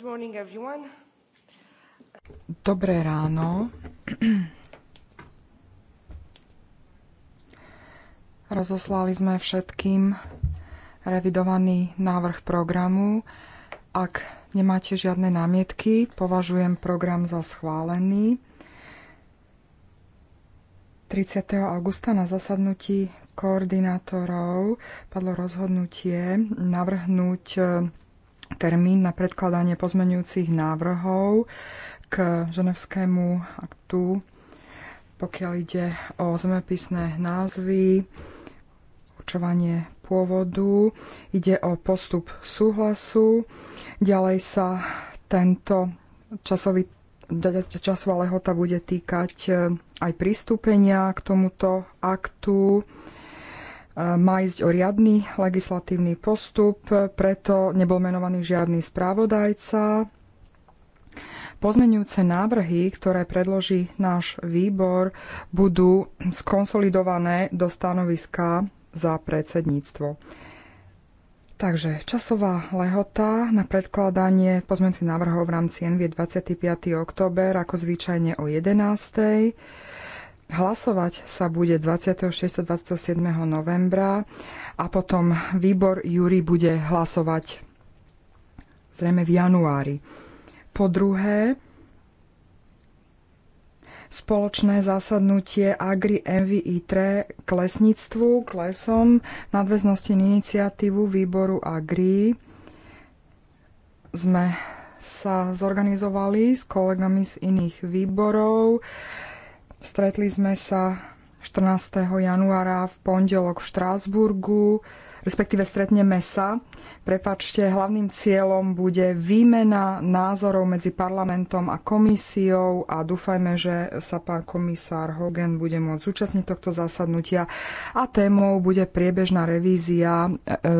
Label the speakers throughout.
Speaker 1: Good morning, everyone. Dobré ráno. Rozoslali sme všetkým revidovaný návrh programu. Ak nemáte žiadne námietky, považujem program za schválený. 30. augusta na zasadnutí koordinátorov padlo rozhodnutie navrhnúť termín na predkladanie pozmenujúcich návrhov k ženevskému aktu, pokiaľ ide o zemepisné názvy, určovanie pôvodu, ide o postup súhlasu, ďalej sa tento časový časová lehota bude týkať eh, aj pristúpenia k tomuto aktu má ísť o riadny legislatívny postup, preto nebol menovaný žiadny správodajca. Pozmenujúce návrhy, ktoré predloží náš výbor, budú skonsolidované do stanoviska za predsedníctvo. Takže časová lehota na predkladanie pozmenujúcich návrhov v rámci NV 25. E október, ako zvyčajne o 11. Hlasovať sa bude 26. 27. novembra a potom výbor Júri bude hlasovať zrejme v januári. Po druhé, spoločné zasadnutie Agri Envy ITRE k lesníctvu, k lesom, nadväznosti na iniciatívu výboru Agri. Sme sa zorganizovali s kolegami z iných výborov. Stretli sme sa 14. januára v pondelok v Štrásburgu, respektíve stretneme sa. Prepačte, hlavným cieľom bude výmena názorov medzi parlamentom a komisiou a dúfajme, že sa pán komisár Hogan bude môcť zúčastniť tohto zasadnutia a témou bude priebežná revízia e, e,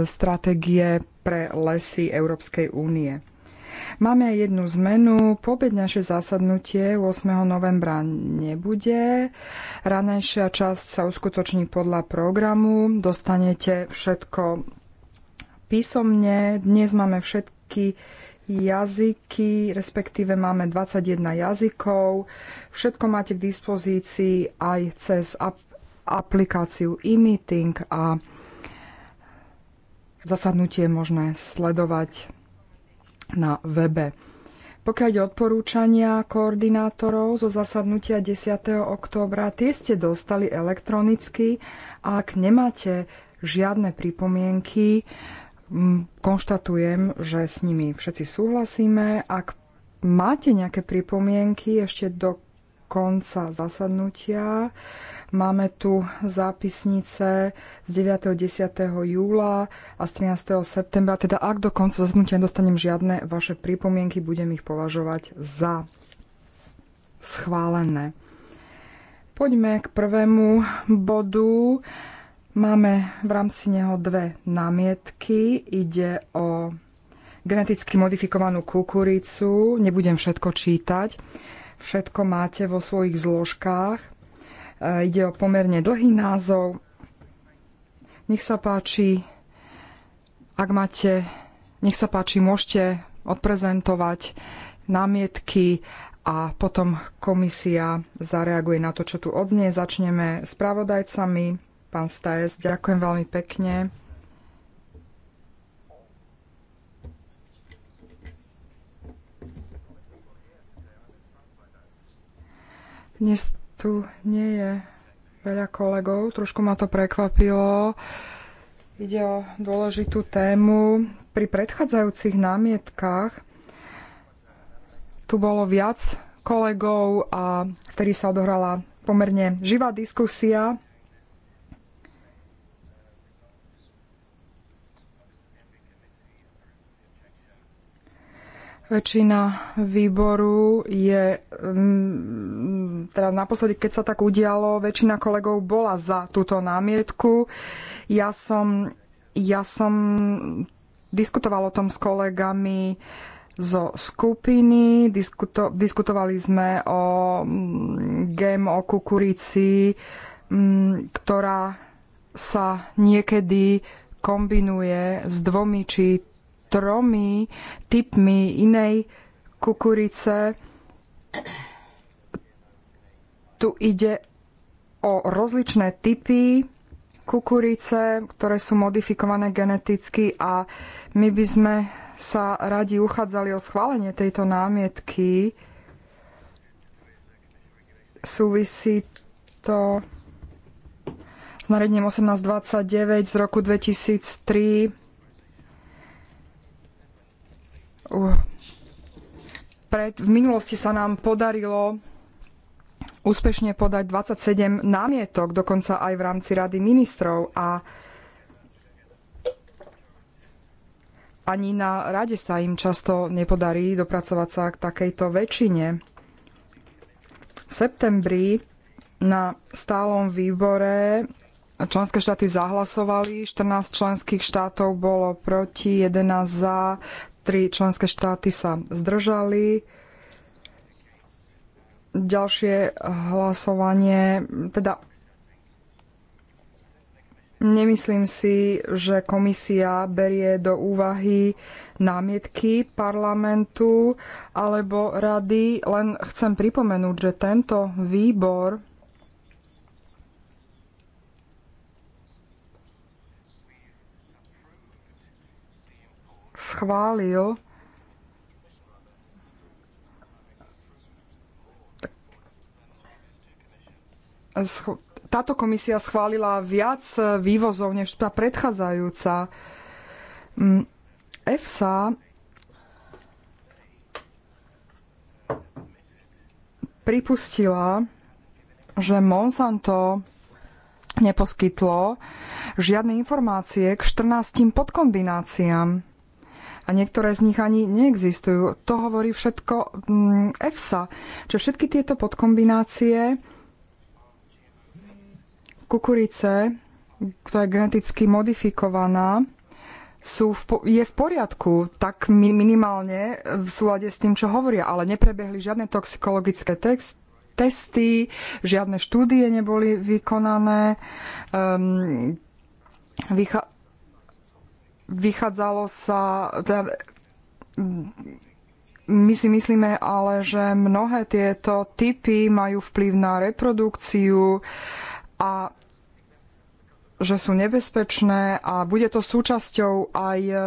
Speaker 1: stratégie pre lesy Európskej únie. Máme aj jednu zmenu. Pobedňašie zasadnutie 8. novembra nebude. Ranejšia časť sa uskutoční podľa programu. Dostanete všetko písomne. Dnes máme všetky jazyky, respektíve máme 21 jazykov. Všetko máte k dispozícii aj cez ap- aplikáciu e-meeting a zasadnutie je možné sledovať na webe. Pokiaľ ide odporúčania koordinátorov zo zasadnutia 10. októbra, tie ste dostali elektronicky. Ak nemáte žiadne pripomienky, konštatujem, že s nimi všetci súhlasíme. Ak máte nejaké pripomienky ešte do konca zasadnutia, Máme tu zápisnice z 9. 10. júla a z 13. septembra. Teda ak do konca zasadnutia nedostanem žiadne vaše pripomienky, budem ich považovať za schválené. Poďme k prvému bodu. Máme v rámci neho dve námietky. Ide o geneticky modifikovanú kukuricu. Nebudem všetko čítať. Všetko máte vo svojich zložkách. Eh, ide o pomerne dlhý názov. Nech sa páči, ak máte, nech sa páči, môžete odprezentovať námietky a potom komisia zareaguje na to, čo tu odnie. Začneme s pravodajcami. Pán Stajes, ďakujem veľmi pekne. Dnes tu nie je veľa kolegov, trošku ma to prekvapilo. Ide o dôležitú tému. Pri predchádzajúcich námietkách tu bolo viac kolegov a vtedy sa odohrala pomerne živá diskusia Väčšina výboru je, mm, teraz naposledy, keď sa tak udialo, väčšina kolegov bola za túto námietku. Ja som, ja som diskutoval o tom s kolegami zo skupiny, diskuto, diskutovali sme o gem mm, o kukurici, mm, ktorá sa niekedy kombinuje s dvomi či tromi typmi inej kukurice. Tu ide o rozličné typy kukurice, ktoré sú modifikované geneticky a my by sme sa radi uchádzali o schválenie tejto námietky. Súvisí to s nariadením 1829 z roku 2003 Uh, pred, v minulosti sa nám podarilo úspešne podať 27 námietok, dokonca aj v rámci Rady ministrov a ani na rade sa im často nepodarí dopracovať sa k takejto väčšine. V septembri na stálom výbore členské štáty zahlasovali, 14 členských štátov bolo proti, 11 za, Tri členské štáty sa zdržali. Ďalšie hlasovanie, teda Nemyslím si, že komisia berie do úvahy námietky parlamentu alebo rady, len chcem pripomenúť, že tento výbor schválil táto komisia schválila viac vývozov než tá predchádzajúca. Mm, EFSA pripustila, že Monsanto neposkytlo žiadne informácie k 14 podkombináciám a niektoré z nich ani neexistujú. To hovorí všetko mm, EFSA. Čiže všetky tieto podkombinácie kukurice, ktorá je geneticky modifikovaná, sú v, je v poriadku, tak minimálne v súlade s tým, čo hovoria, ale neprebehli žiadne toxikologické text, testy, žiadne štúdie neboli vykonané. Um, vycha- vychádzalo sa, teda, my si myslíme ale, že mnohé tieto typy majú vplyv na reprodukciu a že sú nebezpečné a bude to súčasťou aj eh,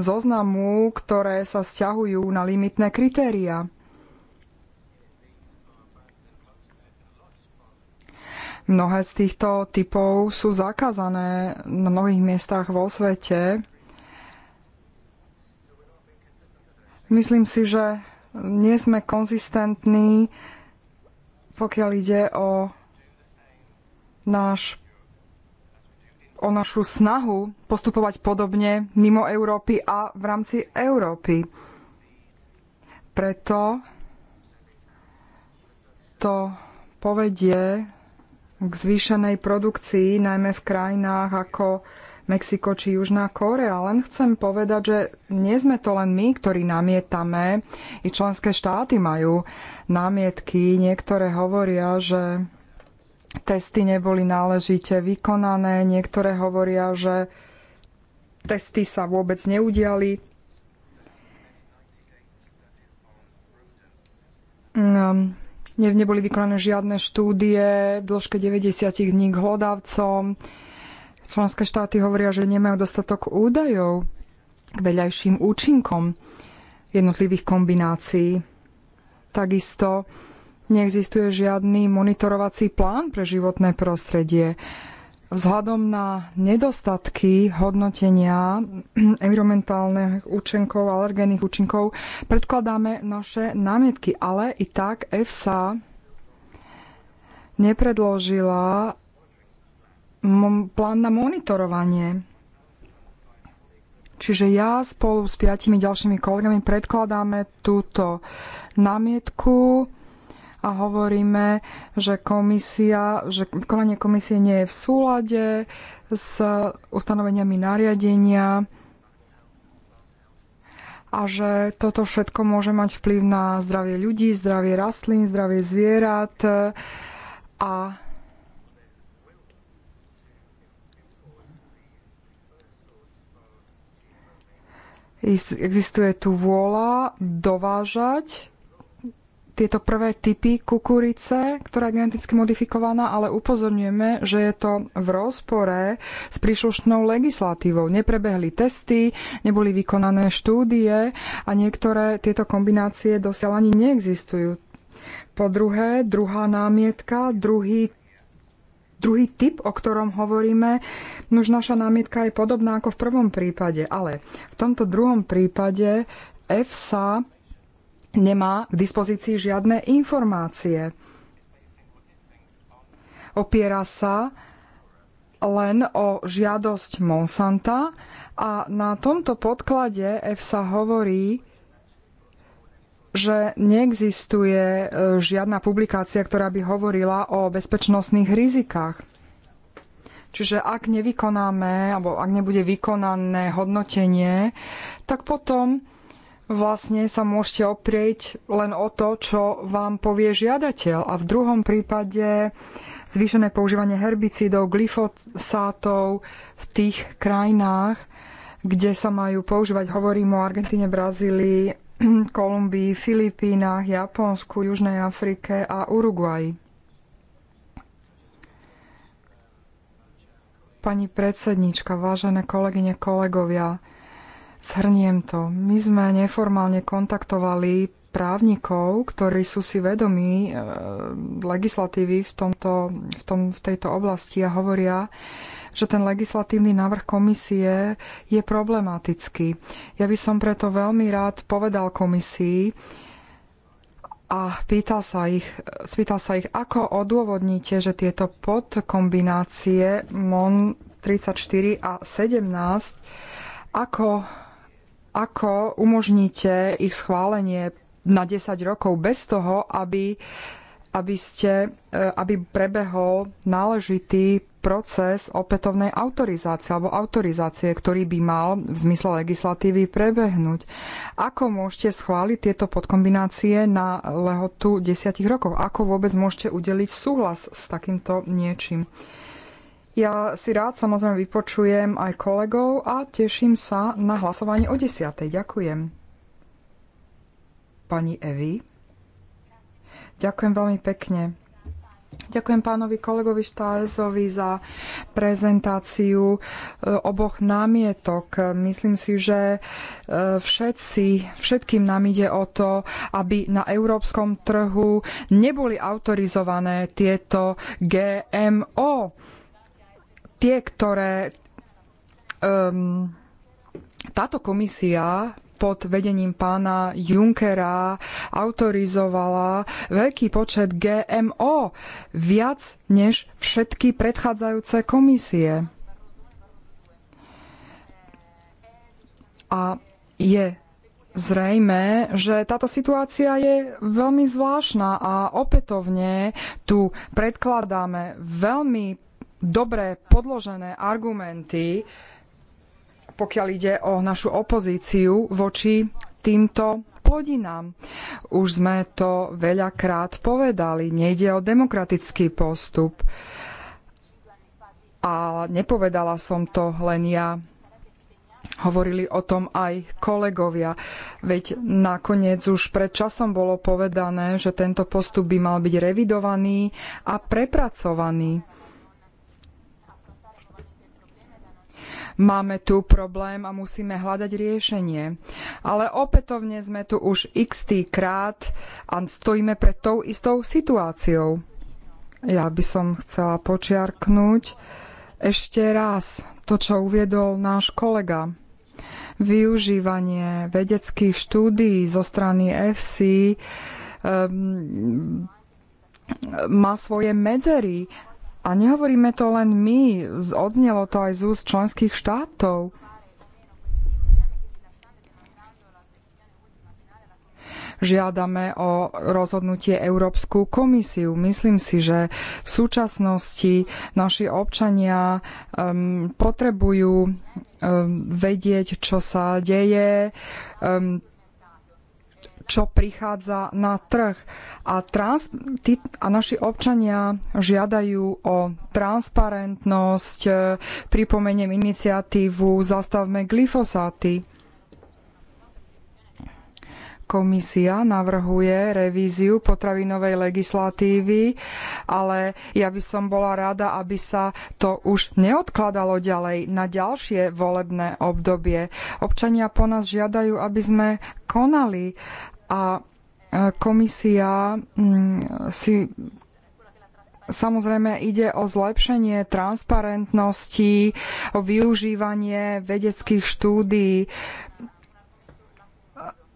Speaker 1: zoznamu, ktoré sa stiahujú na limitné kritéria. Mnohé z týchto typov sú zakázané na mnohých miestach vo svete. Myslím si, že nie sme konzistentní, pokiaľ ide o, náš, o našu snahu postupovať podobne mimo Európy a v rámci Európy. Preto to povedie k zvýšenej produkcii, najmä v krajinách ako Mexiko či Južná Kórea. Len chcem povedať, že nie sme to len my, ktorí namietame. I členské štáty majú námietky. Niektoré hovoria, že testy neboli náležite vykonané. Niektoré hovoria, že testy sa vôbec neudiali. No ne, neboli vykonané žiadne štúdie v dĺžke 90 dní k hlodavcom. Členské štáty hovoria, že nemajú dostatok údajov k vedľajším účinkom jednotlivých kombinácií. Takisto neexistuje žiadny monitorovací plán pre životné prostredie. Vzhľadom na nedostatky hodnotenia environmentálnych účinkov, alergénnych účinkov, predkladáme naše námietky, ale i tak EFSA nepredložila plán na monitorovanie. Čiže ja spolu s piatimi ďalšími kolegami predkladáme túto námietku a hovoríme, že, komisia, že konanie komisie nie je v súlade s ustanoveniami nariadenia a že toto všetko môže mať vplyv na zdravie ľudí, zdravie rastlín, zdravie zvierat a existuje tu vôľa dovážať tieto prvé typy kukurice, ktorá je geneticky modifikovaná, ale upozorňujeme, že je to v rozpore s príslušnou legislatívou. Neprebehli testy, neboli vykonané štúdie a niektoré tieto kombinácie dosiaľ ani neexistujú. Po druhé, druhá námietka, druhý Druhý typ, o ktorom hovoríme, už naša námietka je podobná ako v prvom prípade, ale v tomto druhom prípade EFSA nemá k dispozícii žiadne informácie. Opiera sa len o žiadosť Monsanta a na tomto podklade EFSA hovorí, že neexistuje e, žiadna publikácia, ktorá by hovorila o bezpečnostných rizikách. Čiže ak nevykonáme, alebo ak nebude vykonané hodnotenie, tak potom vlastne sa môžete oprieť len o to, čo vám povie žiadateľ. A v druhom prípade zvýšené používanie herbicídov, glyfosátov v tých krajinách, kde sa majú používať, hovorím o Argentíne, Brazílii, Kolumbii, Filipínach, Japonsku, Južnej Afrike a Uruguaji. Pani predsednička, vážené kolegyne, kolegovia, Shrniem to. My sme neformálne kontaktovali právnikov, ktorí sú si vedomí e, legislatívy v, tomto, v, tom, v tejto oblasti a hovoria, že ten legislatívny návrh komisie je problematický. Ja by som preto veľmi rád povedal komisii a pýtal sa ich, spýtal sa ich, ako odôvodníte, že tieto podkombinácie MON 34 a 17 ako ako umožníte ich schválenie na 10 rokov bez toho, aby, aby, ste, e, aby prebehol náležitý proces opätovnej autorizácie alebo autorizácie, ktorý by mal v zmysle legislatívy prebehnúť. Ako môžete schváliť tieto podkombinácie na lehotu 10 rokov? Ako vôbec môžete udeliť súhlas s takýmto niečím? Ja si rád samozrejme vypočujem aj kolegov a teším sa na hlasovanie o 10. Ďakujem. Pani Evi. Ďakujem veľmi pekne. Ďakujem pánovi kolegovi Štájezovi za prezentáciu e, oboch námietok. Myslím si, že e, všetci, všetkým nám ide o to, aby na európskom trhu neboli autorizované tieto GMO tie, ktoré um, táto komisia pod vedením pána Junckera autorizovala veľký počet GMO, viac než všetky predchádzajúce komisie. A je zrejme, že táto situácia je veľmi zvláštna a opätovne tu predkladáme veľmi dobre podložené argumenty, pokiaľ ide o našu opozíciu voči týmto plodinám. Už sme to veľakrát povedali, nejde o demokratický postup. A nepovedala som to len ja. Hovorili o tom aj kolegovia. Veď nakoniec už pred časom bolo povedané, že tento postup by mal byť revidovaný a prepracovaný Máme tu problém a musíme hľadať riešenie. Ale opätovne sme tu už x krát a stojíme pred tou istou situáciou. Ja by som chcela počiarknúť ešte raz to, čo uviedol náš kolega. Využívanie vedeckých štúdií zo strany FC um, ehm, má svoje medzery a nehovoríme to len my, odznelo to aj z úst členských štátov. žiadame o rozhodnutie Európsku komisiu. Myslím si, že v súčasnosti naši občania um, potrebujú um, vedieť, čo sa deje. Um, čo prichádza na trh. A, trans, tí, a naši občania žiadajú o transparentnosť, e, pripomeniem iniciatívu Zastavme glyfosáty. Komisia navrhuje revíziu potravinovej legislatívy, ale ja by som bola rada, aby sa to už neodkladalo ďalej na ďalšie volebné obdobie. Občania po nás žiadajú, aby sme konali a komisia mm, si Samozrejme ide o zlepšenie transparentnosti, o využívanie vedeckých štúdií.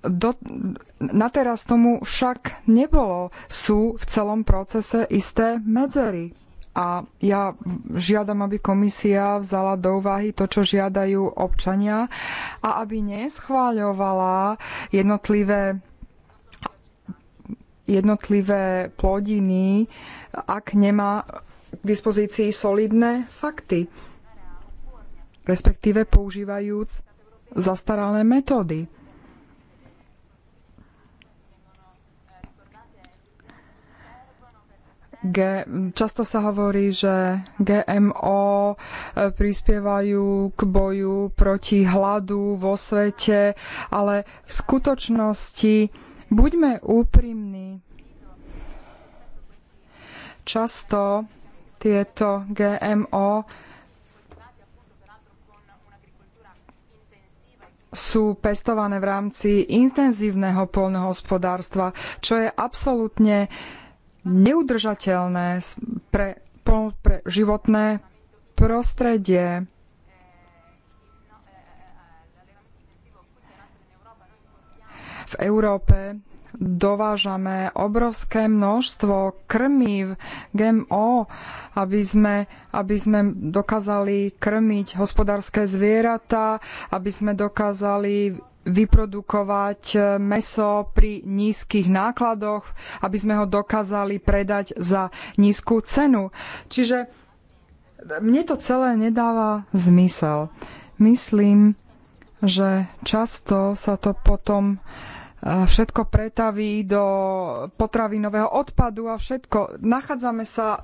Speaker 1: Do, na teraz tomu však nebolo. Sú v celom procese isté medzery. A ja žiadam, aby komisia vzala do úvahy to, čo žiadajú občania a aby neschváľovala jednotlivé jednotlivé plodiny, ak nemá k dispozícii solidné fakty, respektíve používajúc zastaralé metódy. G, často sa hovorí, že GMO e, prispievajú k boju proti hladu vo svete, ale v skutočnosti Buďme úprimní. Často tieto GMO sú pestované v rámci intenzívneho poľnohospodárstva, čo je absolútne neudržateľné pre, pre životné prostredie. v Európe dovážame obrovské množstvo krmív GMO, aby sme, aby sme dokázali krmiť hospodárske zvieratá, aby sme dokázali vyprodukovať mäso pri nízkych nákladoch, aby sme ho dokázali predať za nízku cenu. Čiže mne to celé nedáva zmysel. Myslím, že často sa to potom všetko pretaví do potravinového odpadu a všetko. Nachádzame sa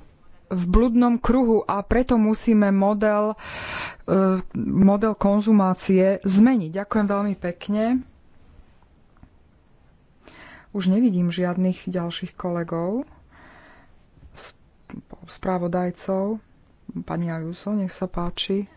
Speaker 1: v bludnom kruhu a preto musíme model, e, model konzumácie zmeniť. Ďakujem veľmi pekne. Už nevidím žiadnych ďalších kolegov, správodajcov. Pani Ajuso, nech sa páči.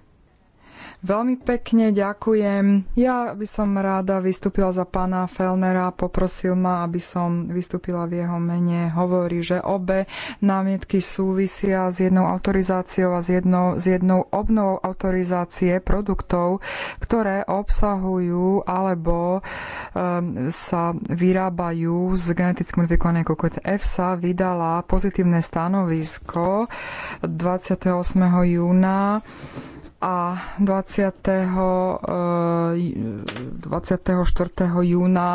Speaker 1: Veľmi pekne ďakujem. Ja by som ráda vystúpila za pána Felnera, poprosil ma, aby som vystúpila v jeho mene. Hovorí, že obe námietky súvisia s jednou autorizáciou a s jednou, s jednou obnovou autorizácie produktov, ktoré obsahujú alebo um, sa vyrábajú z geneticky modifikovanej kukurice. EFSA vydala pozitívne stanovisko 28. júna a 20. 24. E, júna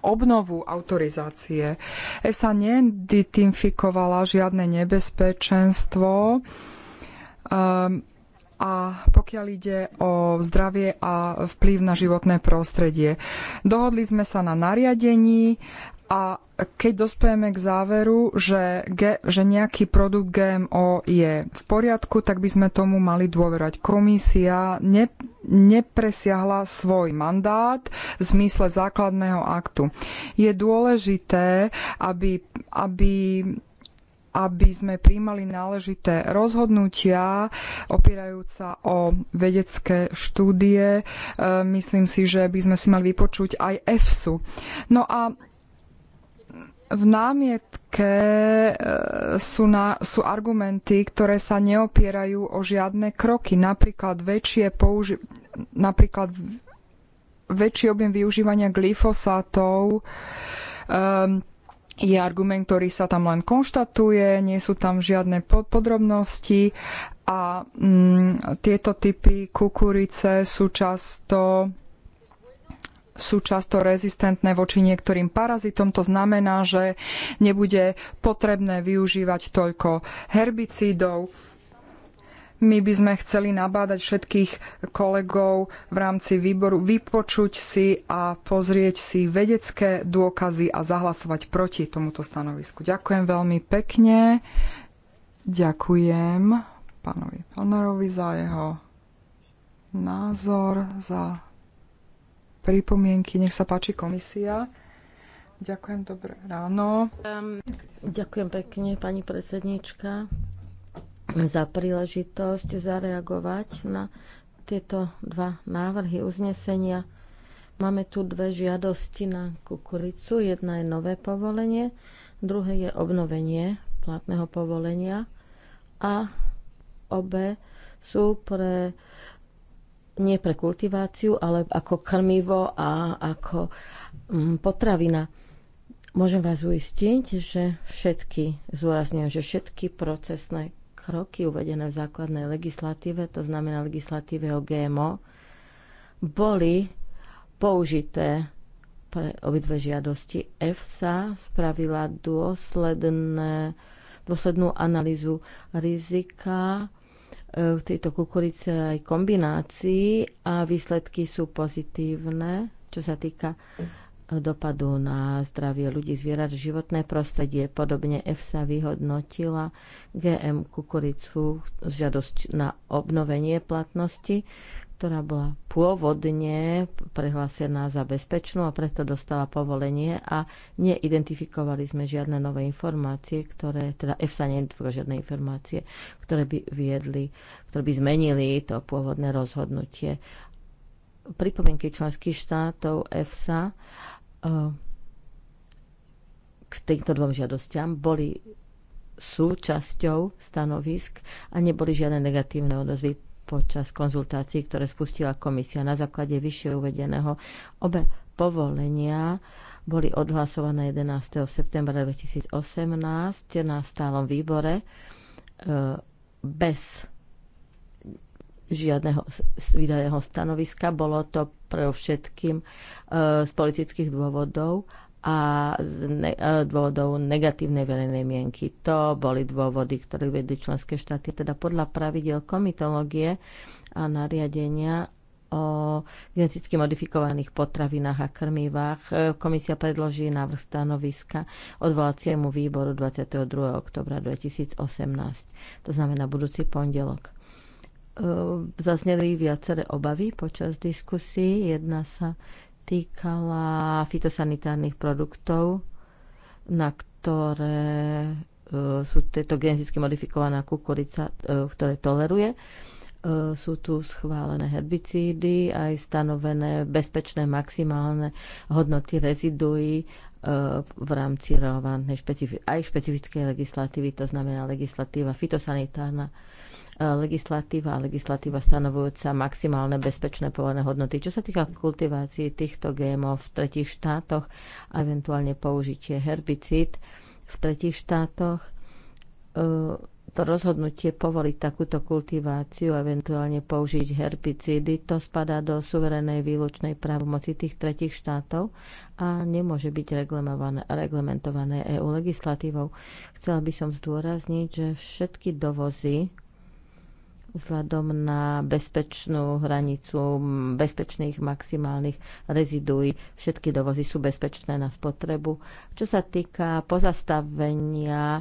Speaker 1: obnovu autorizácie. ESA neidentifikovala žiadne nebezpečenstvo um, a pokiaľ ide o zdravie a vplyv na životné prostredie. Dohodli sme sa na nariadení a keď dospejeme k záveru, že, ge, že nejaký produkt GMO je v poriadku, tak by sme tomu mali dôverať. Komisia ne, nepresiahla svoj mandát v zmysle základného aktu. Je dôležité, aby, aby aby sme príjmali náležité rozhodnutia opierajúca o vedecké štúdie. E, myslím si, že by sme si mali vypočuť aj EFSU. No a v námietke e, sú, na, sú argumenty, ktoré sa neopierajú o žiadne kroky. Napríklad, väčšie použi- napríklad väčší objem využívania glyfosátov um, je argument, ktorý sa tam len konštatuje, nie sú tam žiadne podrobnosti a um, tieto typy kukurice sú často sú často rezistentné voči niektorým parazitom. To znamená, že nebude potrebné využívať toľko herbicídov. My by sme chceli nabádať všetkých kolegov v rámci výboru vypočuť si a pozrieť si vedecké dôkazy a zahlasovať proti tomuto stanovisku. Ďakujem veľmi pekne. Ďakujem pánovi Pánerovi za jeho názor, za pripomienky. Nech sa páči komisia. Ďakujem, dobré ráno. Ďakujem pekne, pani predsednička,
Speaker 2: za príležitosť zareagovať na tieto dva návrhy uznesenia. Máme tu dve žiadosti na kukuricu. Jedna je nové povolenie, druhé je obnovenie platného povolenia a obe sú pre nie pre kultiváciu, ale ako krmivo a ako mm, potravina. Môžem vás uistiť, že všetky, zúrazňujem, že všetky procesné kroky uvedené v základnej legislatíve, to znamená legislatíve o GMO, boli použité pre obidve žiadosti. EFSA spravila dôsledné, dôslednú analýzu rizika v tejto kukurice aj kombinácii a výsledky sú pozitívne, čo sa týka eh, dopadu na zdravie ľudí, zvierat, životné prostredie. Podobne EFSA vyhodnotila GM kukuricu z žiadosť na obnovenie platnosti ktorá bola pôvodne prehlásená za bezpečnú a preto dostala povolenie a neidentifikovali sme žiadne nové informácie, ktoré, teda EFSA neidentifikovala žiadne informácie, ktoré by viedli, ktoré by zmenili to pôvodné rozhodnutie. Pripomienky členských štátov EFSA eh, k týmto dvom žiadostiam boli súčasťou stanovisk a neboli žiadne negatívne odozvy počas konzultácií, ktoré spustila komisia. Na základe vyššie uvedeného obe povolenia boli odhlasované 11. septembra 2018 na stálom výbore e, bez žiadneho vydaného stanoviska. Bolo to pre všetkým e, z politických dôvodov a z ne- e, dôvodov negatívnej verejnej mienky. To boli dôvody, ktoré vedli členské štáty. Teda podľa pravidel komitológie a nariadenia o geneticky modifikovaných potravinách a krmivách. E, komisia predloží návrh stanoviska odvolaciemu výboru 22. oktobra 2018, to znamená budúci pondelok. E, zazneli viaceré obavy počas diskusí. Jedna sa týkala fitosanitárnych produktov, na ktoré e, sú tieto geneticky modifikovaná kukurica, e, ktoré toleruje. E, sú tu schválené herbicídy, aj stanovené bezpečné maximálne hodnoty reziduí v rámci relevantnej špecifi- aj špecifickej legislatívy, to znamená legislatíva fitosanitárna E, legislatíva a legislatíva stanovujúca maximálne bezpečné povolené hodnoty. Čo sa týka kultivácií týchto GMO v tretich štátoch a eventuálne použitie herbicíd v tretich štátoch, e, to rozhodnutie povoliť takúto kultiváciu, eventuálne použiť herbicídy, to spadá do suverenej výlučnej právomoci tých tretich štátov a nemôže byť reglementované EU legislatívou. Chcela by som zdôrazniť, že všetky dovozy vzhľadom na bezpečnú hranicu bezpečných maximálnych reziduí. Všetky dovozy sú bezpečné na spotrebu. Čo sa týka pozastavenia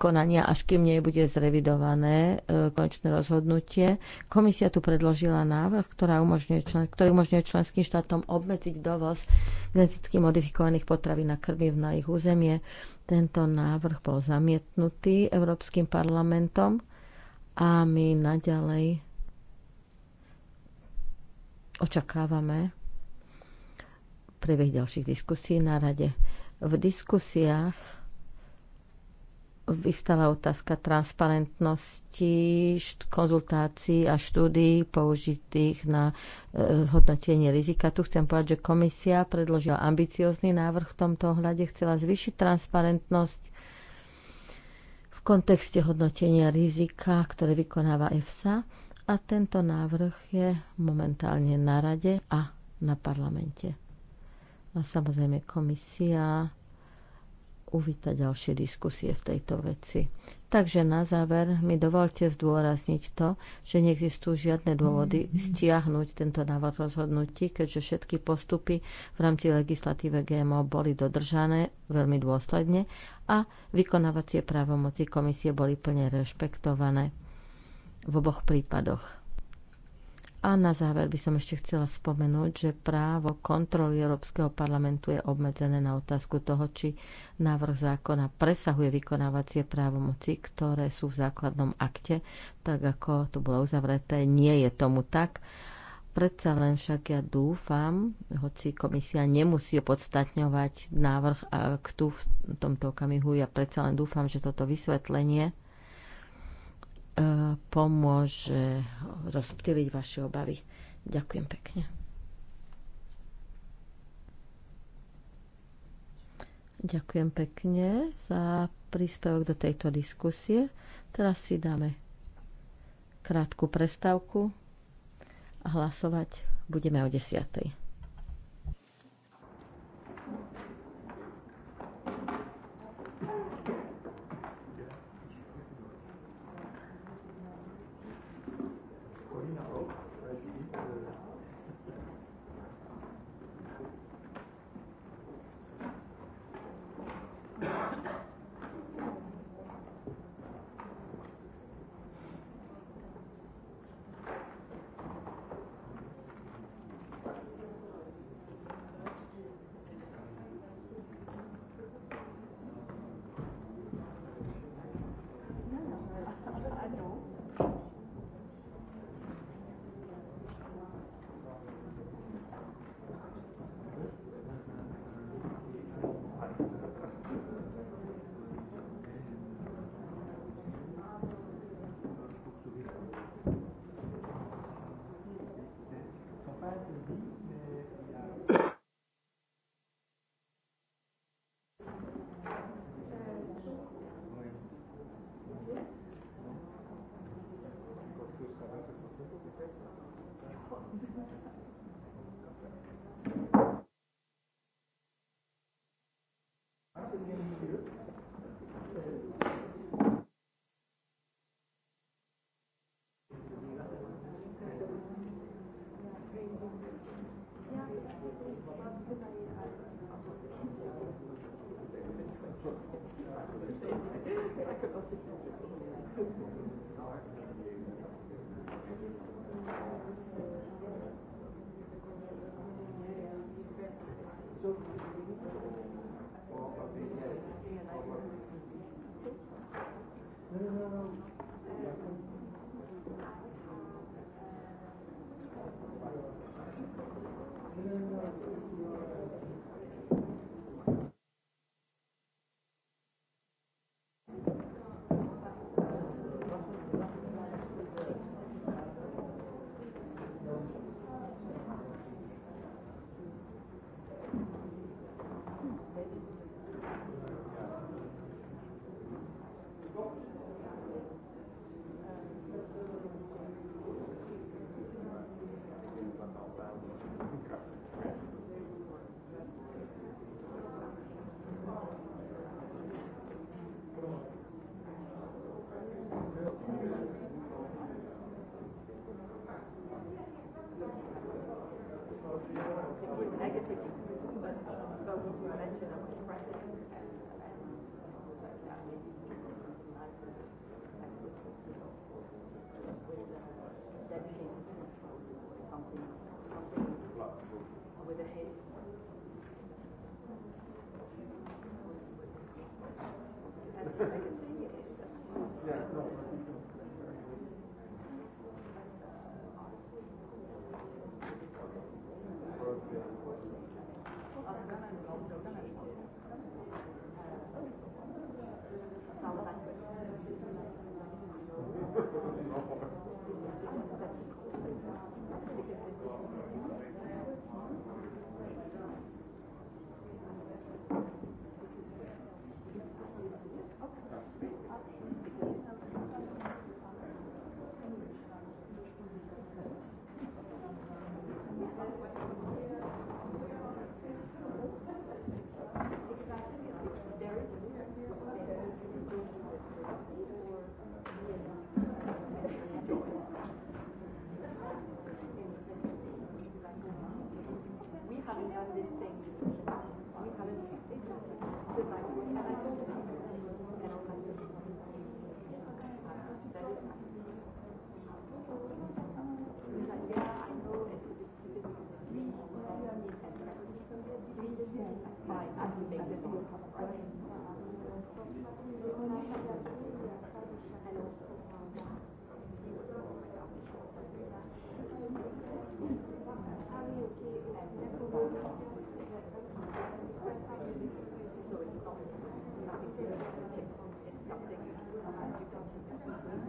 Speaker 2: konania, až kým nebude zrevidované e, konečné rozhodnutie. Komisia tu predložila návrh, ktorá umožňuje člen, ktorý umožňuje členským štátom obmedziť dovoz geneticky modifikovaných potravín na krviv na ich územie. Tento návrh bol zamietnutý Európskym parlamentom a my naďalej očakávame priebeh ďalších diskusí na rade. V diskusiách vyvstala otázka transparentnosti, konzultácií a štúdií použitých na e, hodnotenie rizika. Tu chcem povedať, že komisia predložila ambiciózny návrh v tomto ohľade, chcela zvýšiť transparentnosť kontexte hodnotenia rizika, ktoré vykonáva EFSA a tento návrh je momentálne na rade a na parlamente. A samozrejme komisia uvítať ďalšie diskusie v tejto veci. Takže na záver mi dovolte zdôrazniť to, že neexistujú žiadne dôvody stiahnuť tento návrh rozhodnutí, keďže všetky postupy v rámci legislatíve GMO boli dodržané veľmi dôsledne a vykonávacie právomoci komisie boli plne rešpektované v oboch prípadoch. A na záver by som ešte chcela spomenúť, že právo kontroly Európskeho parlamentu je obmedzené na otázku toho, či návrh zákona presahuje vykonávacie právomoci, ktoré sú v základnom akte, tak ako to bolo uzavreté. Nie je tomu tak. Predsa len však ja dúfam, hoci komisia nemusí opodstatňovať návrh aktu v tomto okamihu, ja predsa len dúfam, že toto vysvetlenie pomôže rozptýliť vaše obavy. Ďakujem pekne. Ďakujem pekne za príspevok do tejto diskusie. Teraz si dáme krátku prestávku a hlasovať budeme o desiatej.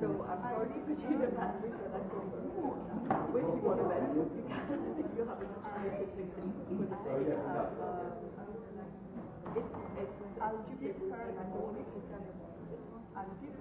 Speaker 3: So I'm sorry to put you see the man because I thought, which one of them? I'll give her an I'll give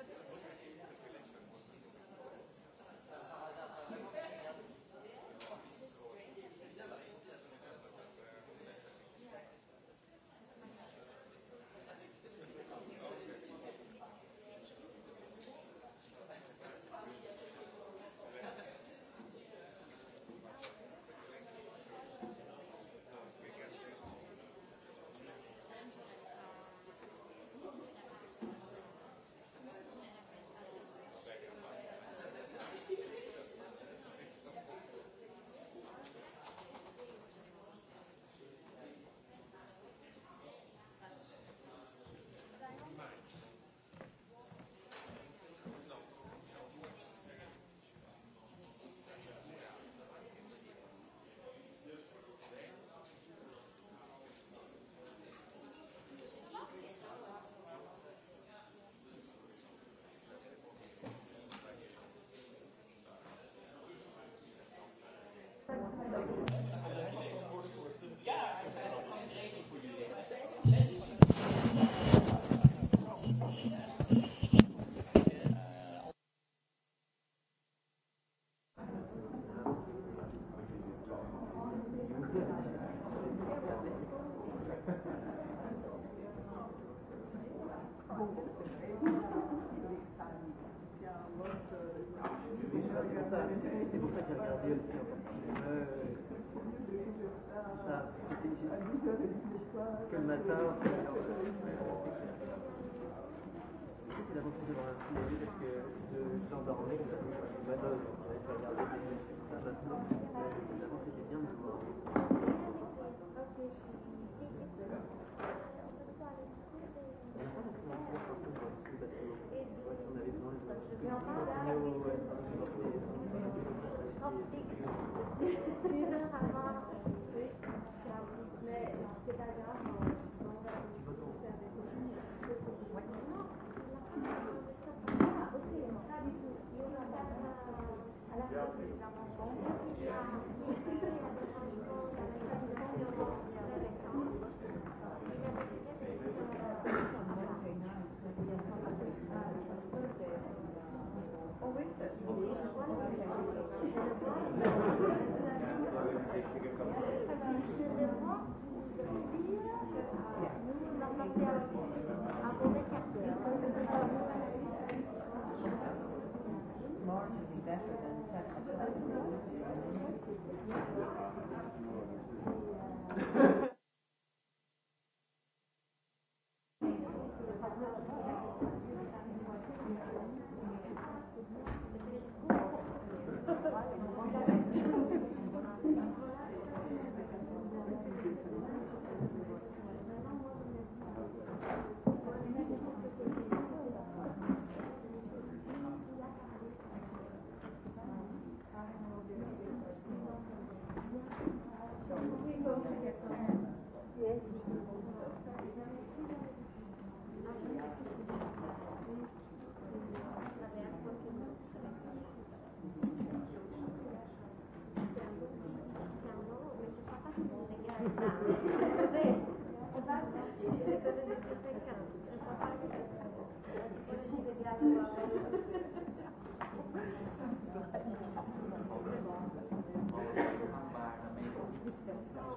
Speaker 3: Thank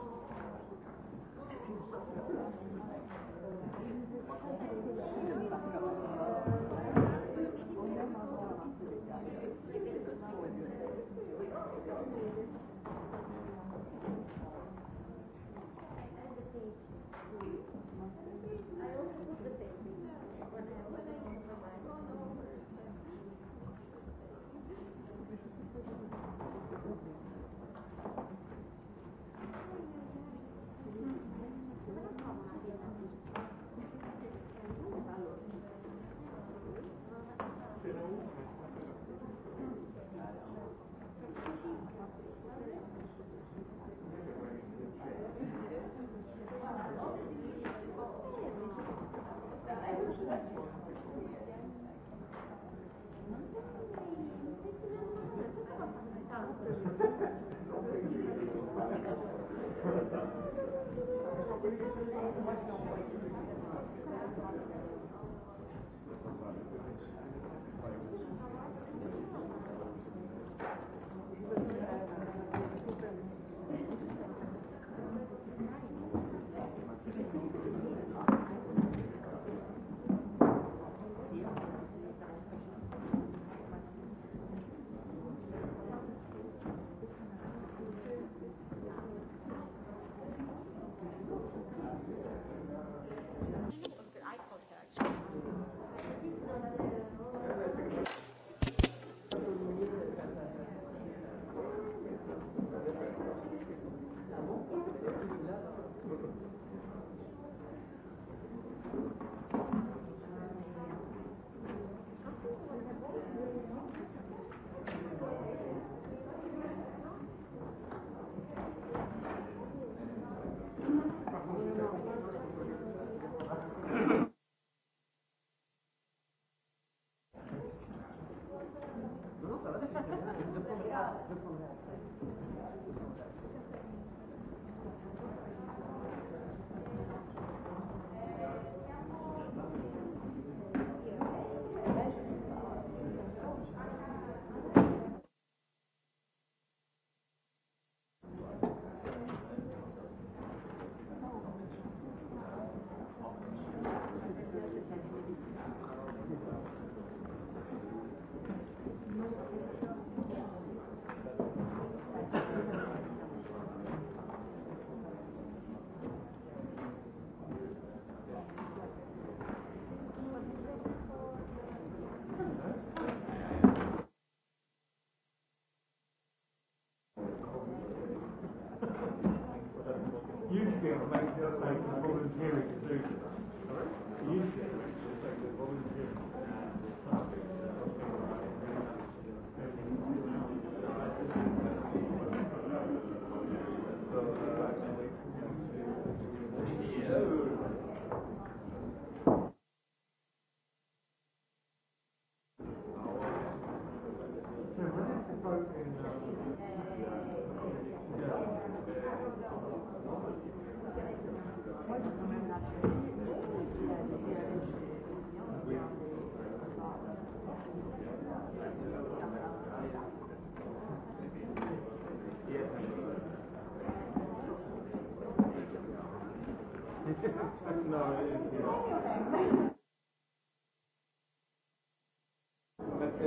Speaker 3: you.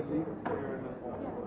Speaker 3: least they're in the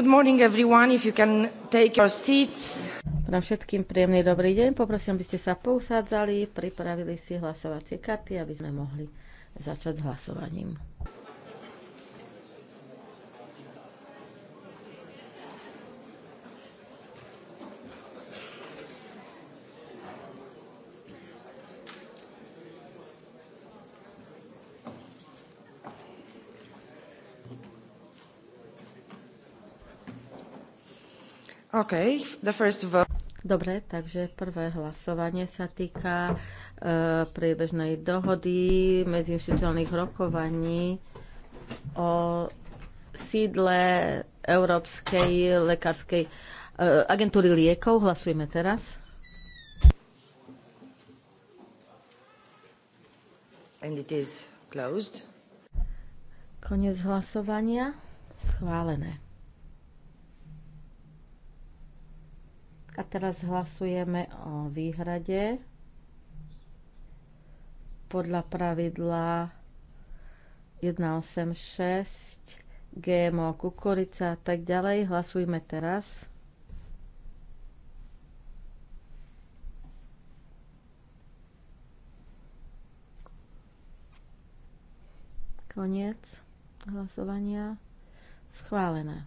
Speaker 1: Good morning everyone, if you
Speaker 2: can take your seats. Pre všetkým príjemný dobrý deň. Poprosím, aby ste sa pousádzali, pripravili si hlasovacie karty, aby sme mohli začať s hlasovaním. Okay, the first vote. Dobre, takže prvé hlasovanie sa týka e, priebežnej dohody medziinstitucionálnych rokovaní o sídle Európskej lekárskej e, agentúry liekov. Hlasujeme teraz.
Speaker 1: And it is closed.
Speaker 2: Konec hlasovania. Schválené. A teraz hlasujeme o výhrade podľa pravidla 186 GMO, kukurica a tak ďalej. Hlasujme teraz. Koniec hlasovania. Schválené.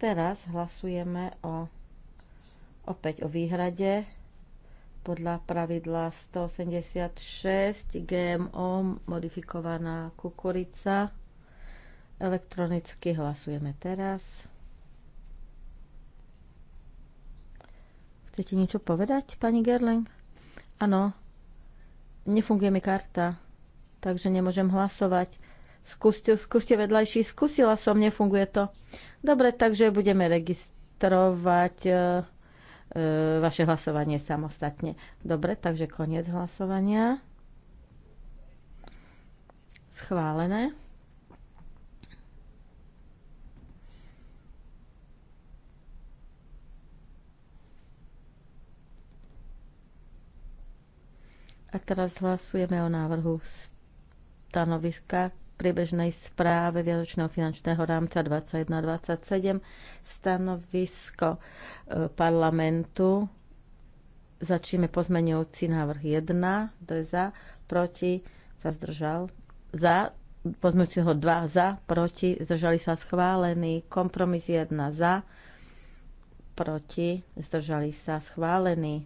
Speaker 2: Teraz hlasujeme o, opäť o výhrade podľa pravidla 186 GMO modifikovaná kukurica. Elektronicky hlasujeme teraz. Chcete niečo povedať, pani Gerling? Áno, nefunguje mi karta, takže nemôžem hlasovať. Skúste, skúste vedľajší, skúsila som, nefunguje to. Dobre, takže budeme registrovať e, e, vaše hlasovanie samostatne. Dobre, takže koniec hlasovania. Schválené. A teraz hlasujeme o návrhu stanoviska priebežnej správe Vianočného finančného rámca 21-27 stanovisko e, parlamentu. Začneme pozmenujúci návrh 1, kto je za, proti, sa zdržal, za, ho 2 za, proti, zdržali sa schválený, kompromis 1 za, proti, zdržali sa schválený.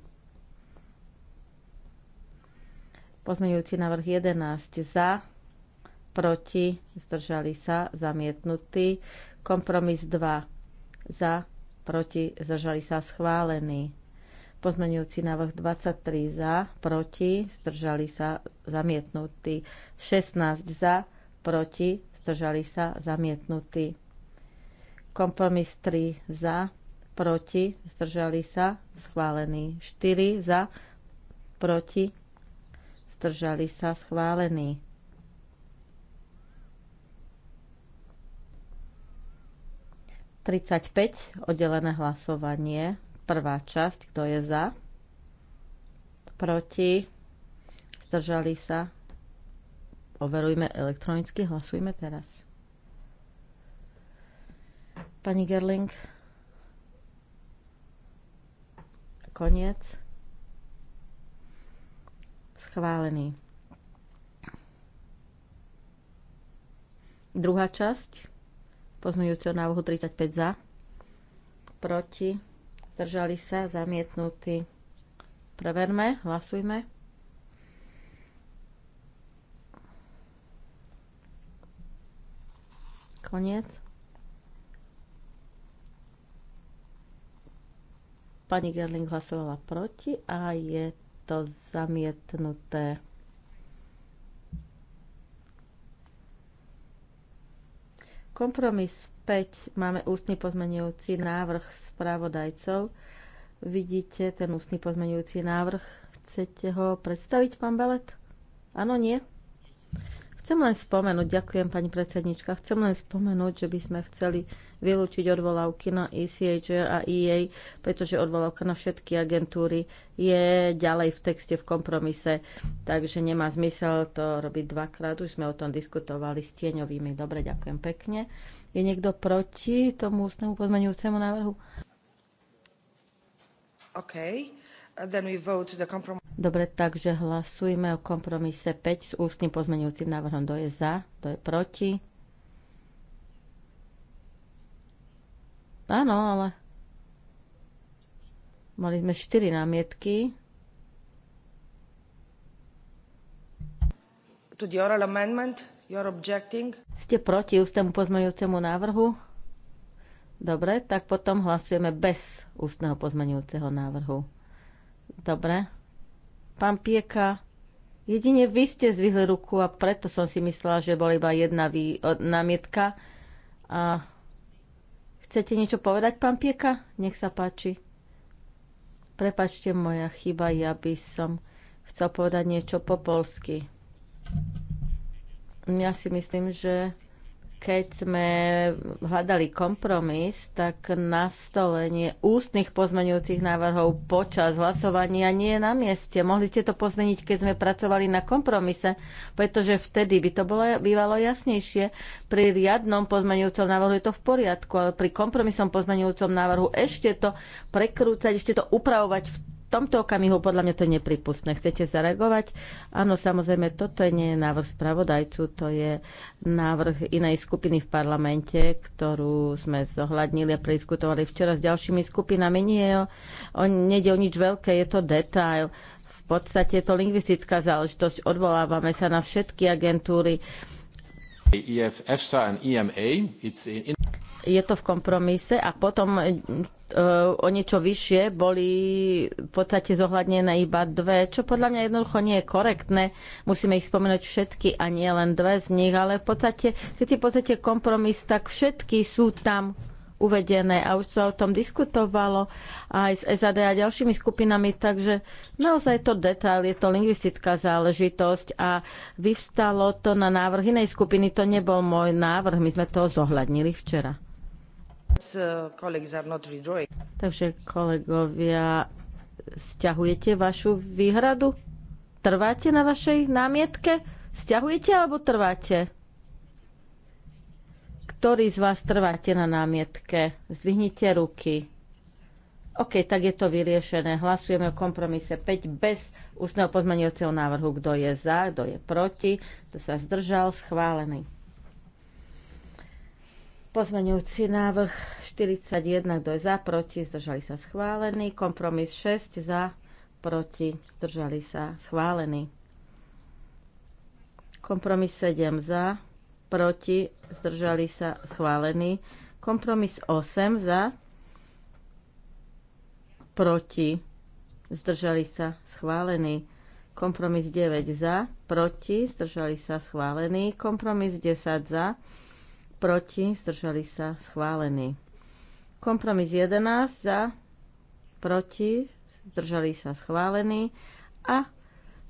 Speaker 2: Pozmeňujúci návrh 11 za, proti, zdržali sa, zamietnutý. Kompromis 2 za, proti, zdržali sa, schválený. Pozmenujúci návrh 23 za, proti, zdržali sa, zamietnutý. 16 za, proti, zdržali sa, zamietnutý. Kompromis 3 za, proti, zdržali sa, schválený. 4 za, proti, zdržali sa, schválený. 35, oddelené hlasovanie. Prvá časť, kto je za? Proti? Zdržali sa? Overujme elektronicky, hlasujme teraz. Pani Gerling? Koniec. Schválený. Druhá časť. Pozmeňujúceho návrhu 35 za. Proti. Zdržali sa. Zamietnutí. Preverme. Hlasujme. Koniec. Pani Gerling hlasovala proti a je to zamietnuté. Kompromis 5. Máme ústny pozmenujúci návrh správodajcov. Vidíte ten ústny pozmenujúci návrh. Chcete ho predstaviť, pán Belet? Áno, nie? Chcem len spomenúť, ďakujem pani predsednička, chcem len spomenúť, že by sme chceli vylúčiť odvolávky na ECHR a EA, pretože odvolávka na všetky agentúry je ďalej v texte v kompromise, takže nemá zmysel to robiť dvakrát. Už sme o tom diskutovali s tieňovými. Dobre, ďakujem pekne. Je niekto proti tomu ústnemu pozmeňujúcemu návrhu?
Speaker 1: OK. Then we vote the compromise.
Speaker 2: Dobre, takže hlasujme o kompromise 5 s ústnym pozmenujúcim návrhom. Kto je za, kto je proti? Áno, ale mali sme 4 námietky.
Speaker 1: To the oral amendment, you're objecting?
Speaker 2: Ste proti ústnemu pozmenujúcemu návrhu? Dobre, tak potom hlasujeme bez ústneho pozmenujúceho návrhu. Dobre, Pán Pieka, jedine vy ste zvihli ruku a preto som si myslela, že bola iba jedna vý... námietka. A chcete niečo povedať, pán Pieka? Nech sa páči. Prepačte, moja chyba, ja by som chcel povedať niečo po polsky. Ja si myslím, že keď sme hľadali kompromis, tak nastolenie ústnych pozmeňujúcich návrhov počas hlasovania nie je na mieste. Mohli ste to pozmeniť, keď sme pracovali na kompromise, pretože vtedy by to bolo, bývalo jasnejšie. Pri riadnom pozmeňujúcom návrhu je to v poriadku, ale pri kompromisom pozmeňujúcom návrhu ešte to prekrúcať, ešte to upravovať v tomto okamihu podľa mňa to je nepripustné. Chcete zareagovať? Áno, samozrejme, toto je nie návrh spravodajcu, to je návrh inej skupiny v parlamente, ktorú sme zohľadnili a prediskutovali včera s ďalšími skupinami. Nie, on, nejde o nič veľké, je to detail. V podstate je to lingvistická záležitosť. Odvolávame sa na všetky agentúry. EF, EFSA and EMA, it's in je to v kompromise a potom e, o niečo vyššie boli v podstate zohľadnené iba dve, čo podľa mňa jednoducho nie je korektné. Musíme ich spomenúť všetky a nie len dve z nich, ale v podstate, keď si pozrite kompromis, tak všetky sú tam uvedené a už sa o tom diskutovalo aj s SAD a ďalšími skupinami, takže naozaj to detail, je to lingvistická záležitosť a vyvstalo to na návrh inej skupiny, to nebol môj návrh, my sme to zohľadnili včera. Takže kolegovia, stiahujete vašu výhradu? Trváte na vašej námietke? Stiahujete alebo trváte? Ktorý z vás trváte na námietke? Zdvihnite ruky. OK, tak je to vyriešené. Hlasujeme o kompromise 5 bez ústneho pozmeňujúceho návrhu. Kto je za, kto je proti, kto sa zdržal, schválený. Pozmeňujúci návrh 41, kto je za, proti, zdržali sa schválený. Kompromis 6 za, proti, zdržali sa schválený. Kompromis 7 za, proti, zdržali sa schválený. Kompromis 8 za, proti, zdržali sa schválený. Kompromis 9 za, proti, zdržali sa schválený. Kompromis 10 za, proti, proti, zdržali sa, schválený. Kompromis 11 za, proti, zdržali sa, schválený. A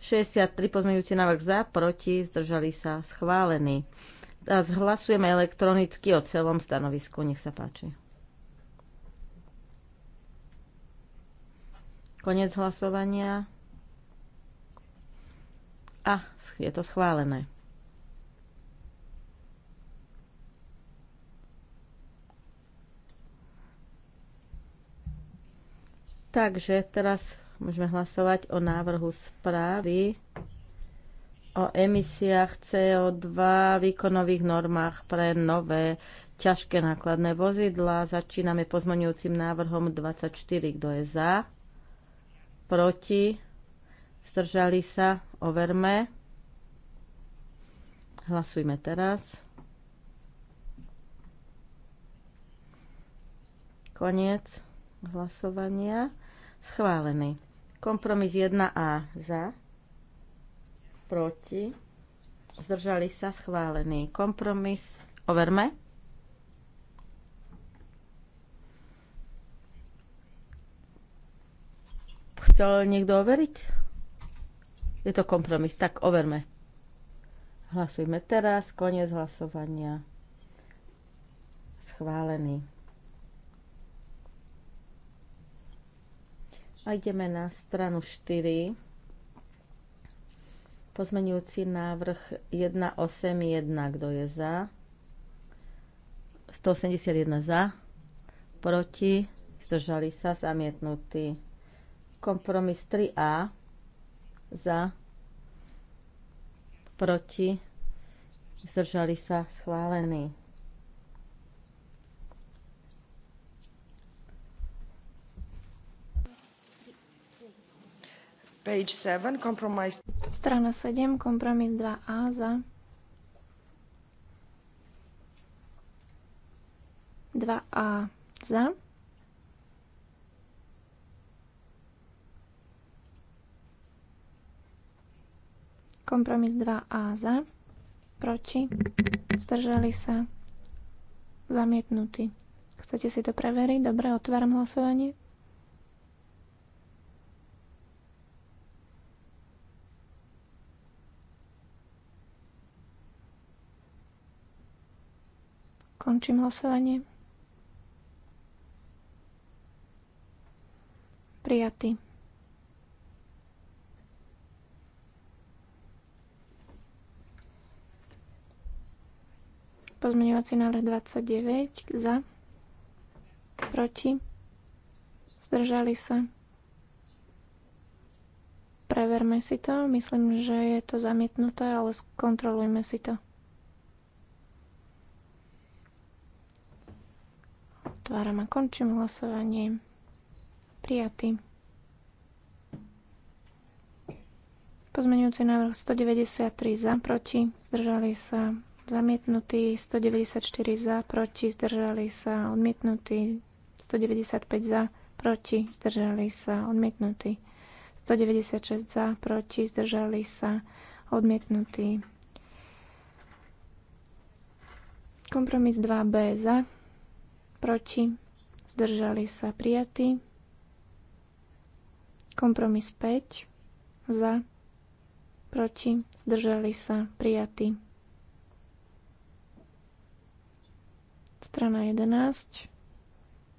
Speaker 2: 63 pozmeňujúci návrh za, proti, zdržali sa, schválený. A zhlasujeme elektronicky o celom stanovisku. Nech sa páči. Konec hlasovania. A je to schválené. Takže teraz môžeme hlasovať o návrhu správy o emisiách CO2, výkonových normách pre nové ťažké nákladné vozidla. Začíname pozmenujúcim návrhom 24. Kto je za? Proti? Zdržali sa? Overme. Hlasujme teraz. Koniec hlasovania. Schválený. Kompromis 1A za. Proti. Zdržali sa. Schválený. Kompromis. Overme. Chcel niekto overiť? Je to kompromis. Tak overme. Hlasujme teraz. Koniec hlasovania. Schválený. A ideme na stranu 4. Pozmenujúci návrh 181. Kto je za? 181 za. Proti? Zdržali sa. Zamietnutý. Kompromis 3A. Za. Proti? Zdržali sa. Schválený.
Speaker 1: Page 7, compromise...
Speaker 4: Strana 7, kompromis 2A za. 2A za. Kompromis 2A za. Proti. Zdržali sa. Zamietnutý. Chcete si to preveriť? Dobre, otváram hlasovanie. Končím hlasovanie. Prijatý. Pozmeňovací návrh 29 za, proti, zdržali sa. Preverme si to. Myslím, že je to zamietnuté, ale skontrolujme si to. Uzatváram a končím hlasovanie. Prijatý. Pozmenujúci návrh 193 za, proti, zdržali sa, zamietnutý, 194 za, proti, zdržali sa, odmietnutý, 195 za, proti, zdržali sa, odmietnutý, 196 za, proti, zdržali sa, odmietnutý. Kompromis 2b za, proti, zdržali sa prijatí. Kompromis 5, za, proti, zdržali sa prijatí. Strana 11,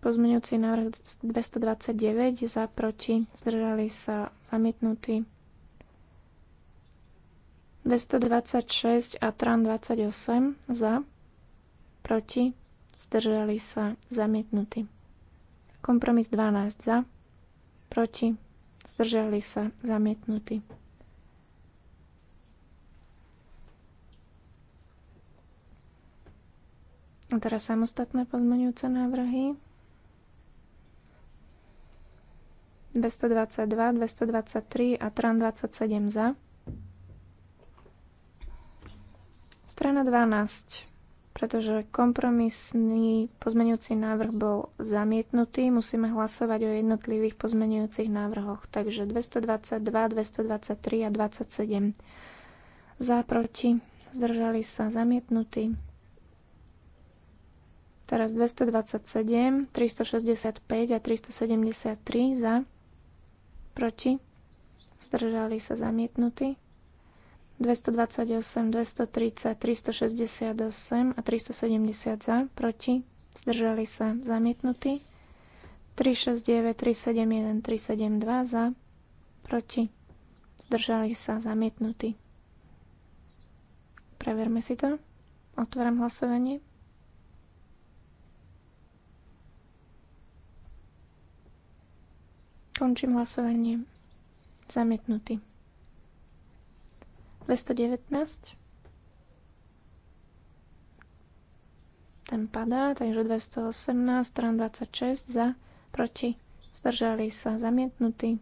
Speaker 4: pozmeňujúci návrh 229, za, proti, zdržali sa zamietnutí. 226 a TRAN 28 za, proti, zdržali sa, zamietnutý. Kompromis 12 za, proti, zdržali sa, zamietnutý. A teraz samostatné pozmeňujúce návrhy. 222, 223 a TRAN 27 za. Strana 12 pretože kompromisný pozmeňujúci návrh bol zamietnutý. Musíme hlasovať o jednotlivých pozmeňujúcich návrhoch. Takže 222, 223 a 27. Za, proti, zdržali sa, zamietnutí. Teraz 227, 365 a 373 za, proti, zdržali sa, zamietnutí. 228, 230, 368 a 370 za, proti, zdržali sa zamietnutí. 369, 371, 372 za, proti, zdržali sa zamietnutí. Preverme si to. Otváram hlasovanie. Končím hlasovanie. Zamietnutý. 219. Ten padá, takže 218, stran 26 za, proti, zdržali sa, zamietnutí.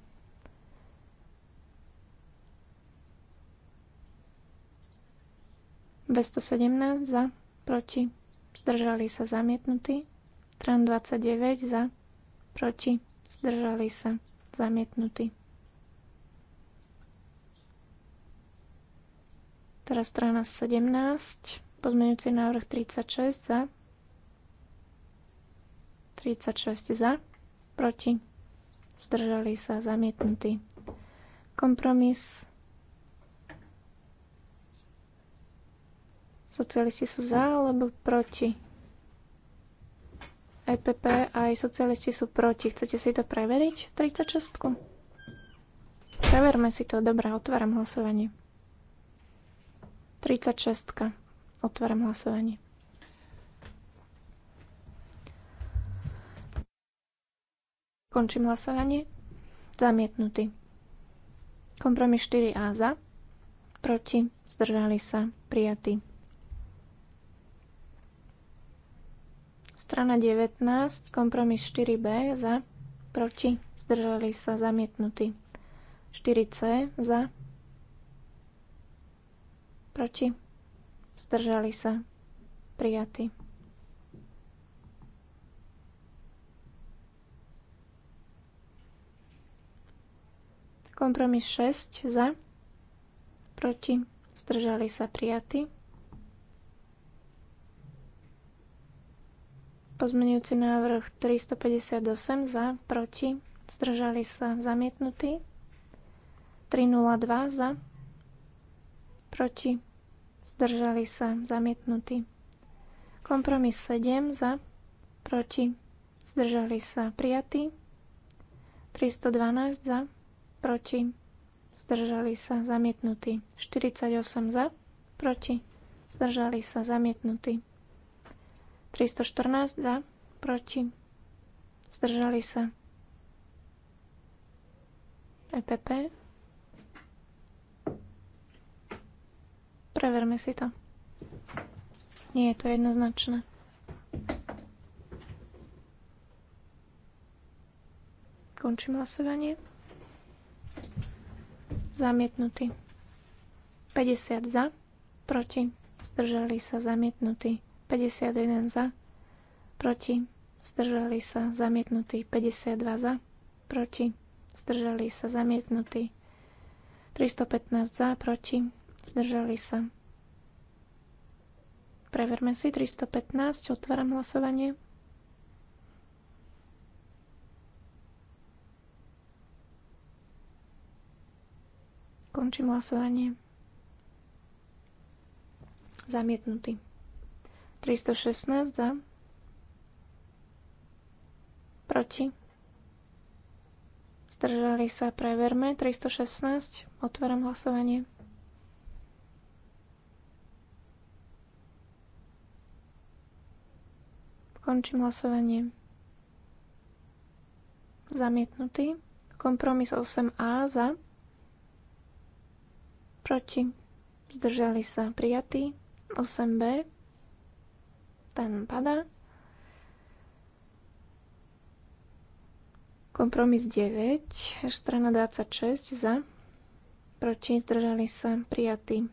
Speaker 4: B117 za, proti, zdržali sa, zamietnutí. Tran 29 za, proti, zdržali sa, zamietnutí. Teraz strana 17, pozmeňujúci návrh 36 za. 36 za, proti, zdržali sa, zamietnutý. Kompromis. Socialisti sú za alebo proti? EPP aj socialisti sú proti. Chcete si to preveriť? 36? Preverme si to. Dobre, otváram hlasovanie. 36. Otváram hlasovanie. Končím hlasovanie. Zamietnutý. Kompromis 4A za. Proti. Zdržali sa. Prijatý. Strana 19. Kompromis 4B za. Proti. Zdržali sa. Zamietnutý. 4C za Proti? Zdržali sa? Prijatí. Kompromis 6 za. Proti? Zdržali sa? Prijatí. Pozmenujúci návrh 358 za. Proti? Zdržali sa? Zamietnutí. 302 za proti, zdržali sa, zamietnutý. Kompromis 7 za, proti, zdržali sa, prijatý. 312 za, proti, zdržali sa, zamietnutý. 48 za, proti, zdržali sa, zamietnutý. 314 za, proti, zdržali sa. EPP Preverme si to. Nie je to jednoznačné. Končím hlasovanie. Zamietnutý. 50 za, proti, zdržali sa zamietnutí. 51 za, proti, zdržali sa zamietnutí. 52 za, proti, zdržali sa zamietnutí. 315 za, proti, Zdržali sa. Preverme si 315. Otváram hlasovanie. Končím hlasovanie. Zamietnutý. 316 za. Proti. Zdržali sa. Preverme. 316. Otváram hlasovanie. Končím hlasovanie. Zamietnutý. Kompromis 8a za. Proti. Zdržali sa prijatí. 8b. Ten padá. Kompromis 9, strana 26 za, proti zdržali sa Prijatý.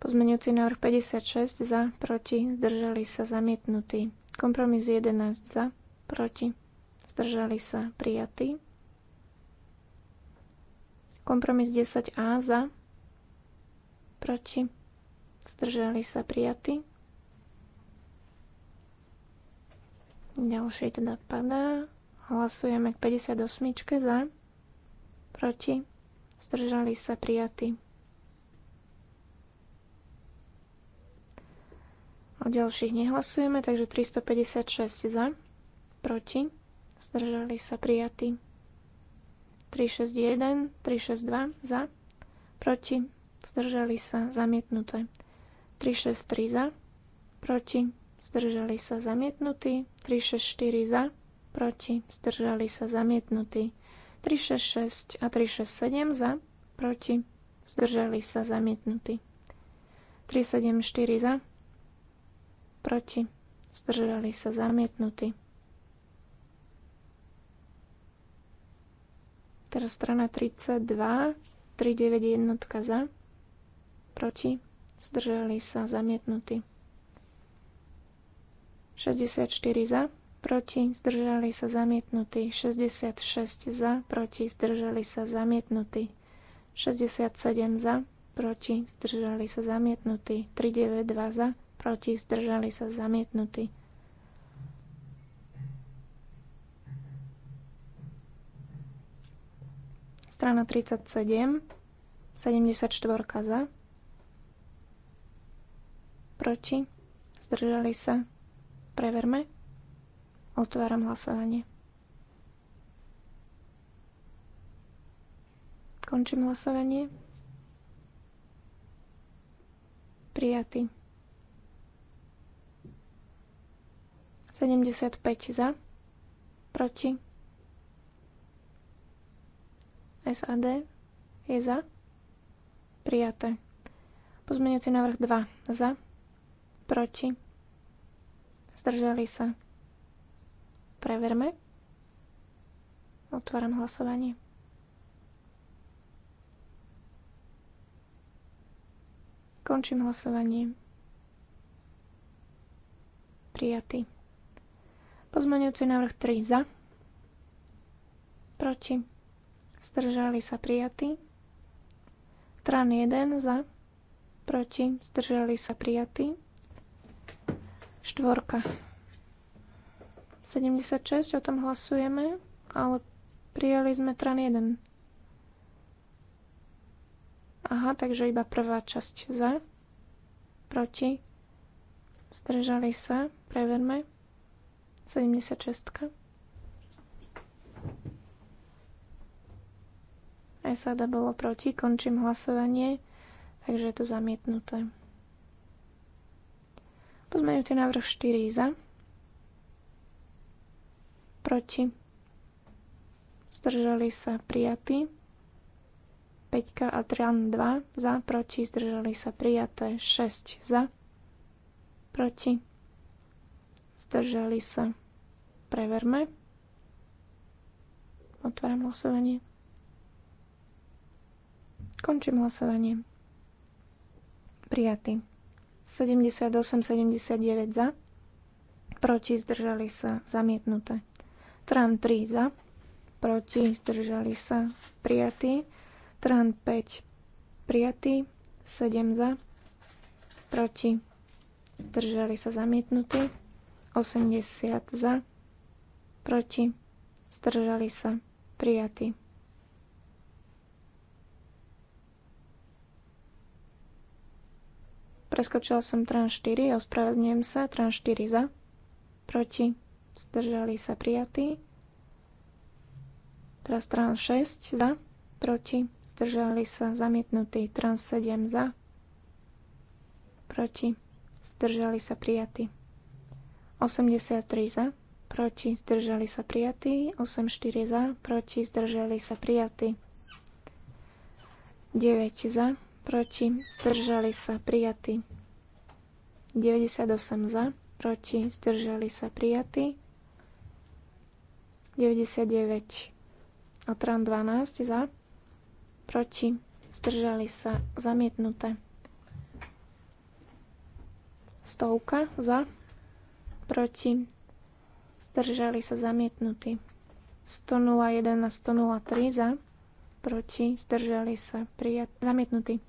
Speaker 4: Pozmeňujúci návrh 56 za, proti, zdržali sa, zamietnutý. Kompromis 11 za, proti, zdržali sa, prijatý. Kompromis 10a za, proti, zdržali sa, prijatý. Ďalšie teda padá. Hlasujeme k 58 za, proti, zdržali sa, prijatý. O ďalších nehlasujeme, takže 356 za, proti, zdržali sa prijatí. 361, 362 za, proti, zdržali sa zamietnuté. 363 za, proti, zdržali sa zamietnutí. 364 za, proti, zdržali sa zamietnutí. 366 a 367 za, proti, zdržali sa zamietnutí. 374 za, proti, zdržali sa zamietnutí. Teraz strana 32, 391 za, proti, zdržali sa zamietnutí. 64 za, proti, zdržali sa zamietnutí. 66 za, proti, zdržali sa zamietnutí. 67 za, proti, zdržali sa zamietnutí. 392 za, proti, zdržali sa zamietnutí. Strana 37, 74 za, proti, zdržali sa, preverme, otváram hlasovanie. Končím hlasovanie. Prijatý. 75 za, proti. SAD je za, prijaté. Pozmeňujúci návrh 2 za, proti. Zdržali sa. Preverme. Otváram hlasovanie. Končím hlasovanie. Prijatý. Pozmeňujúci návrh 3 za. Proti. Zdržali sa prijatí. Tran 1 za. Proti. Zdržali sa prijatí. Štvorka. 76, o tom hlasujeme, ale prijali sme tran 1. Aha, takže iba prvá časť za. Proti. Zdržali sa. Preverme. 76. SAD bolo proti, končím hlasovanie, takže je to zamietnuté. Pozmeňujte návrh 4 za. Proti. Zdržali sa prijatí. 5 a 3 2 za, proti, zdržali sa prijaté 6 za, proti zdržali sa. Preverme. Otváram hlasovanie. Končím hlasovanie. Prijatý. 78, 79 za. Proti zdržali sa. Zamietnuté. Tran 3 za. Proti zdržali sa. Prijatý. Tran 5 prijatý. 7 za. Proti zdržali sa. Zamietnuté. 80 za, proti, zdržali sa, prijatí. Preskočila som tran 4, ospravedlňujem sa, tran 4 za, proti, zdržali sa, prijatí. Teraz tran 6 za, proti, zdržali sa, zamietnutí, tran 7 za, proti, zdržali sa, prijatí. 83 za, proti zdržali sa prijatí, 84 za, proti zdržali sa prijatí, 9 za, proti zdržali sa prijatí, 98 za, proti zdržali sa prijatí, 99 a tran 12 za, proti zdržali sa zamietnuté, stovka za, proti, zdržali sa zamietnutí. 101 a 103 za, proti, zdržali sa prijat- zamietnutí.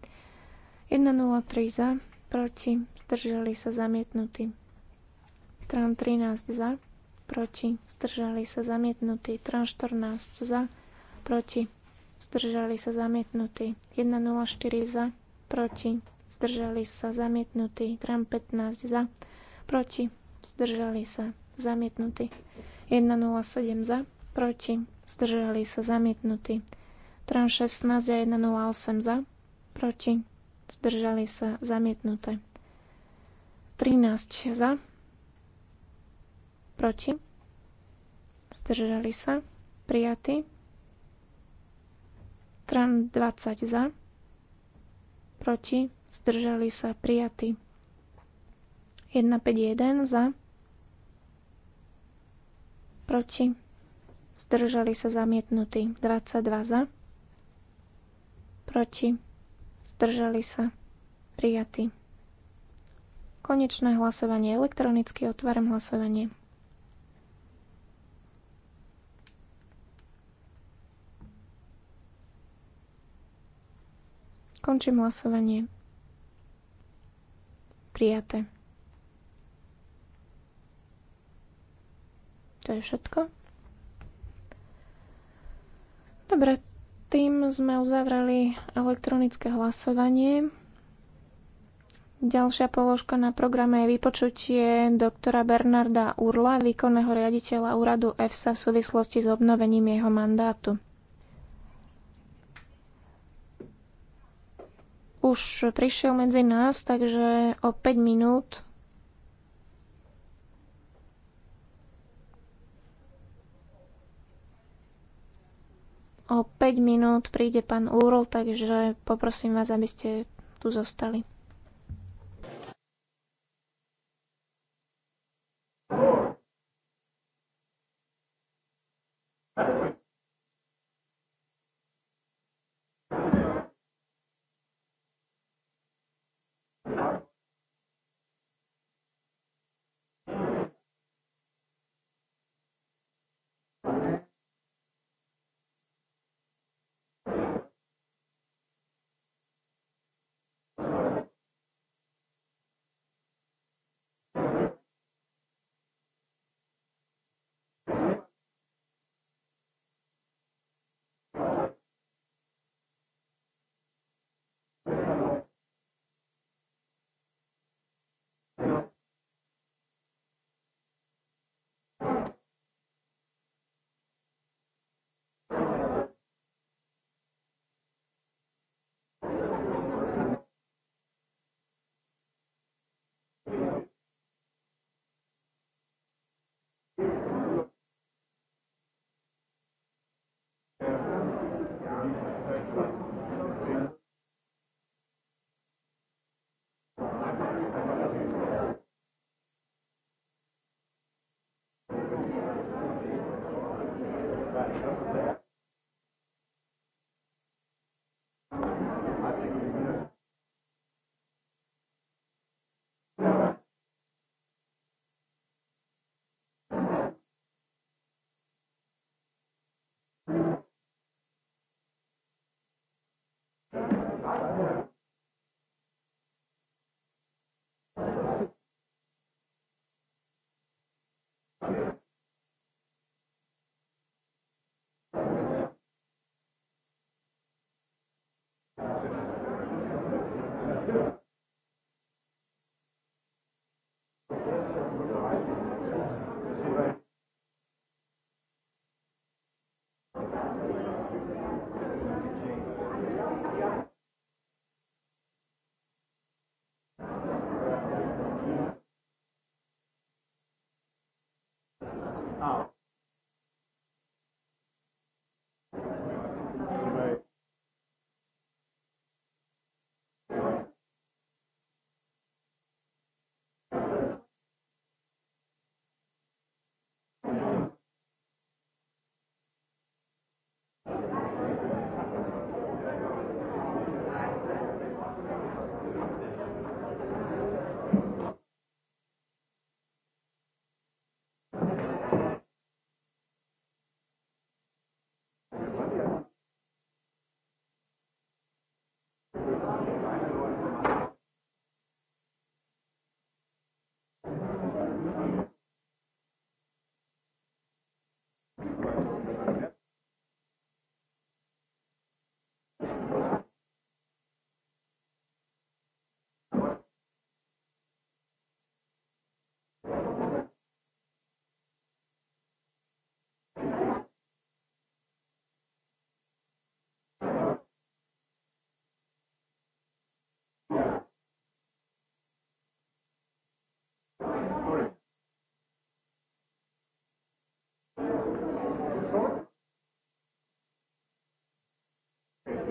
Speaker 4: 103 za, proti, zdržali sa zamietnutí. Tran 13 za, proti, zdržali sa zamietnutí. Tran 14 za, proti, zdržali sa zamietnutí. 104 za, proti, zdržali sa zamietnutí. Tran 15 za, proti, zdržali sa, zamietnutý. 107 za, proti, zdržali sa, zamietnutý. Tram 16 a 108 za, proti, zdržali sa, zamietnuté. 13 za, proti, zdržali sa, prijatý. Tram 20 za, proti, zdržali sa, prijatý. 151 za. Proti. Zdržali sa zamietnutí. 22 za. Proti. Zdržali sa. Prijatí. Konečné hlasovanie. Elektronicky otváram hlasovanie. Končím hlasovanie. Prijaté. To je všetko. Dobre, tým sme uzavreli elektronické hlasovanie. Ďalšia položka na programe je vypočutie doktora Bernarda Urla, výkonného riaditeľa úradu EFSA v súvislosti s obnovením jeho mandátu. Už prišiel medzi nás, takže o 5 minút O 5 minút príde pán Úrl, takže poprosím vás, aby ste tu zostali.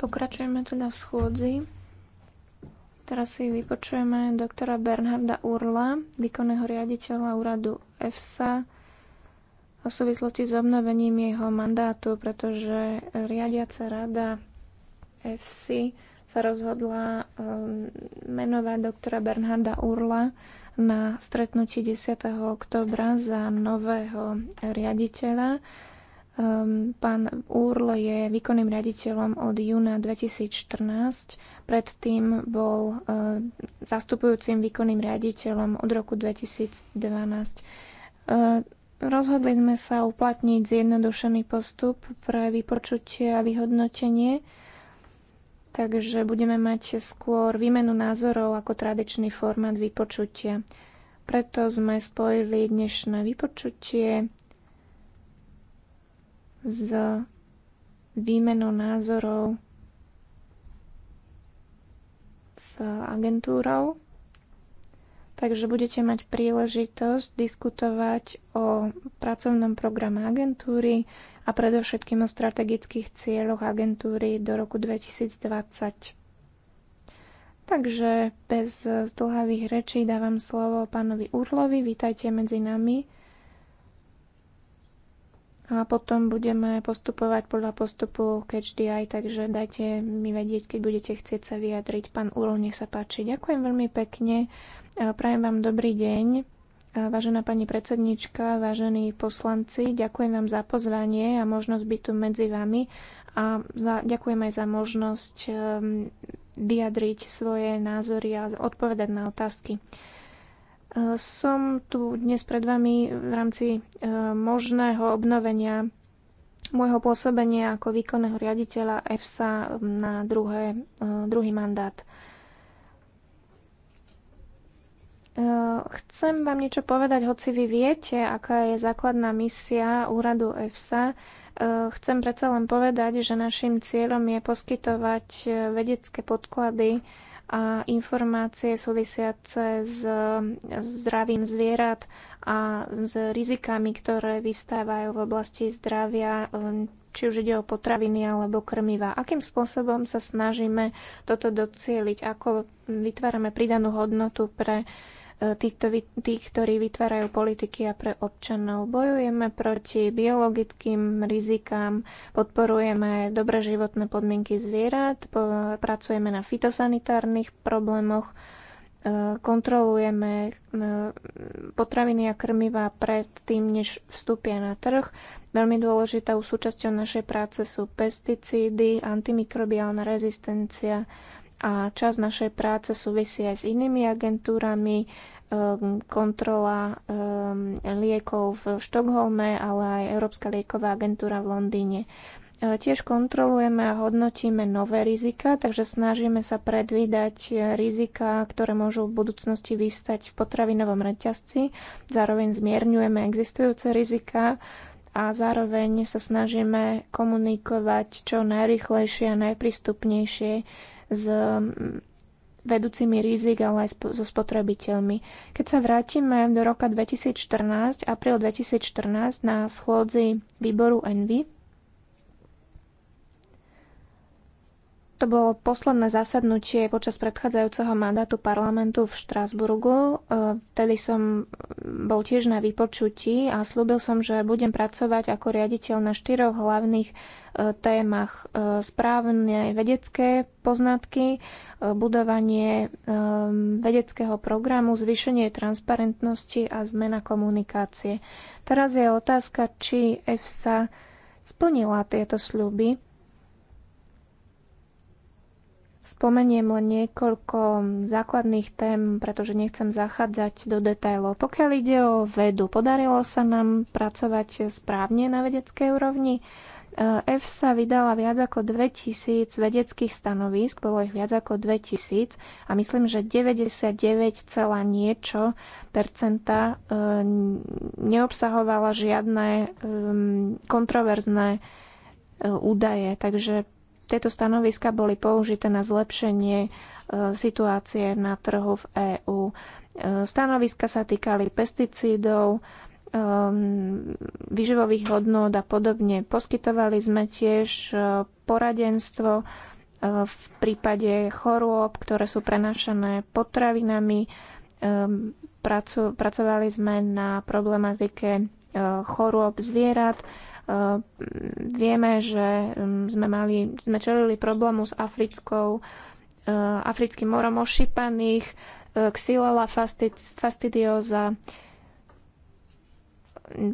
Speaker 4: Pokračujeme teda v schôdzi. Teraz si vypočujeme doktora Bernharda Urla, výkonného riaditeľa úradu EFSA v súvislosti s obnovením jeho mandátu, pretože riadiaca rada EFSI sa rozhodla ehm, menovať doktora Bernharda Urla na stretnutí 10. oktobra za nového riaditeľa. Ehm, pán Úrl je výkonným riaditeľom od júna 2014. Predtým bol ehm, zastupujúcim výkonným riaditeľom od roku 2012. Rozhodli sme sa uplatniť zjednodušený postup pre vypočutie a vyhodnotenie takže budeme mať skôr výmenu názorov ako tradičný formát vypočutia. Preto sme spojili dnešné vypočutie s výmenou názorov s agentúrou Takže budete mať príležitosť diskutovať o pracovnom programe agentúry a predovšetkým o strategických cieľoch agentúry do roku 2020. Takže bez zdlhavých rečí dávam slovo pánovi Urlovi. Vítajte medzi nami. A potom budeme postupovať podľa postupu Catch takže dajte mi vedieť, keď budete chcieť sa vyjadriť. Pán Url, nech sa páči. Ďakujem veľmi pekne. Prajem vám dobrý deň. Vážená pani predsednička, vážení poslanci, ďakujem vám za pozvanie a možnosť byť tu medzi vami a za, ďakujem aj za možnosť ehm, vyjadriť svoje názory a odpovedať na otázky. E, som tu dnes pred vami v rámci e, možného obnovenia môjho pôsobenia ako výkonného riaditeľa EFSA na druhé, e, druhý mandát. Eh, chcem vám niečo povedať, hoci vy viete, aká je základná misia úradu EFSA. Eh, chcem predsa len povedať, že našim cieľom je poskytovať eh, vedecké podklady a informácie súvisiace s zdravím zvierat a s rizikami, ktoré vyvstávajú v oblasti zdravia, či už ide o potraviny alebo krmiva. Akým spôsobom sa snažíme toto docieliť, ako vytvárame pridanú hodnotu pre uh, týchto, tých, ktorí vytvárajú politiky a pre občanov. Bojujeme proti biologickým rizikám, podporujeme dobré životné podmienky zvierat, pracujeme na fitosanitárnych problémoch, e, kontrolujeme e, potraviny a krmiva pred tým, než vstúpia na trh. Veľmi dôležitou súčasťou našej práce sú pesticídy, antimikrobiálna rezistencia, a čas našej práce súvisí aj s inými agentúrami, um, kontrola um, liekov v Štokholme, ale aj Európska lieková agentúra v Londýne. E, tiež kontrolujeme a hodnotíme nové rizika, takže snažíme sa predvídať rizika, ktoré môžu v budúcnosti vyvstať v potravinovom reťazci. Zároveň zmierňujeme existujúce rizika a zároveň sa snažíme komunikovať čo najrychlejšie a najprístupnejšie s mm, vedúcimi rizik, ale aj so spotrebiteľmi. Keď sa vrátime do roka 2014, apríl 2014 na schôdzi výboru Envy, To bolo posledné zasadnutie počas predchádzajúceho mandátu parlamentu v Štrásburgu. E, vtedy som bol tiež na vypočutí a slúbil som, že budem pracovať ako riaditeľ na štyroch hlavných e, témach. E, správne vedecké poznatky, budovanie vedeckého programu, zvýšenie transparentnosti a zmena komunikácie. Teraz je otázka, či EFSA splnila tieto sľuby Spomeniem len niekoľko základných tém, pretože nechcem zachádzať do detajlov. Pokiaľ ide o vedu, podarilo sa nám pracovať správne na vedeckej úrovni. Eh, EFSA vydala viac ako 2000 vedeckých stanovísk, bolo ich viac ako 2000 a myslím, že 99, niečo percenta eh, neobsahovala žiadne ehm, kontroverzné eh, údaje. Takže tieto stanoviska boli použité na zlepšenie e, situácie na trhu v EÚ. E, stanoviska sa týkali pesticídov, e, vyživových hodnôt a podobne. Poskytovali sme tiež poradenstvo v prípade chorôb, ktoré sú prenašané potravinami. Pracovali sme na problematike chorôb zvierat Ehm, vieme, že ehm, sme, mali, sme čelili problému s africkou, ehm, africkým morom ošípaných, xylella fastidiosa.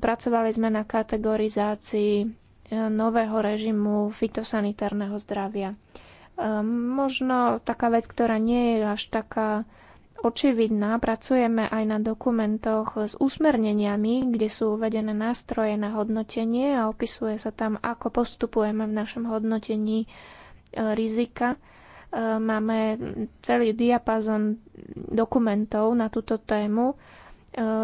Speaker 4: Pracovali sme na kategorizácii nového režimu fitosanitárneho zdravia. Možno taká vec, ktorá nie je až taká očividná. Pracujeme aj na dokumentoch s usmerneniami, kde sú uvedené nástroje na hodnotenie a opisuje sa tam, ako postupujeme v našom hodnotení e, rizika. E, máme celý diapazon dokumentov na túto tému. E,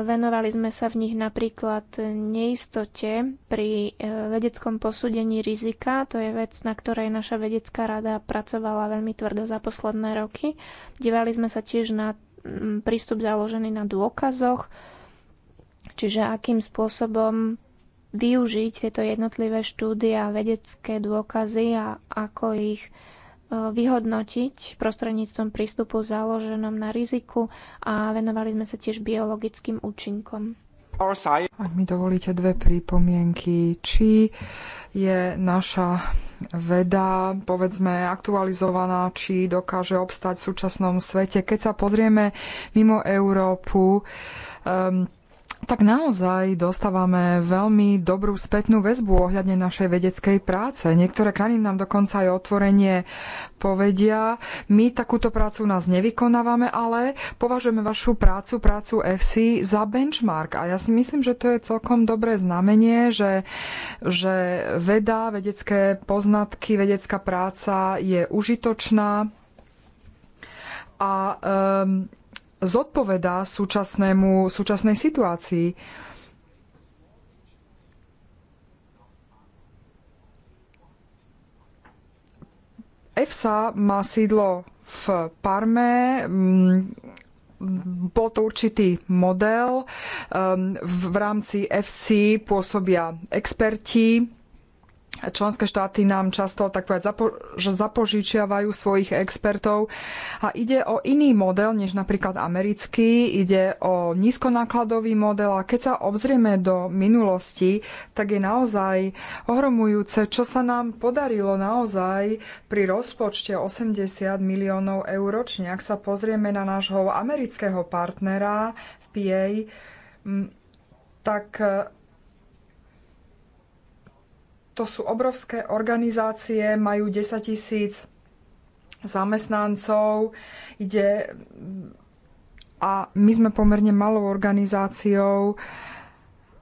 Speaker 4: venovali sme sa v nich napríklad neistote pri vedeckom posúdení rizika. To je vec, na ktorej naša vedecká rada pracovala veľmi tvrdo za posledné roky. Dívali sme sa tiež na prístup založený na dôkazoch, čiže akým spôsobom využiť tieto jednotlivé štúdia, vedecké dôkazy a ako ich e, vyhodnotiť prostredníctvom prístupu založenom na riziku a venovali sme sa tiež biologickým účinkom.
Speaker 1: Ak mi dovolíte dve pripomienky, či je naša veda, povedzme, aktualizovaná, či dokáže obstať v súčasnom svete. Keď sa pozrieme mimo Európu, um, tak naozaj dostávame veľmi dobrú spätnú väzbu ohľadne našej vedeckej práce. Niektoré krajiny nám dokonca aj otvorenie povedia, my takúto prácu nás nevykonávame, ale považujeme vašu prácu, prácu FC za benchmark. A ja si myslím, že to je celkom dobré znamenie, že, že veda, vedecké poznatky, vedecká práca je užitočná a um, zodpovedá súčasnému, súčasnej situácii. EFSA má sídlo v Parme, mm, bol to určitý model. Ehm, v rámci FC pôsobia experti, členské štáty nám často tak povedať, zapo- že zapožičiavajú svojich expertov a ide o iný model než napríklad americký, ide o nízkonákladový model a keď sa obzrieme do minulosti, tak je naozaj ohromujúce, čo sa nám podarilo naozaj pri rozpočte 80 miliónov eur ročne. Ak sa pozrieme na nášho amerického partnera v PA, tak to sú obrovské organizácie, majú 10 tisíc zamestnancov, ide a my sme pomerne malou organizáciou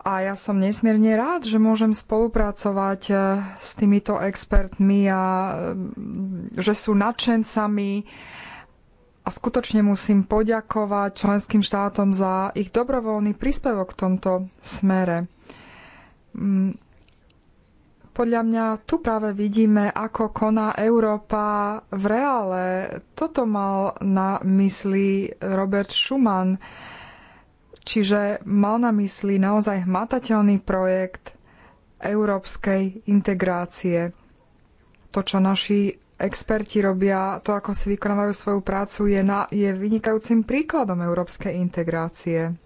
Speaker 1: a ja som nesmierne rád, že môžem spolupracovať eh, s týmito expertmi a mm, že sú nadšencami a skutočne musím poďakovať členským štátom za ich dobrovoľný príspevok v tomto smere. Mm, podľa mňa tu práve vidíme, ako koná Európa v reále. Toto mal na mysli Robert Schumann. Čiže mal na mysli naozaj hmatateľný projekt európskej integrácie. To, čo naši experti robia, to, ako si vykonávajú svoju prácu, je, na, je vynikajúcim príkladom európskej integrácie.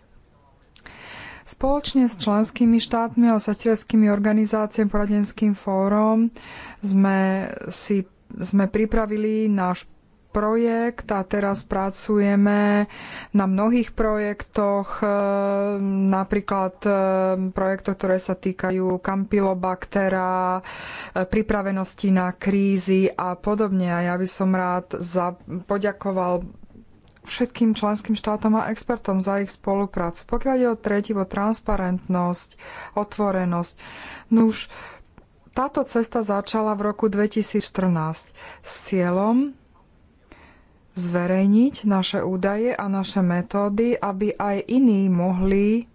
Speaker 1: Spoločne s členskými štátmi a osateľskými organizáciami poradenským fórom sme, si, sme pripravili náš projekt a teraz pracujeme na mnohých projektoch, e, napríklad e, projektoch, ktoré sa týkajú kampilobaktera, e, pripravenosti na krízy a podobne. A ja by som rád za, poďakoval všetkým členským štátom a expertom za ich spoluprácu. Pokiaľ je o tretivo transparentnosť, otvorenosť, no už táto cesta začala v roku 2014 s cieľom zverejniť naše údaje a naše metódy, aby aj iní mohli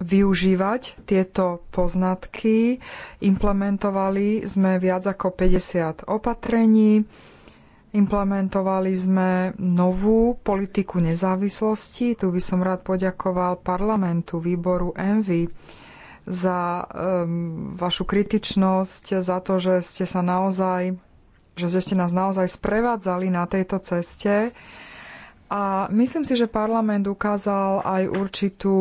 Speaker 1: využívať tieto poznatky. Implementovali sme viac ako 50 opatrení Implementovali sme novú politiku nezávislosti. Tu by som rád poďakoval parlamentu, výboru ENVY za um, vašu kritičnosť, za to, že ste sa naozaj že ste nás naozaj sprevádzali na tejto ceste. A myslím si, že parlament ukázal aj určitú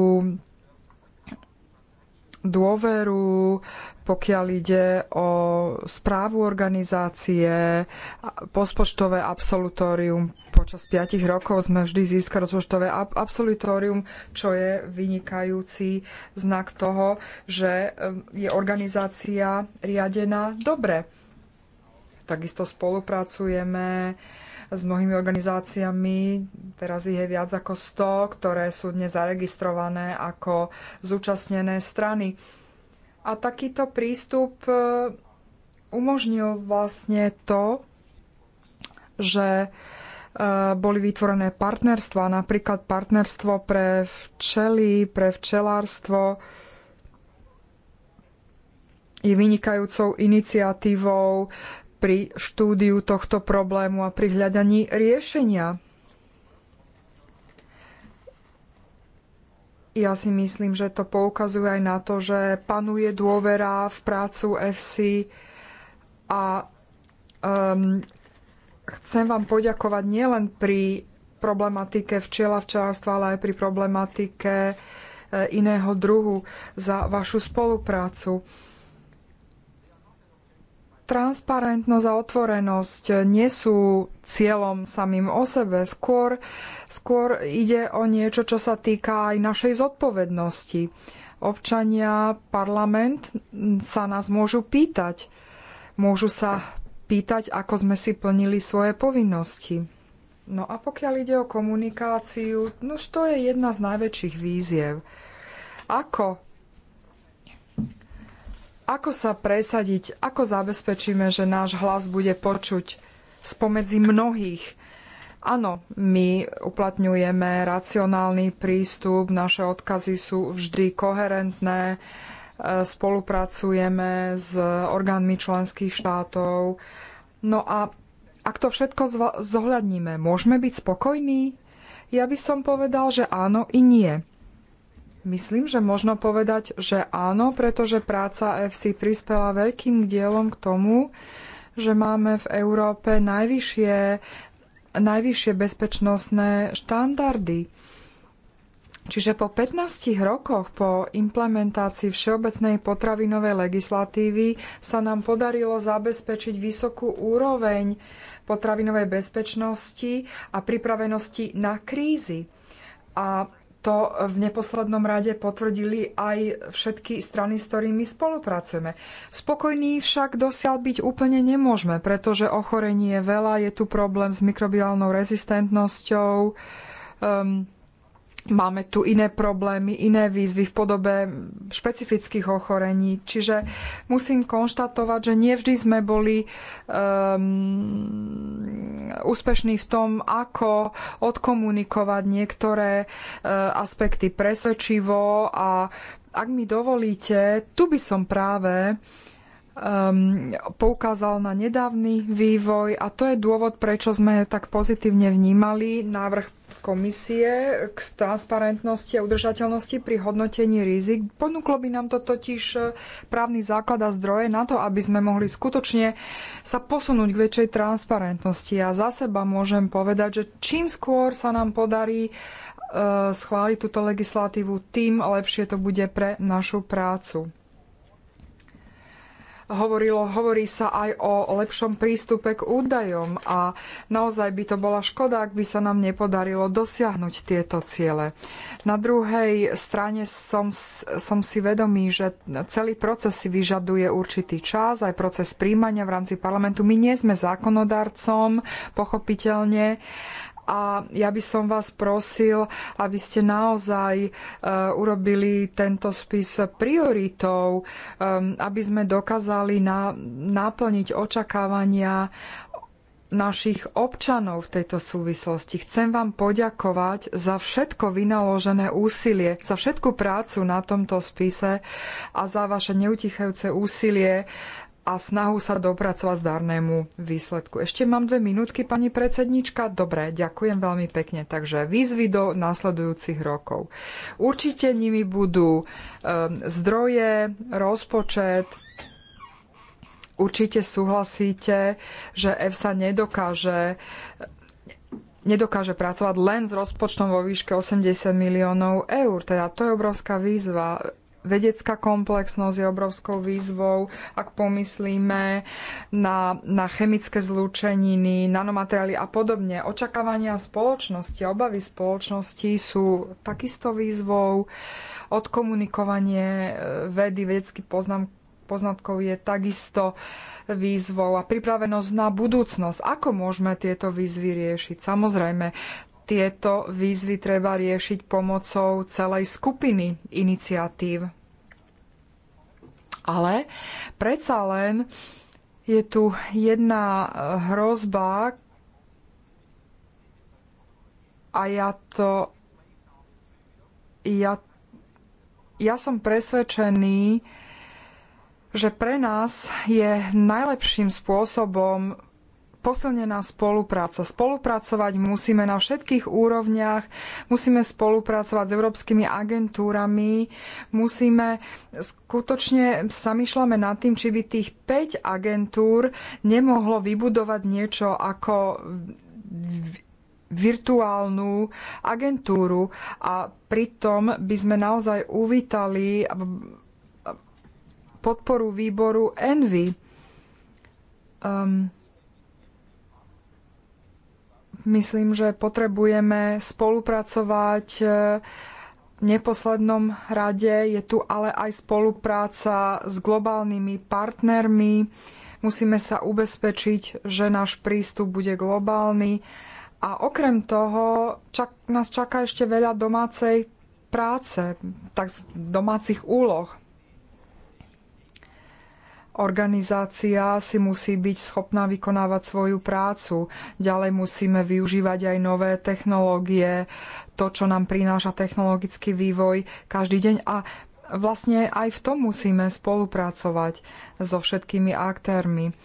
Speaker 1: dôveru, pokiaľ ide o správu organizácie, pospočtové absolutórium. Počas 5 rokov sme vždy získali rozpočtové absolutórium, čo je vynikajúci znak toho, že je organizácia riadená dobre. Takisto spolupracujeme s mnohými organizáciami, teraz ich je viac ako 100, ktoré sú dnes zaregistrované ako zúčastnené strany a takýto prístup e, umožnil vlastne to, že e, boli vytvorené partnerstva, napríklad partnerstvo pre včely, pre včelárstvo je vynikajúcou iniciatívou pri štúdiu tohto problému a pri hľadaní riešenia Ja si myslím, že to poukazuje aj na to, že panuje dôvera v prácu FC a um, chcem vám poďakovať nielen pri problematike včela včelárstva, ale aj pri problematike eh, iného druhu za vašu spoluprácu transparentnosť a otvorenosť nie sú cieľom samým o sebe, skôr, skôr ide o niečo, čo sa týka aj našej zodpovednosti. Občania, parlament sa nás môžu pýtať. Môžu sa pýtať, ako sme si plnili svoje povinnosti. No a pokiaľ ide o komunikáciu, no to je jedna z najväčších víziev. Ako ako sa presadiť, ako zabezpečíme, že náš hlas bude počuť spomedzi mnohých? Áno, my uplatňujeme racionálny prístup, naše odkazy sú vždy koherentné, e, spolupracujeme s orgánmi členských štátov. No a ak to všetko zohľadníme, môžeme byť spokojní? Ja by som povedal, že áno i nie. Myslím, že možno povedať, že áno, pretože práca FC prispela veľkým dielom k tomu, že máme v Európe najvyššie, najvyššie bezpečnostné štandardy. Čiže po 15 rokoch po implementácii všeobecnej potravinovej legislatívy sa nám podarilo zabezpečiť vysokú úroveň potravinovej bezpečnosti a pripravenosti na krízy. A to v neposlednom rade potvrdili aj všetky strany, s ktorými spolupracujeme. Spokojní však dosiaľ byť úplne nemôžeme, pretože ochorenie je veľa, je tu problém s mikrobiálnou rezistentnosťou, um, Máme tu iné problémy, iné výzvy v podobe špecifických ochorení. Čiže musím konštatovať, že nie vždy sme boli um, úspešní v tom, ako odkomunikovať niektoré uh, aspekty presvedčivo. A ak mi dovolíte, tu by som práve um, poukázal na nedávny vývoj a to je dôvod, prečo sme tak pozitívne vnímali návrh komisie k transparentnosti a udržateľnosti pri hodnotení rizik. Ponúklo by nám to totiž e, právny základ a zdroje na to, aby sme mohli skutočne sa posunúť k väčšej transparentnosti. A za seba môžem povedať, že čím skôr sa nám podarí e, schváliť túto legislatívu, tým lepšie to bude pre našu prácu hovorilo, hovorí sa aj o lepšom prístupe k údajom a naozaj by to bola škoda, ak by sa nám nepodarilo dosiahnuť tieto ciele. Na druhej strane som, som si vedomý, že celý proces si vyžaduje určitý čas, aj proces príjmania v rámci parlamentu. My nie sme zákonodarcom, pochopiteľne a ja by som vás prosil, aby ste naozaj e, urobili tento spis prioritou, e, aby sme dokázali naplniť očakávania našich občanov v tejto súvislosti. Chcem vám poďakovať za všetko vynaložené úsilie, za všetku prácu na tomto spise a za vaše neutichajúce úsilie a snahu sa dopracovať zdarnému výsledku. Ešte mám dve minútky, pani predsednička. Dobre, ďakujem veľmi pekne. Takže výzvy do nasledujúcich rokov. Určite nimi budú um, zdroje, rozpočet, Určite súhlasíte, že EFSA nedokáže nedokáže pracovať len s rozpočtom vo výške 80 miliónov eur. Teda to je obrovská výzva vedecká komplexnosť je obrovskou výzvou, ak pomyslíme na, na chemické zlúčeniny, nanomateriály a podobne. Očakávania spoločnosti, obavy spoločnosti sú takisto výzvou. Odkomunikovanie e, vedy, vedecký poznám, poznatkov je takisto výzvou a pripravenosť na budúcnosť. Ako môžeme tieto výzvy riešiť? Samozrejme, tieto výzvy treba riešiť pomocou celej skupiny iniciatív. Ale predsa len je tu jedna hrozba a ja to ja, ja som presvedčený, že pre nás je najlepším spôsobom posilnená spolupráca. Spolupracovať musíme na všetkých úrovniach, musíme spolupracovať s európskymi agentúrami, musíme skutočne zamýšľame nad tým, či by tých 5 agentúr nemohlo vybudovať niečo ako virtuálnu agentúru a pritom by sme naozaj uvítali podporu výboru Envy. Um, Myslím, že potrebujeme spolupracovať e, v neposlednom rade je tu ale aj spolupráca s globálnymi partnermi. Musíme sa ubezpečiť, že náš prístup bude globálny. A okrem toho čak, nás čaká ešte veľa domácej práce, tak domácich úloh. Organizácia si musí byť schopná vykonávať svoju prácu. Ďalej musíme využívať aj nové technológie, to, čo nám prináša technologický vývoj každý deň. A vlastne aj v tom musíme spolupracovať so všetkými aktérmi.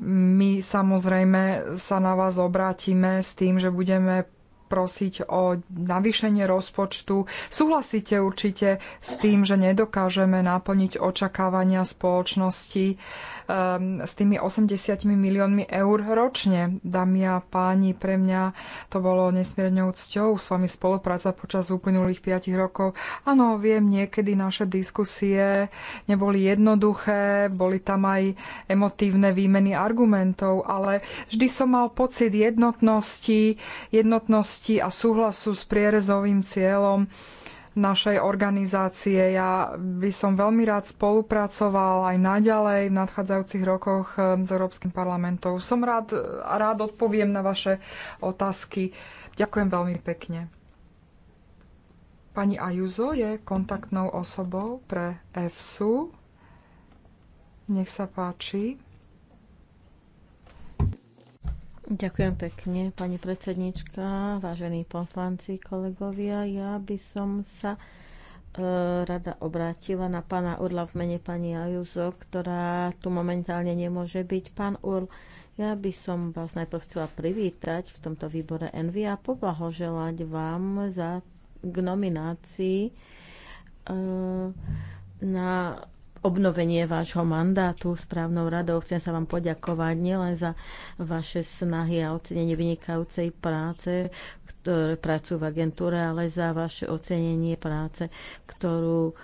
Speaker 1: My samozrejme sa na vás obrátime s tým, že budeme prosiť o navýšenie rozpočtu. Súhlasíte určite s tým, že nedokážeme naplniť očakávania spoločnosti. Ehm, s tými 80 miliónmi eur ročne. Dámy a páni, pre mňa to bolo nesmiernou cťou s vami spolupráca počas uplynulých 5 rokov. Áno, viem, niekedy naše diskusie neboli jednoduché, boli tam aj emotívne výmeny argumentov, ale vždy som mal pocit jednotnosti, jednotnosti a súhlasu s prierezovým cieľom našej organizácie. Ja by som veľmi rád spolupracoval aj naďalej v nadchádzajúcich rokoch eh, s Európskym parlamentom. Som rád, rád odpoviem na vaše otázky. Ďakujem veľmi pekne. Pani Ajuzo je kontaktnou osobou pre EFSU. Nech sa páči.
Speaker 2: Ďakujem pekne, pani predsednička, vážení poslanci, kolegovia. Ja by som sa e, rada obrátila na pána Urla v mene pani Ajuzo, ktorá tu momentálne nemôže byť. Pán Url, ja by som vás najprv chcela privítať v tomto výbore Envy a poblahoželať vám za, k nominácii e, na obnovenie vášho mandátu správnou radou. Chcem sa vám poďakovať nielen za vaše snahy a ocenenie vynikajúcej práce prácu v agentúre, ale za vaše ocenenie práce, ktorú e,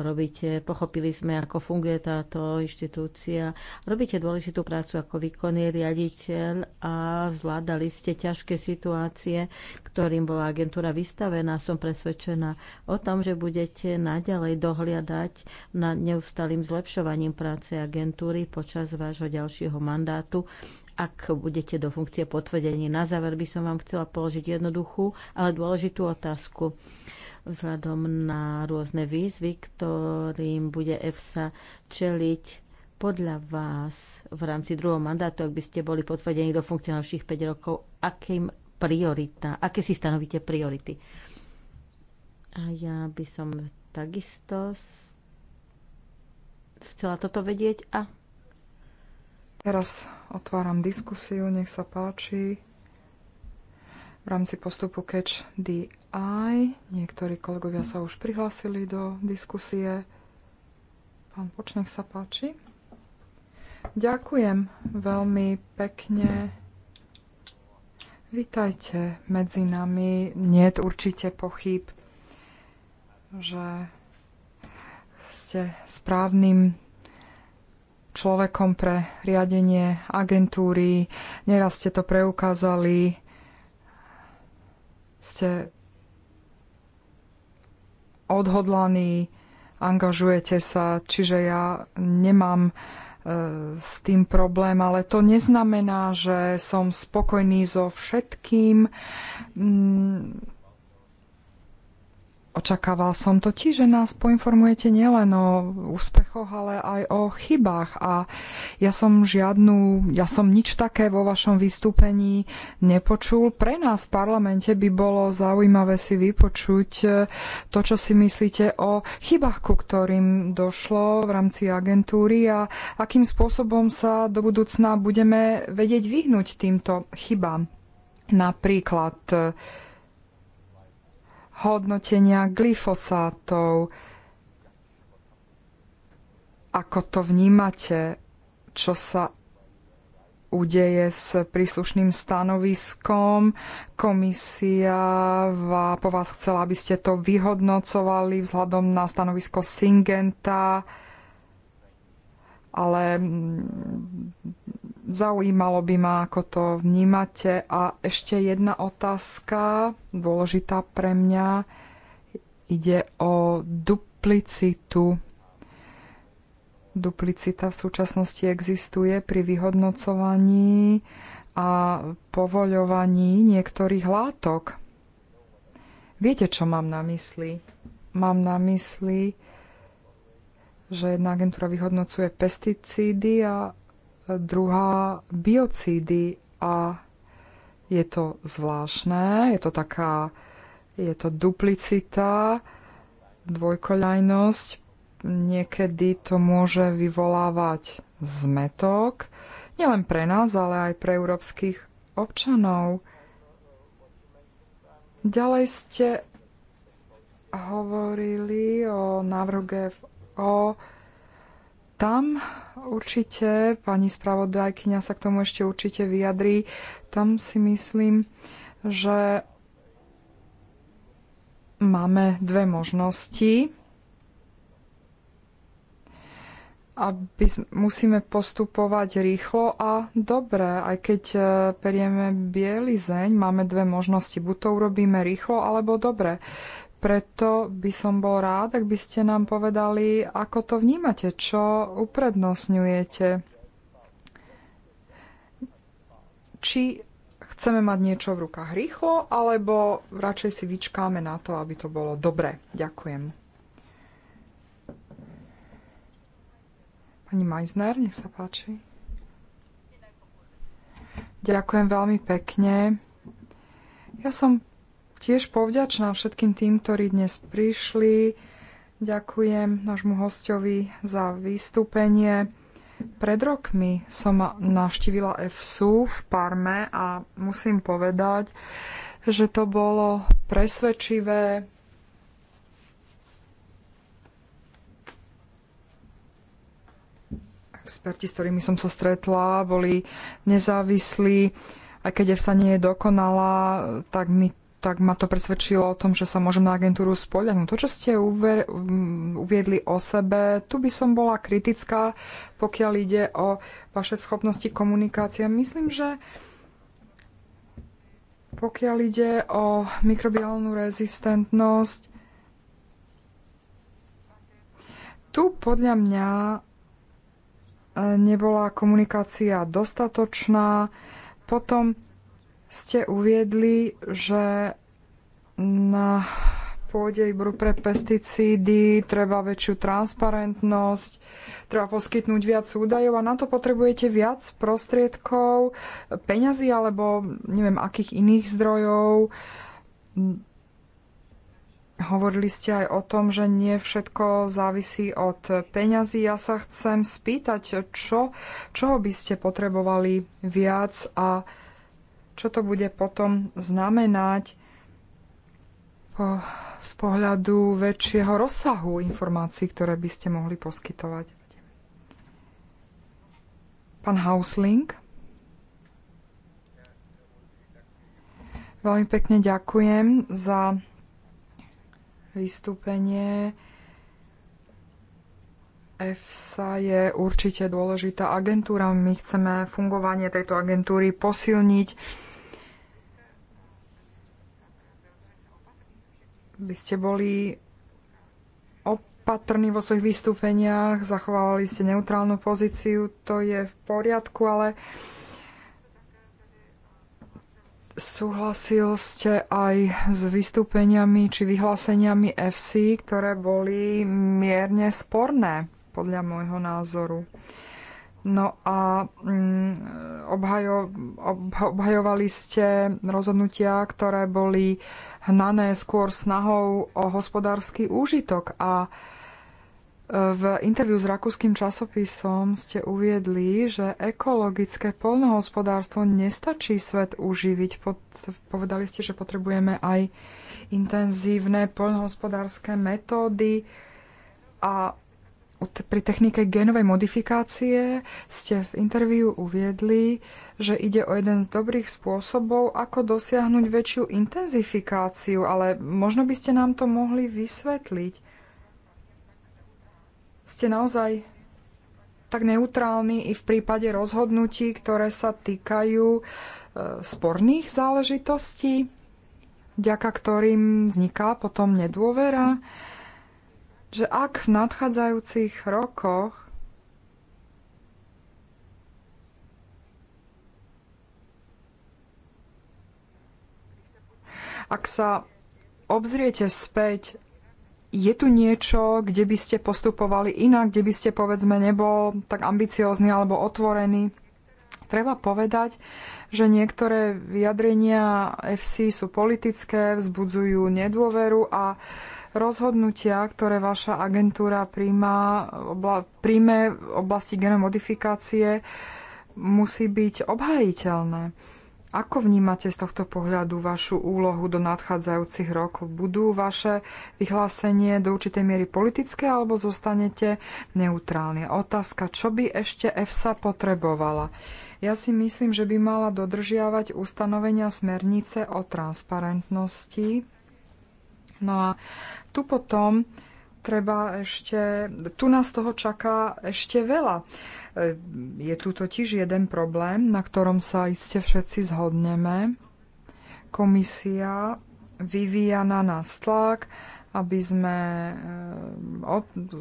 Speaker 2: robíte. Pochopili sme, ako funguje táto inštitúcia. Robíte dôležitú prácu ako výkonný riaditeľ a zvládali ste ťažké situácie, ktorým bola agentúra vystavená. Som presvedčená o tom, že budete naďalej dohliadať nad neustalým zlepšovaním práce agentúry počas vášho ďalšieho mandátu ak budete do funkcie potvrdení. Na záver by som vám chcela položiť jednoduchú, ale dôležitú otázku vzhľadom na rôzne výzvy, ktorým bude EFSA čeliť podľa vás v rámci druhého mandátu, ak by ste boli potvrdení do funkcie našich 5 rokov, akým priorita, aké si stanovíte priority? A ja by som takisto
Speaker 1: chcela toto vedieť a Teraz otváram diskusiu, nech sa páči. V rámci postupu Catch the Eye niektorí kolegovia sa už prihlásili do diskusie. Pán Poč, nech sa páči. Ďakujem veľmi pekne. Vítajte medzi nami. Nie je určite pochyb, že ste správnym človekom pre riadenie agentúry. Neraz ste to preukázali. Ste odhodlaní, angažujete sa, čiže ja nemám e, s tým problém, ale to neznamená, že som spokojný so všetkým. Mm, Očakával som totiž, že nás poinformujete nielen o úspechoch, ale aj o chybách. A ja som žiadnu, ja som nič také vo vašom vystúpení nepočul. Pre nás v parlamente by bolo zaujímavé si vypočuť e, to, čo si myslíte o chybách, ku ktorým došlo v rámci agentúry a akým spôsobom sa do budúcna budeme vedieť vyhnúť týmto chybám. Napríklad e, hodnotenia glyfosátov. Ako to vnímate, čo sa udeje s príslušným stanoviskom. Komisia po vás chcela, aby ste to vyhodnocovali vzhľadom na stanovisko Singenta, ale mm, Zaujímalo by ma, ako to vnímate. A ešte jedna otázka, dôležitá pre mňa. Ide o duplicitu. Duplicita v súčasnosti existuje pri vyhodnocovaní a povoľovaní niektorých látok. Viete, čo mám na mysli? Mám na mysli, že jedna agentúra vyhodnocuje pesticídy a druhá biocídy a je to zvláštne, je to taká, je to duplicita, dvojkoľajnosť, niekedy to môže vyvolávať zmetok, nielen pre nás, ale aj pre európskych občanov. Ďalej ste hovorili o návrhu GFO, tam určite, pani spravodajkyňa sa k tomu ešte určite vyjadrí, tam si myslím, že máme dve možnosti. Aby musíme postupovať rýchlo a dobre. Aj keď e, perieme bielizeň, máme dve možnosti. Buď to urobíme rýchlo, alebo dobre. Preto by som bol rád, ak by ste nám povedali, ako to vnímate, čo uprednostňujete. Či chceme mať niečo v rukách rýchlo, alebo radšej si vyčkáme na to, aby to bolo dobre. Ďakujem. Pani Majzner, nech sa páči. Ďakujem veľmi pekne. Ja som tiež povďačná všetkým tým, ktorí dnes prišli. Ďakujem nášmu hostovi za vystúpenie. Pred rokmi som navštívila FSU v Parme a musím povedať, že to bolo presvedčivé experti, s ktorými som sa stretla, boli nezávislí. Aj keď sa nie je dokonalá, tak mi tak ma to presvedčilo o tom, že sa môžem na agentúru spoľahnúť. To, čo ste uver, mm, uviedli o sebe, tu by som bola kritická, pokiaľ ide o vaše schopnosti komunikácie. Myslím, že pokiaľ ide o mikrobiálnu rezistentnosť, tu podľa mňa e, nebola komunikácia dostatočná. Potom ste uviedli, že na pôde výboru pre pesticídy treba väčšiu transparentnosť, treba poskytnúť viac údajov a na to potrebujete viac prostriedkov, peňazí alebo neviem akých iných zdrojov. Hovorili ste aj o tom, že nie všetko závisí od peňazí. Ja sa chcem spýtať, čo, čoho by ste potrebovali viac a čo to bude potom znamenať po, z pohľadu väčšieho rozsahu informácií, ktoré by ste mohli poskytovať. Pán Hausling. Veľmi pekne ďakujem za vystúpenie. EFSA je určite dôležitá agentúra. My chceme fungovanie tejto agentúry posilniť. By ste boli opatrní vo svojich vystúpeniach, zachovali ste neutrálnu pozíciu, to je v poriadku, ale súhlasil ste aj s vystúpeniami či vyhláseniami FC, ktoré boli mierne sporné podľa môjho názoru. No a mm, obhajo, obhajovali ste rozhodnutia, ktoré boli hnané skôr snahou o hospodársky úžitok. A e, v interviu s rakúskym časopisom ste uviedli, že ekologické polnohospodárstvo nestačí svet uživiť. povedali ste, že potrebujeme aj intenzívne polnohospodárske metódy a pri technike génovej modifikácie ste v interviu uviedli, že ide o jeden z dobrých spôsobov, ako dosiahnuť väčšiu intenzifikáciu, ale možno by ste nám to mohli vysvetliť. Ste naozaj tak neutrálni i v prípade rozhodnutí, ktoré sa týkajú e, sporných záležitostí, vďaka ktorým vzniká potom nedôvera. Mm že ak v nadchádzajúcich rokoch ak sa obzriete späť, je tu niečo, kde by ste postupovali inak, kde by ste povedzme nebol tak ambiciózny alebo otvorený? Treba povedať, že niektoré vyjadrenia FC sú politické, vzbudzujú nedôveru a uh, Rozhodnutia, ktoré vaša agentúra príjma, obla, príjme v oblasti genomodifikácie, musí byť obhajiteľné. Ako vnímate z tohto pohľadu vašu úlohu do nadchádzajúcich rokov? Budú vaše vyhlásenie do určitej miery politické alebo zostanete neutrálni? Otázka, čo by ešte EFSA potrebovala? Ja si myslím, že by mala dodržiavať ustanovenia smernice o transparentnosti No a tu potom treba ešte, tu nás toho čaká ešte veľa. E, je tu totiž jeden problém, na ktorom sa iste všetci zhodneme. Komisia vyvíja na nás tlak, aby sme e,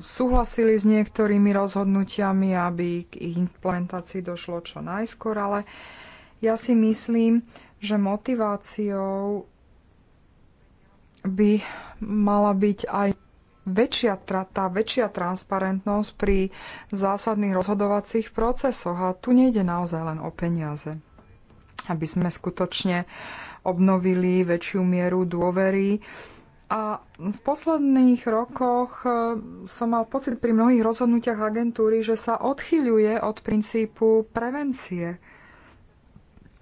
Speaker 1: súhlasili s niektorými rozhodnutiami, aby k ich implementácii došlo čo najskôr, ale ja si myslím, že motiváciou by mala byť aj väčšia, tá väčšia transparentnosť pri zásadných rozhodovacích procesoch. A tu nejde naozaj len o peniaze. Aby sme skutočne obnovili väčšiu mieru dôvery. A v posledných rokoch e, som mal pocit pri mnohých rozhodnutiach agentúry, že sa odchyľuje od princípu prevencie.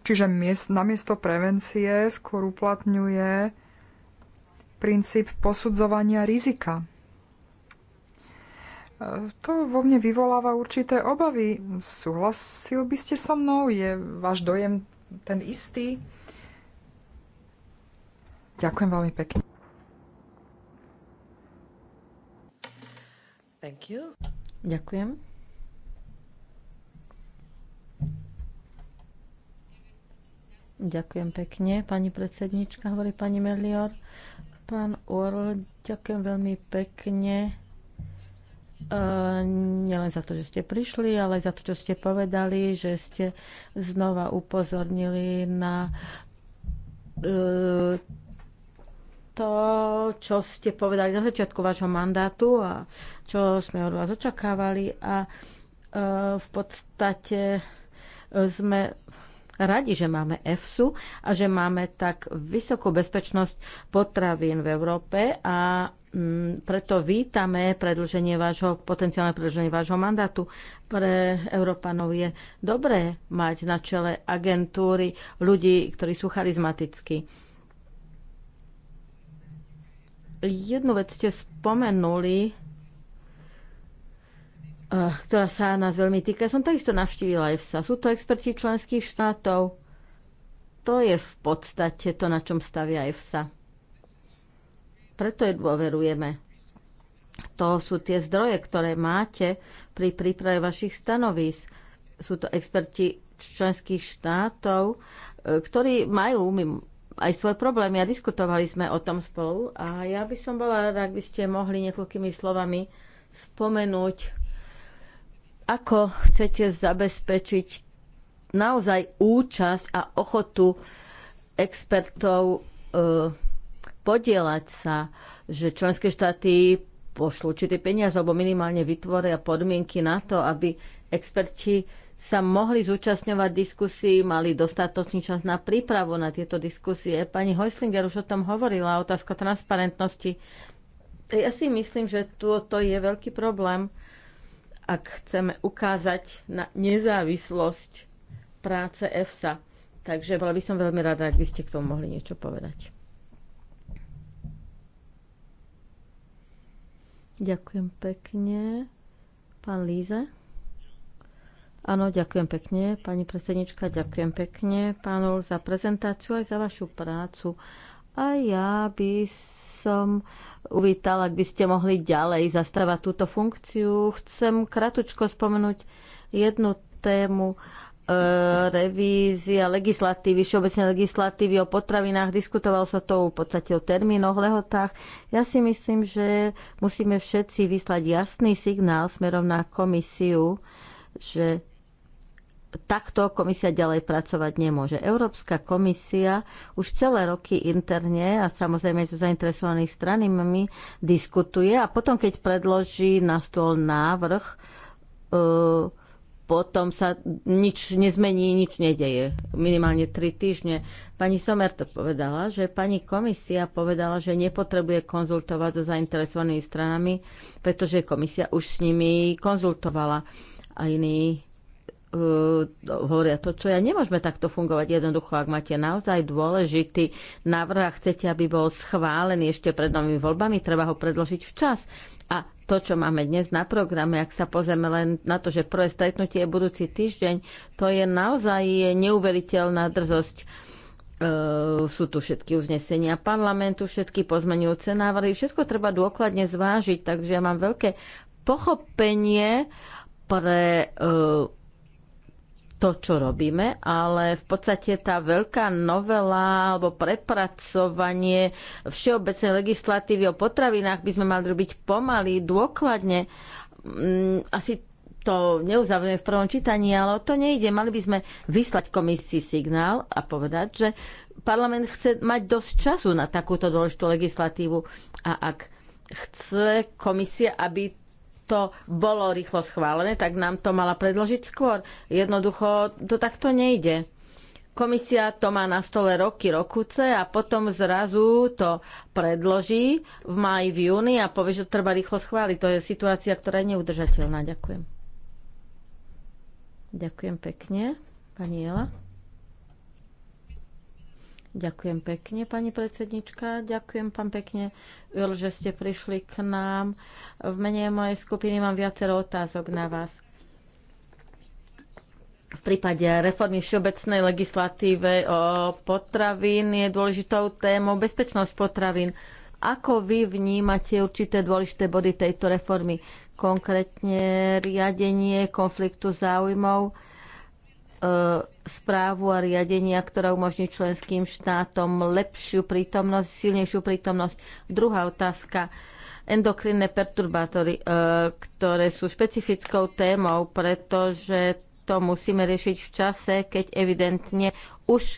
Speaker 1: Čiže namiesto prevencie skôr uplatňuje princíp posudzovania rizika. E, to vo mne vyvoláva určité obavy. Súhlasil by ste so mnou? Je váš dojem ten istý? Ďakujem veľmi pekne. Thank you. Ďakujem.
Speaker 2: Ďakujem pekne, pani predsednička, hovorí pani Melior. Pán Orl, ďakujem veľmi pekne. Uh, nielen za to, že ste prišli, ale za to, čo ste povedali, že ste znova upozornili na uh, to, čo ste povedali na začiatku vášho mandátu a čo sme od vás očakávali a uh, v podstate sme radi, že máme EFSU a že máme tak vysokú bezpečnosť potravín v Európe a mm, preto vítame predlženie vášho, potenciálne predlženie vášho mandátu. Pre Európanov je dobré mať na čele agentúry ľudí, ktorí sú charizmatickí. Jednu vec ste spomenuli, Eh, ktorá sa nás veľmi týka. Som takisto navštívila EFSA. Sú to experti členských štátov. To je v podstate to, na čom stavia EFSA. Preto je dôverujeme. To sú tie zdroje, ktoré máte pri príprave vašich stanovís. Sú to experti členských štátov, eh, ktorí majú aj svoje problémy a diskutovali sme o tom spolu. A ja by som bola rada, ak by ste mohli niekoľkými slovami spomenúť ako chcete zabezpečiť naozaj účasť a ochotu expertov e, podielať sa, že členské štáty pošlú tie peniaze alebo minimálne vytvoria podmienky na to, aby experti sa mohli zúčastňovať diskusí, mali dostatočný čas na prípravu na tieto diskusie. Pani Hojslinger už o tom hovorila, otázka transparentnosti. Ja si myslím, že toto je veľký problém ak chceme ukázať na nezávislosť práce EFSA. Takže bola by som veľmi rada, ak by ste k tomu mohli niečo povedať. Ďakujem pekne. Pán Líze? Áno, ďakujem pekne, pani predsednička, ďakujem pekne, pán za prezentáciu aj za vašu prácu. A ja by som uvítala, ak by ste mohli ďalej zastávať túto funkciu. Chcem kratučko spomenúť jednu tému e, revízia legislatívy, všeobecnej legislatívy o potravinách. Diskutovalo sa to v podstate o termínoch, lehotách. Ja si myslím, že musíme všetci vyslať jasný signál smerom na komisiu, že takto komisia ďalej pracovať nemôže. Európska komisia už celé roky interne a samozrejme so zainteresovaných stranami diskutuje a potom, keď predloží na stôl návrh, e, potom sa nič nezmení, nič nedeje. Minimálne tri týždne. Pani Somer to povedala, že pani komisia povedala, že nepotrebuje konzultovať so zainteresovanými stranami, pretože komisia už s nimi konzultovala a iní uh, hovoria to, čo ja. Nemôžeme takto fungovať jednoducho, ak máte naozaj dôležitý návrh a chcete, aby bol schválený ešte pred novými voľbami, treba ho predložiť včas. A to, čo máme dnes na programe, ak sa pozrieme len na to, že prvé stretnutie je budúci týždeň, to je naozaj neuveriteľná drzosť. E, sú tu všetky uznesenia parlamentu, všetky pozmenujúce návrhy, všetko treba dôkladne zvážiť, takže ja mám veľké pochopenie pre e, to, čo robíme, ale v podstate tá veľká novela alebo prepracovanie všeobecnej legislatívy o potravinách by sme mali robiť pomaly, dôkladne. Mm, asi to neuzavrieme v prvom čítaní, ale o to nejde. Mali by sme vyslať komisii signál a povedať, že parlament chce mať dosť času na takúto dôležitú legislatívu a ak chce komisia, aby to bolo rýchlo schválené, tak nám to mala predložiť skôr. Jednoducho to takto nejde. Komisia to má na stole roky, rokuce a potom zrazu to predloží v máji, v júni a povie, že to treba rýchlo schváliť. To je situácia, ktorá je neudržateľná. Ďakujem. Ďakujem pekne, pani Jela. Ďakujem pekne, pani predsednička. Ďakujem pán pekne, že ste prišli k nám. V mene mojej skupiny mám viacero otázok na vás. V prípade reformy všeobecnej legislatíve o potravín je dôležitou témou bezpečnosť potravín. Ako vy vnímate určité dôležité body tejto reformy? Konkrétne riadenie konfliktu záujmov, E, správu a riadenia, ktorá umožní členským štátom lepšiu prítomnosť, silnejšiu prítomnosť. Druhá otázka endokrinné perturbátory, e, ktoré sú špecifickou témou, pretože to musíme riešiť v čase, keď evidentne už e,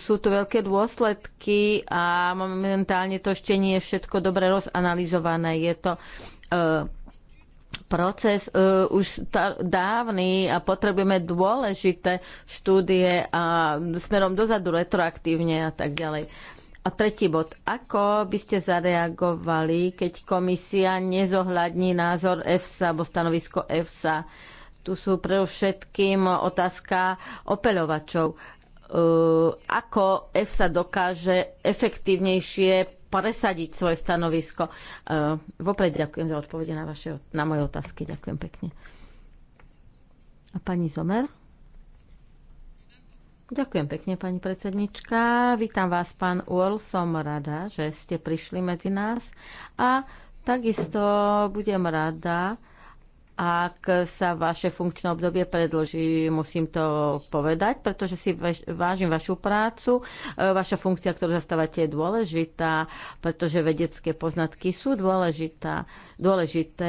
Speaker 2: sú tu veľké dôsledky a momentálne to ešte nie je všetko dobre rozanalizované. Je to proces uh, už dávny a potrebujeme dôležité štúdie a smerom dozadu retroaktívne a tak ďalej. A tretí bod. Ako by ste zareagovali, keď komisia nezohľadní názor EFSA alebo stanovisko EFSA? Tu sú pre všetkým otázka opeľovačov. Uh, ako EFSA dokáže efektívnejšie presadiť svoje stanovisko. E, vopred ďakujem za odpovede na, vaše, na moje otázky. Ďakujem pekne. A pani Zomer? Ďakujem pekne, pani predsednička. Vítam vás, pán Uol. Som rada, že ste prišli medzi nás. A takisto budem rada, ak sa vaše funkčné obdobie predlží, musím to povedať, pretože si vážim vašu prácu. E, vaša funkcia, ktorú zastávate, je dôležitá, pretože vedecké poznatky sú dôležitá, dôležité.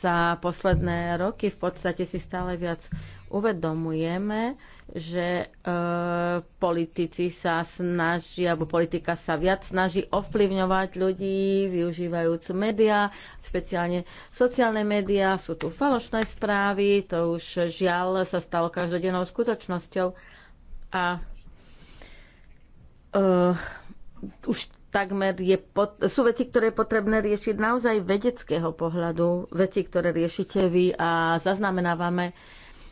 Speaker 2: Za posledné roky v podstate si stále viac uvedomujeme, že e, politici sa snaží, alebo politika sa viac snaží ovplyvňovať ľudí, využívajúc médiá, špeciálne sociálne médiá, sú tu falošné správy, to už žiaľ sa stalo každodennou skutočnosťou. A e, už takmer je pot- sú veci, ktoré je potrebné riešiť naozaj vedeckého pohľadu, veci, ktoré riešite vy a zaznamenávame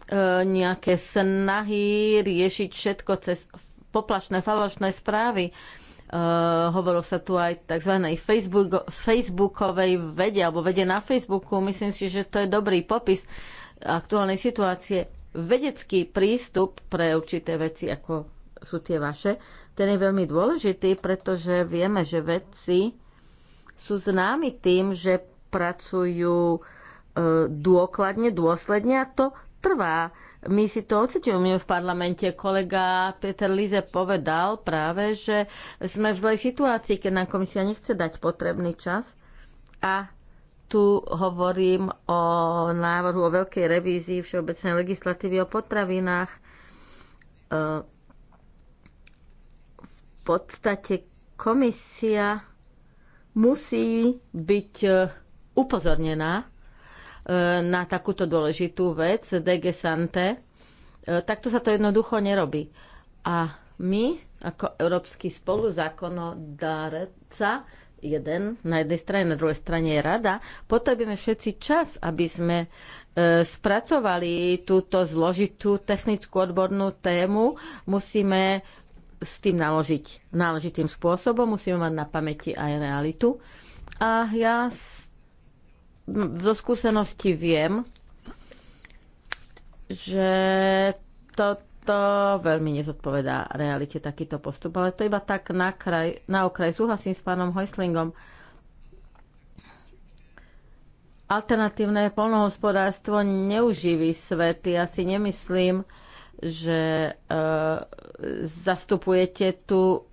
Speaker 2: E, nejaké snahy riešiť všetko cez poplašné, falošné správy. Uh, hovorilo sa tu aj tzv. Facebook, facebookovej vede alebo vede na Facebooku. Myslím si, že to je dobrý popis aktuálnej situácie. Vedecký prístup pre určité veci, ako sú tie vaše, ten je veľmi dôležitý, pretože vieme, že vedci sú známi tým, že pracujú e, dôkladne, dôsledne a to trvá. My si to ocitujeme v parlamente. Kolega Peter Lize povedal práve, že sme v zlej situácii, keď nám komisia nechce dať potrebný čas. A tu hovorím o návrhu o veľkej revízii Všeobecnej legislatívy o potravinách. E, v podstate komisia musí byť e, upozornená E, na takúto dôležitú vec, DG Sante, e, takto sa to jednoducho nerobí. A my, ako európsky spoluzákonodárca, jeden na jednej strane, na druhej strane je rada, potrebujeme všetci čas, aby sme e, spracovali túto zložitú technickú odbornú tému, musíme s tým naložiť náležitým spôsobom, musíme mať na pamäti aj realitu. A ja zo skúsenosti viem, že toto veľmi nezodpovedá realite takýto postup, ale to iba tak na, kraj, na okraj. Súhlasím s pánom Hojslingom. Alternatívne polnohospodárstvo neuživí svet. Ja si nemyslím, že e, zastupujete tu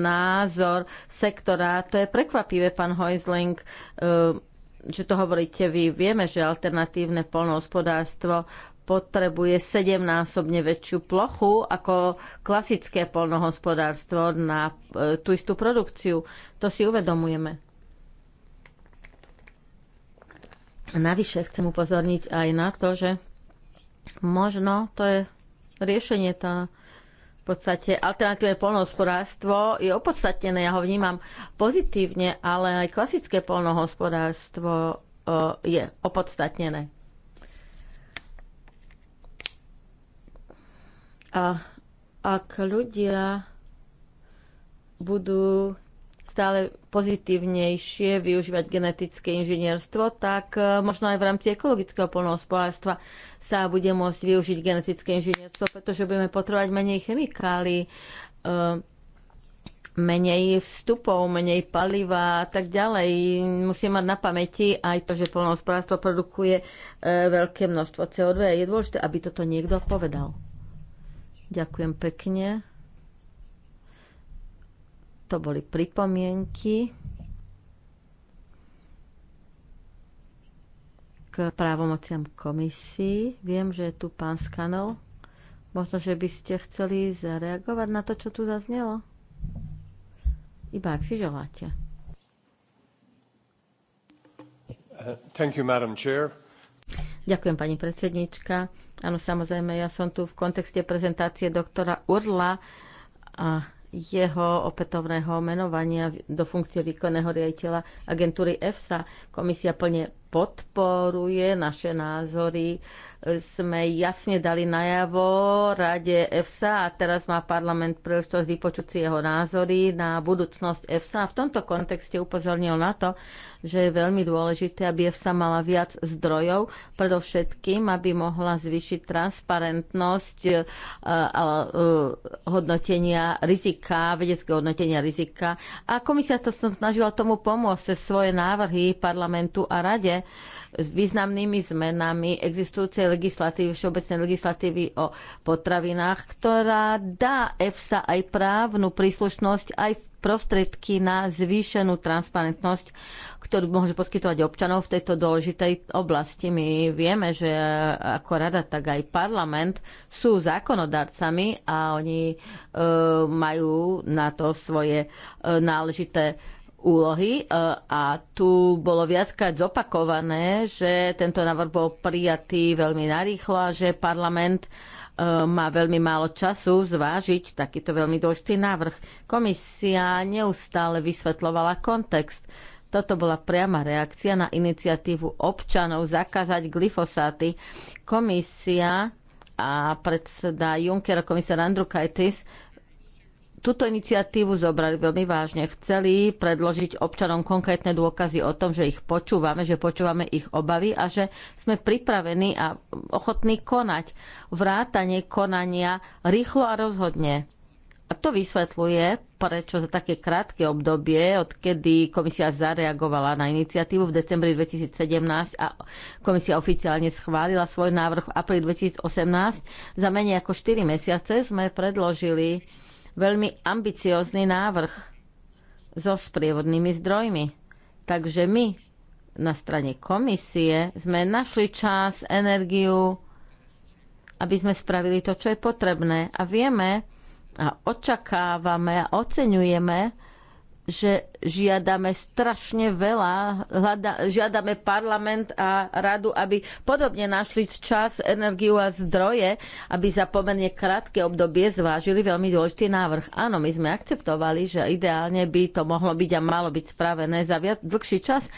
Speaker 2: názor sektora. To je prekvapivé, pán Hojsling. E, že to hovoríte vy, vieme, že alternatívne polnohospodárstvo potrebuje sedemnásobne väčšiu plochu ako klasické polnohospodárstvo na e, tú istú produkciu. To si uvedomujeme. Navyše chcem upozorniť aj na to, že možno to je riešenie tá v podstate alternatívne polnohospodárstvo je opodstatnené, ja ho vnímam pozitívne, ale aj klasické polnohospodárstvo e, je opodstatnené. A ak ľudia budú stále pozitívnejšie využívať genetické inžinierstvo, tak e, možno aj v rámci ekologického polnohospodárstva sa bude môcť využiť genetické inžinierstvo, pretože budeme potrebovať menej chemikálií, e, menej vstupov, menej paliva a tak ďalej. Musíme mať na pamäti aj to, že polnohospodárstvo produkuje e, veľké množstvo CO2. Je dôležité, aby toto niekto povedal. Ďakujem pekne. To boli pripomienky k právomociam komisii. Viem, že je tu pán Skanov. Možno, že by ste chceli zareagovať na to, čo tu zaznelo. Iba ak si želáte.
Speaker 5: thank you, Madam Chair.
Speaker 2: Ďakujem, pani predsednička. Áno, samozrejme, ja som tu v kontexte prezentácie doktora Urla a jeho opätovného menovania do funkcie výkonného riaditeľa agentúry EFSA. Komisia plne podporuje naše názory. Sme jasne dali najavo Rade EFSA a teraz má parlament príležitosť vypočuť si jeho názory na budúcnosť EFSA. V tomto kontexte upozornil na to, že je veľmi dôležité, aby EFSA mala viac zdrojov, predovšetkým, aby mohla zvýšiť transparentnosť e, e, hodnotenia rizika, vedeckého hodnotenia rizika. A komisia to snažila tomu pomôcť cez svoje návrhy parlamentu a rade s významnými zmenami existujúcej legislatívy, všeobecnej legislatívy o potravinách, ktorá dá EFSA aj právnu príslušnosť, aj prostriedky na zvýšenú transparentnosť, ktorú môže poskytovať občanov v tejto dôležitej oblasti. My vieme, že ako rada, tak aj parlament sú zákonodarcami a oni e, majú na to svoje e, náležité úlohy e, a tu bolo viackrát zopakované, že tento návrh bol prijatý veľmi narýchlo a že parlament e, má veľmi málo času zvážiť takýto veľmi dôležitý návrh. Komisia neustále vysvetlovala kontext. Toto bola priama reakcia na iniciatívu občanov zakázať glyfosáty. Komisia a predseda Juncker a komisár Andrukaitis túto iniciatívu zobrali veľmi vážne. Chceli predložiť občanom konkrétne dôkazy o tom, že ich počúvame, že počúvame ich obavy a že sme pripravení a ochotní konať. Vrátanie konania rýchlo a rozhodne. A to vysvetľuje, prečo za také krátke obdobie, odkedy komisia zareagovala na iniciatívu v decembri 2017 a komisia oficiálne schválila svoj návrh v apríli 2018, za menej ako 4 mesiace sme predložili veľmi ambiciózny návrh so sprievodnými zdrojmi. Takže my na strane komisie sme našli čas, energiu, aby sme spravili to, čo je potrebné. A vieme a očakávame a oceňujeme, že žiadame strašne veľa, hľada, žiadame parlament a radu, aby podobne našli čas, energiu a zdroje, aby za pomerne krátke obdobie zvážili veľmi dôležitý návrh. Áno, my sme akceptovali, že ideálne by to mohlo byť a malo byť spravené za viac, dlhší čas,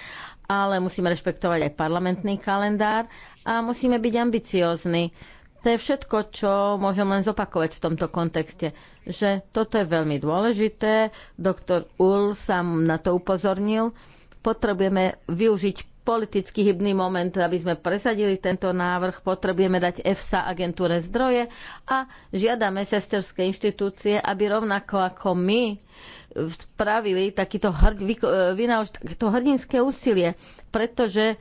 Speaker 2: ale musíme rešpektovať aj parlamentný kalendár a musíme byť ambiciózni to je všetko, čo môžem len zopakovať v tomto kontexte, že toto je veľmi dôležité. Doktor Ul sám na to upozornil. Potrebujeme využiť politický hybný moment, aby sme presadili tento návrh. Potrebujeme dať EFSA agentúre zdroje a žiadame sesterské inštitúcie, aby rovnako ako my spravili takýto, hrd, e, vynaož, takéto hrdinské úsilie, pretože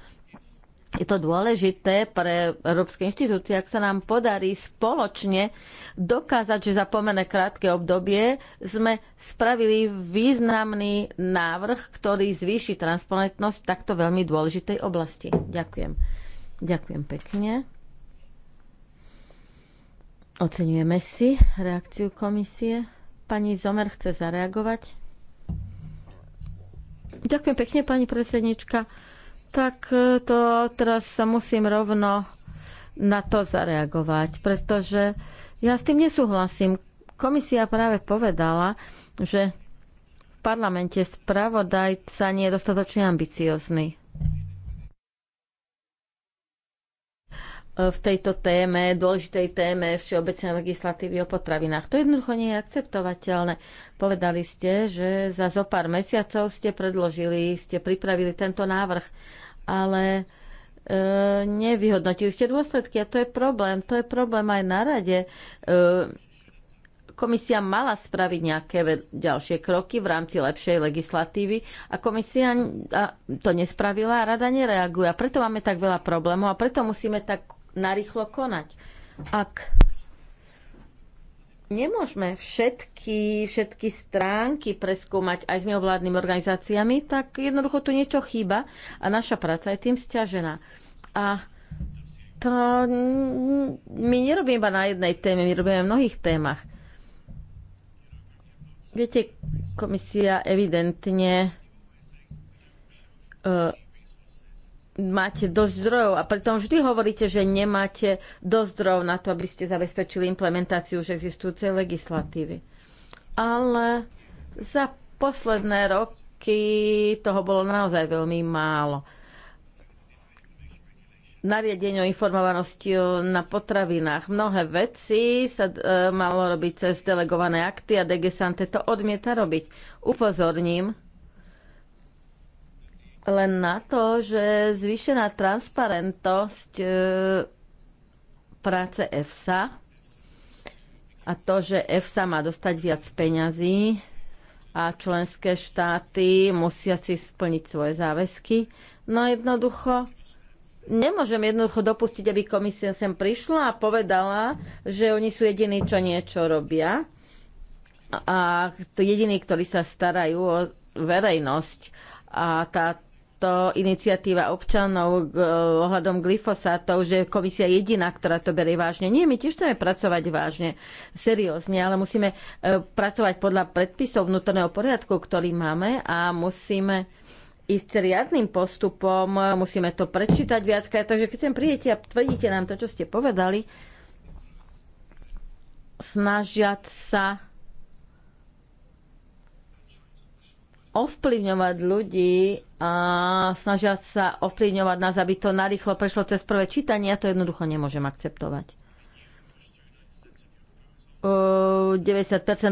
Speaker 2: je to dôležité pre európske inštitúcie, ak sa nám podarí spoločne dokázať, že za pomerne krátke obdobie sme spravili významný návrh, ktorý zvýši transparentnosť takto veľmi dôležitej oblasti. Ďakujem. Ďakujem pekne. Oceňujeme si reakciu komisie. Pani Zomer chce zareagovať. Ďakujem pekne, pani predsednička tak e, to teraz sa musím rovno na to zareagovať, pretože ja s tým nesúhlasím. Komisia práve povedala, že v parlamente spravodajca nie je dostatočne ambiciozný. v tejto téme, dôležitej téme všeobecnej legislatívy o potravinách. To jednoducho nie je akceptovateľné. Povedali ste, že za zo pár mesiacov ste predložili, ste pripravili tento návrh, ale e, nevyhodnotili ste dôsledky a to je problém. To je problém aj na rade. E, komisia mala spraviť nejaké ďalšie kroky v rámci lepšej legislatívy a komisia to nespravila a rada nereaguje. A preto máme tak veľa problémov a preto musíme tak narýchlo konať. Ak nemôžeme všetky, všetky stránky preskúmať aj s neovládnymi organizáciami, tak jednoducho tu niečo chýba a naša práca je tým stiažená. A to my nerobíme iba na jednej téme, my robíme v mnohých témach. Viete, komisia evidentne uh, máte dosť zdrojov a pritom vždy hovoríte, že nemáte dosť zdrojov na to, aby ste zabezpečili implementáciu už existujúcej legislatívy. Ale za posledné roky toho bolo naozaj veľmi málo. Nariadenie o informovanosti na potravinách. Mnohé veci sa e, malo robiť cez delegované akty a DG Sante to odmieta robiť. Upozorním, len na to, že zvýšená transparentnosť e, práce EFSA a to, že EFSA má dostať viac peňazí a členské štáty musia si splniť svoje záväzky. No jednoducho, nemôžem jednoducho dopustiť, aby komisia sem prišla a povedala, že oni sú jediní, čo niečo robia a jediní, ktorí sa starajú o verejnosť. A tá to iniciatíva občanov eh, ohľadom glyfosátov, že komisia jediná, ktorá to berie vážne. Nie, my tiež chceme pracovať vážne, seriózne, ale musíme eh, pracovať podľa predpisov vnútorného poriadku, ktorý máme a musíme ísť riadným postupom, musíme to prečítať viackrát, takže keď sem prídete a tvrdíte nám to, čo ste povedali, snažiať sa ovplyvňovať ľudí a snažia sa ovplyvňovať nás, aby to narýchlo prešlo cez prvé čítanie, ja to jednoducho nemôžem akceptovať. 90%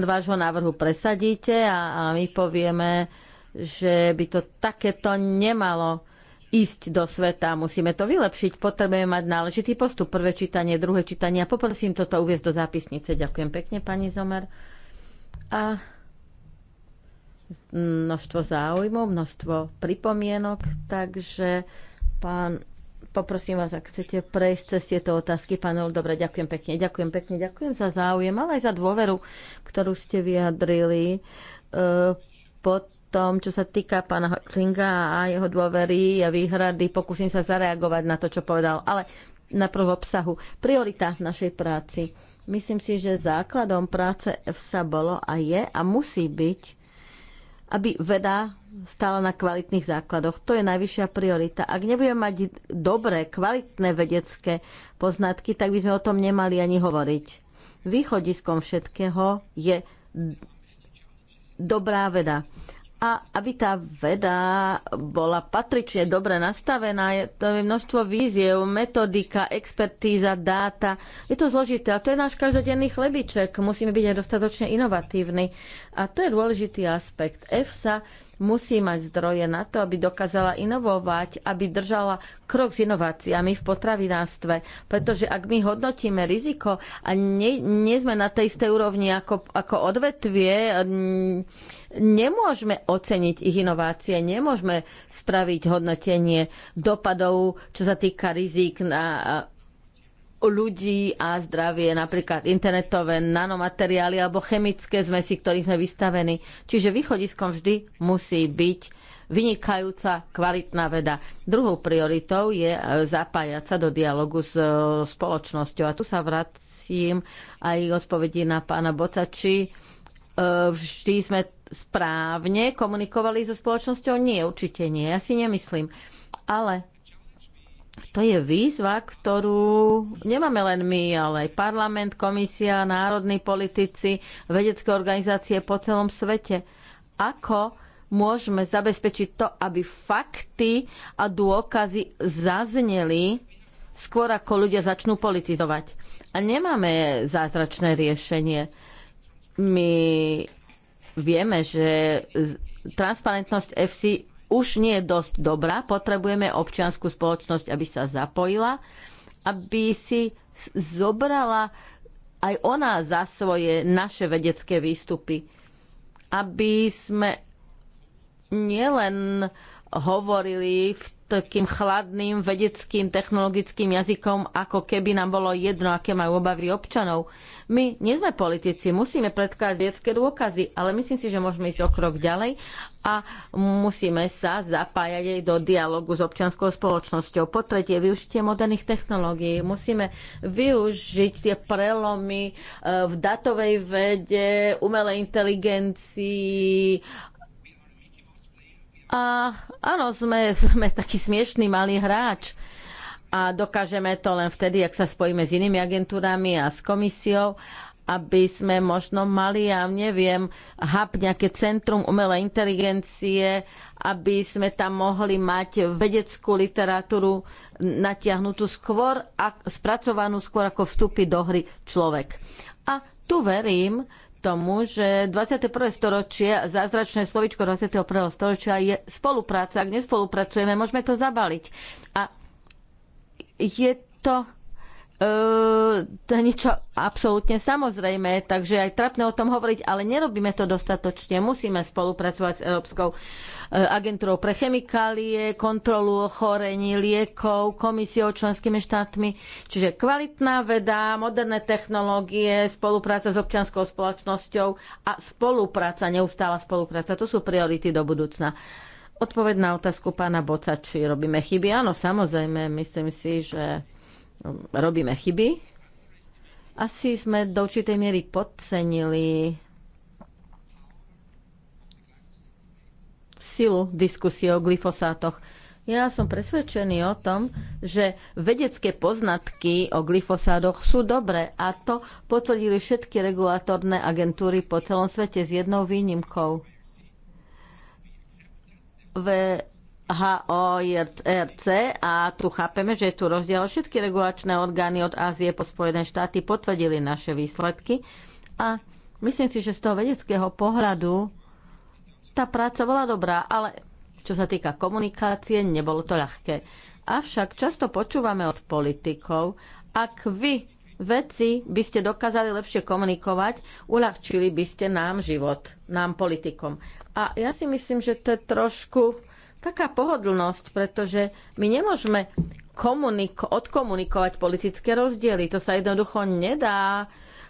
Speaker 2: vášho návrhu presadíte a, a my povieme, že by to takéto nemalo ísť do sveta. Musíme to vylepšiť, potrebujeme mať náležitý postup. Prvé čítanie, druhé čítanie a poprosím toto uviezť do zápisnice. Ďakujem pekne, pani Zomer. A množstvo záujmov, množstvo pripomienok, takže pán, poprosím vás, ak chcete prejsť cez tieto otázky, pán Ol, dobre, ďakujem pekne, ďakujem pekne, ďakujem za záujem, ale aj za dôveru, ktorú ste vyjadrili. E, po tom, čo sa týka pána Klinga a jeho dôvery a výhrady, pokúsim sa zareagovať na to, čo povedal, ale na prvom obsahu. Priorita našej práci. Myslím si, že základom práce EFSA bolo a je a musí byť aby veda stála na kvalitných základoch. To je najvyššia priorita. Ak nebudeme mať dobré, kvalitné vedecké poznatky, tak by sme o tom nemali ani hovoriť. Východiskom všetkého je dobrá veda a aby tá veda bola patrične dobre nastavená, je to je množstvo víziev, metodika, expertíza, dáta. Je to zložité a to je náš každodenný chlebiček. Musíme byť aj dostatočne inovatívni. A to je dôležitý aspekt. EFSA musí mať zdroje na to, aby dokázala inovovať, aby držala krok s inováciami v potravinárstve. Pretože ak my hodnotíme riziko a nie, nie sme na tej istej úrovni ako, ako odvetvie, nemôžeme oceniť ich inovácie, nemôžeme spraviť hodnotenie dopadov, čo sa týka rizik na ľudí a zdravie, napríklad internetové nanomateriály alebo chemické zmesi, ktorých sme vystavení. Čiže východiskom vždy musí byť vynikajúca, kvalitná veda. Druhou prioritou je e, zapájať sa do dialogu s e, spoločnosťou. A tu sa vracím aj odpovedí na pána Bocači. E, vždy sme správne komunikovali so spoločnosťou? Nie, určite nie. Ja si nemyslím. Ale to je výzva, ktorú nemáme len my, ale aj parlament, komisia, národní politici, vedecké organizácie po celom svete. Ako môžeme zabezpečiť to, aby fakty a dôkazy zazneli skôr ako ľudia začnú politizovať. A nemáme zázračné riešenie. My vieme, že transparentnosť FC už nie je dosť dobrá. Potrebujeme občianskú spoločnosť, aby sa zapojila, aby si zobrala aj ona za svoje naše vedecké výstupy. Aby sme nielen hovorili v takým chladným vedeckým, technologickým jazykom, ako keby nám bolo jedno, aké majú obavy občanov. My nie sme politici, musíme predkladať vedecké dôkazy, ale myslím si, že môžeme ísť o krok ďalej a musíme sa zapájať aj do dialogu s občianskou spoločnosťou. Po tretie, využitie moderných technológií. Musíme využiť tie prelomy eh, v datovej vede, umelej inteligencii, a áno, sme, sme taký smiešný malý hráč a dokážeme to len vtedy, ak sa spojíme s inými agentúrami a s komisiou, aby sme možno mali, ja neviem, hub, nejaké centrum umelej inteligencie, aby sme tam mohli mať vedeckú literatúru natiahnutú skôr, a spracovanú skôr ako vstúpi do hry človek. A tu verím, tomu, že 21. storočie, zázračné slovičko 21. storočia je spolupráca. Ak nespolupracujeme, môžeme to zabaliť. A je to to je niečo absolútne samozrejme, takže aj trapné o tom hovoriť, ale nerobíme to dostatočne. Musíme spolupracovať s Európskou e, agentúrou pre chemikálie, kontrolu ochorení, liekov, komisiou členskými štátmi. Čiže kvalitná veda, moderné technológie, spolupráca s občianskou spoločnosťou a spolupráca, neustála spolupráca. To sú priority do budúcna. Odpoved na otázku pána Boca, či robíme chyby. Áno, samozrejme, myslím si, že robíme chyby. Asi sme do určitej miery podcenili silu diskusie o glyfosátoch. Ja som presvedčený o tom, že vedecké poznatky o glyfosádoch sú dobré a to potvrdili všetky regulatorné agentúry po celom svete s jednou výnimkou. Ve HORC a tu chápeme, že je tu rozdiel. Všetky regulačné orgány od Ázie po Spojené štáty potvrdili naše výsledky a myslím si, že z toho vedeckého pohľadu tá práca bola dobrá, ale čo sa týka komunikácie, nebolo to ľahké. Avšak často počúvame od politikov, ak vy veci by ste dokázali lepšie komunikovať, uľahčili by ste nám život, nám politikom. A ja si myslím, že to je trošku taká pohodlnosť, pretože my nemôžeme komuniko- odkomunikovať politické rozdiely. To sa jednoducho nedá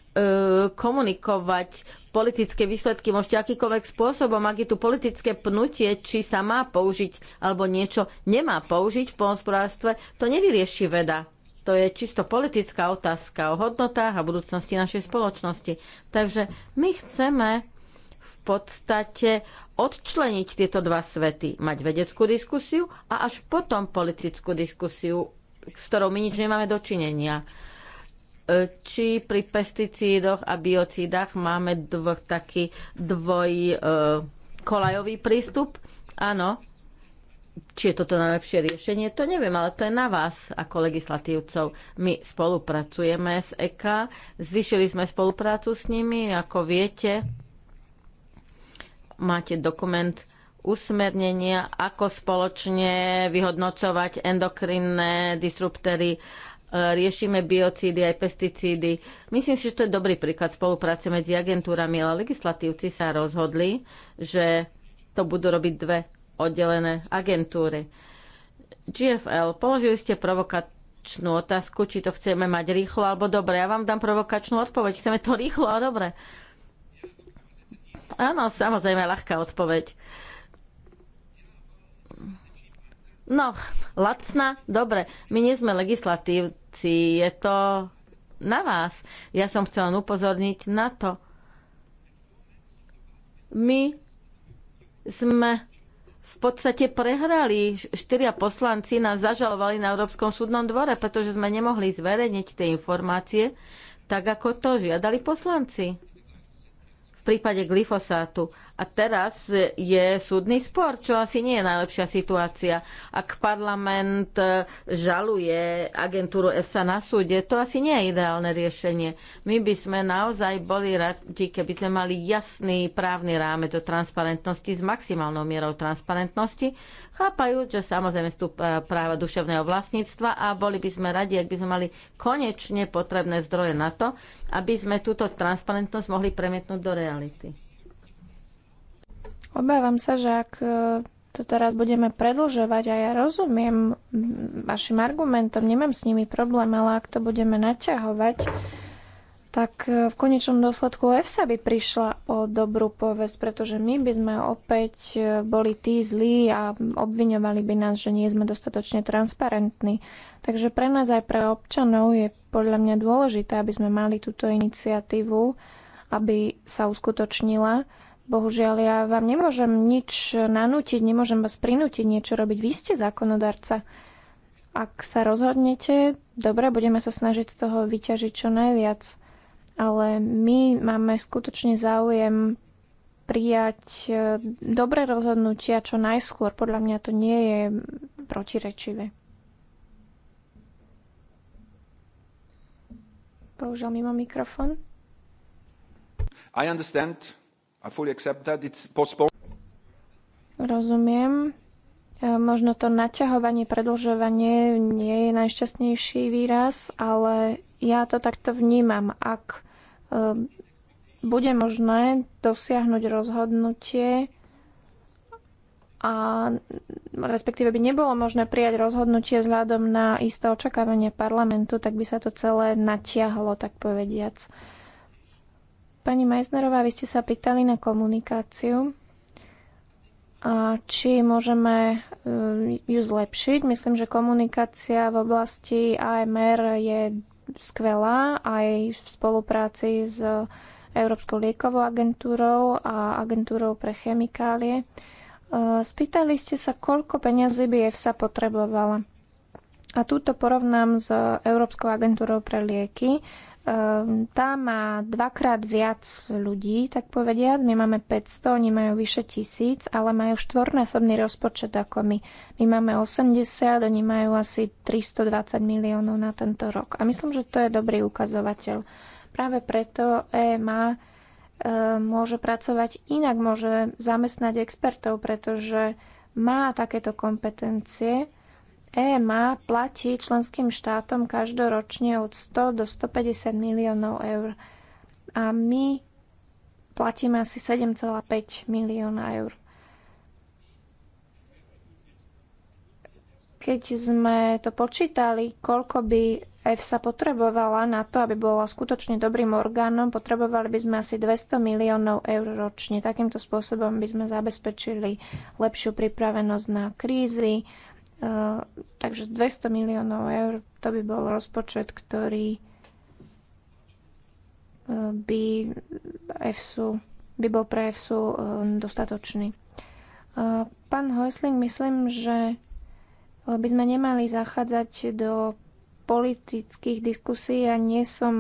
Speaker 2: e, komunikovať politické výsledky môžete akýkoľvek spôsobom, ak je tu politické pnutie, či sa má použiť alebo niečo nemá použiť v polnospodárstve, to nevyrieši veda. To je čisto politická otázka o hodnotách a budúcnosti našej spoločnosti. Takže my chceme podstate odčleniť tieto dva svety. Mať vedeckú diskusiu a až potom politickú diskusiu, s ktorou my nič nemáme dočinenia. E, či pri pesticídoch a biocídach máme dv- taký dvoj e, kolajový prístup? Áno. Či je toto najlepšie riešenie, to neviem, ale to je na vás ako legislatívcov. My spolupracujeme s EK, zvyšili sme spoluprácu s nimi, ako viete máte dokument usmernenia, ako spoločne vyhodnocovať endokrinné disruptory, e, riešime biocídy aj pesticídy. Myslím si, že to je dobrý príklad spolupráce medzi agentúrami, ale legislatívci sa rozhodli, že to budú robiť dve oddelené agentúry. GFL, položili ste provokačnú otázku, či to chceme mať rýchlo alebo dobre. Ja vám dám provokačnú odpoveď. Chceme to rýchlo a dobre. Áno, samozrejme, ľahká odpoveď. No, lacná, dobre. My nie sme legislatívci, je to na vás. Ja som chcela upozorniť na to. My sme v podstate prehrali. Štyria poslanci nás zažalovali na Európskom súdnom dvore, pretože sme nemohli zverejniť tie informácie tak, ako to žiadali poslanci v prípade glyfosátu a teraz je súdny spor, čo asi nie je najlepšia situácia. Ak parlament e, žaluje agentúru EFSA na súde, to asi nie je ideálne riešenie. My by sme naozaj boli radi, keby sme mali jasný právny rámec o transparentnosti s maximálnou mierou transparentnosti, chápajúc, že samozrejme sú e, práva duševného vlastníctva a boli by sme radi, ak by sme mali konečne potrebné zdroje na to, aby sme túto transparentnosť mohli premietnúť do reality.
Speaker 4: Obávam sa, že ak e, to teraz budeme predlžovať a ja rozumiem vašim argumentom, nemám s nimi problém, ale ak to budeme naťahovať, tak e, v konečnom dôsledku EFSA by prišla o dobrú povesť, pretože my by sme opäť e, boli tí zlí a obviňovali by nás, že nie sme dostatočne transparentní. Takže pre nás aj pre občanov je podľa mňa dôležité, aby sme mali túto iniciatívu, aby sa uskutočnila Bohužiaľ, ja vám nemôžem nič nanútiť, nemôžem vás prinútiť niečo robiť. Vy ste zákonodarca. Ak sa rozhodnete, dobre, budeme sa snažiť z toho vyťažiť čo najviac. Ale my máme skutočne záujem prijať e, dobré rozhodnutia čo najskôr. Podľa mňa to nie je protirečivé. Bohužiaľ, mimo mikrofón.
Speaker 5: I understand
Speaker 4: Rozumiem. E, možno to naťahovanie, predlžovanie nie je najšťastnejší výraz, ale ja to takto vnímam. Ak e, bude možné dosiahnuť rozhodnutie a respektíve by nebolo možné prijať rozhodnutie vzhľadom na isté očakávanie parlamentu, tak by sa to celé natiahlo, tak povediac. Pani Majznerová, vy ste sa pýtali na komunikáciu. A či môžeme e, ju zlepšiť? Myslím, že komunikácia v oblasti AMR je skvelá aj v spolupráci s Európskou liekovou agentúrou a agentúrou pre chemikálie. E, spýtali ste sa, koľko peniazy by EFSA potrebovala. A túto porovnám s Európskou agentúrou pre lieky. Ehm, tá má dvakrát viac ľudí, tak povediať. My máme 500, oni majú vyše tisíc, ale majú štvornásobný rozpočet ako my. My máme 80, oni majú asi 320 miliónov na tento rok. A myslím, že to je dobrý ukazovateľ. Práve preto EMA ehm, môže pracovať inak, môže zamestnať expertov, pretože má takéto kompetencie EMA platí členským štátom každoročne od 100 do 150 miliónov eur a my platíme asi 7,5 milióna eur. Keď sme to počítali, koľko by EFSA potrebovala na to, aby bola skutočne dobrým orgánom, potrebovali by sme asi 200 miliónov eur ročne. Takýmto spôsobom by sme zabezpečili lepšiu pripravenosť na krízy, Eh, takže 200 miliónov eur to by bol rozpočet, ktorý eh, by, EFSU, by bol pre EFSU eh, dostatočný. Pán Hojsling, myslím, že by sme nemali zachádzať do politických diskusí a nie som,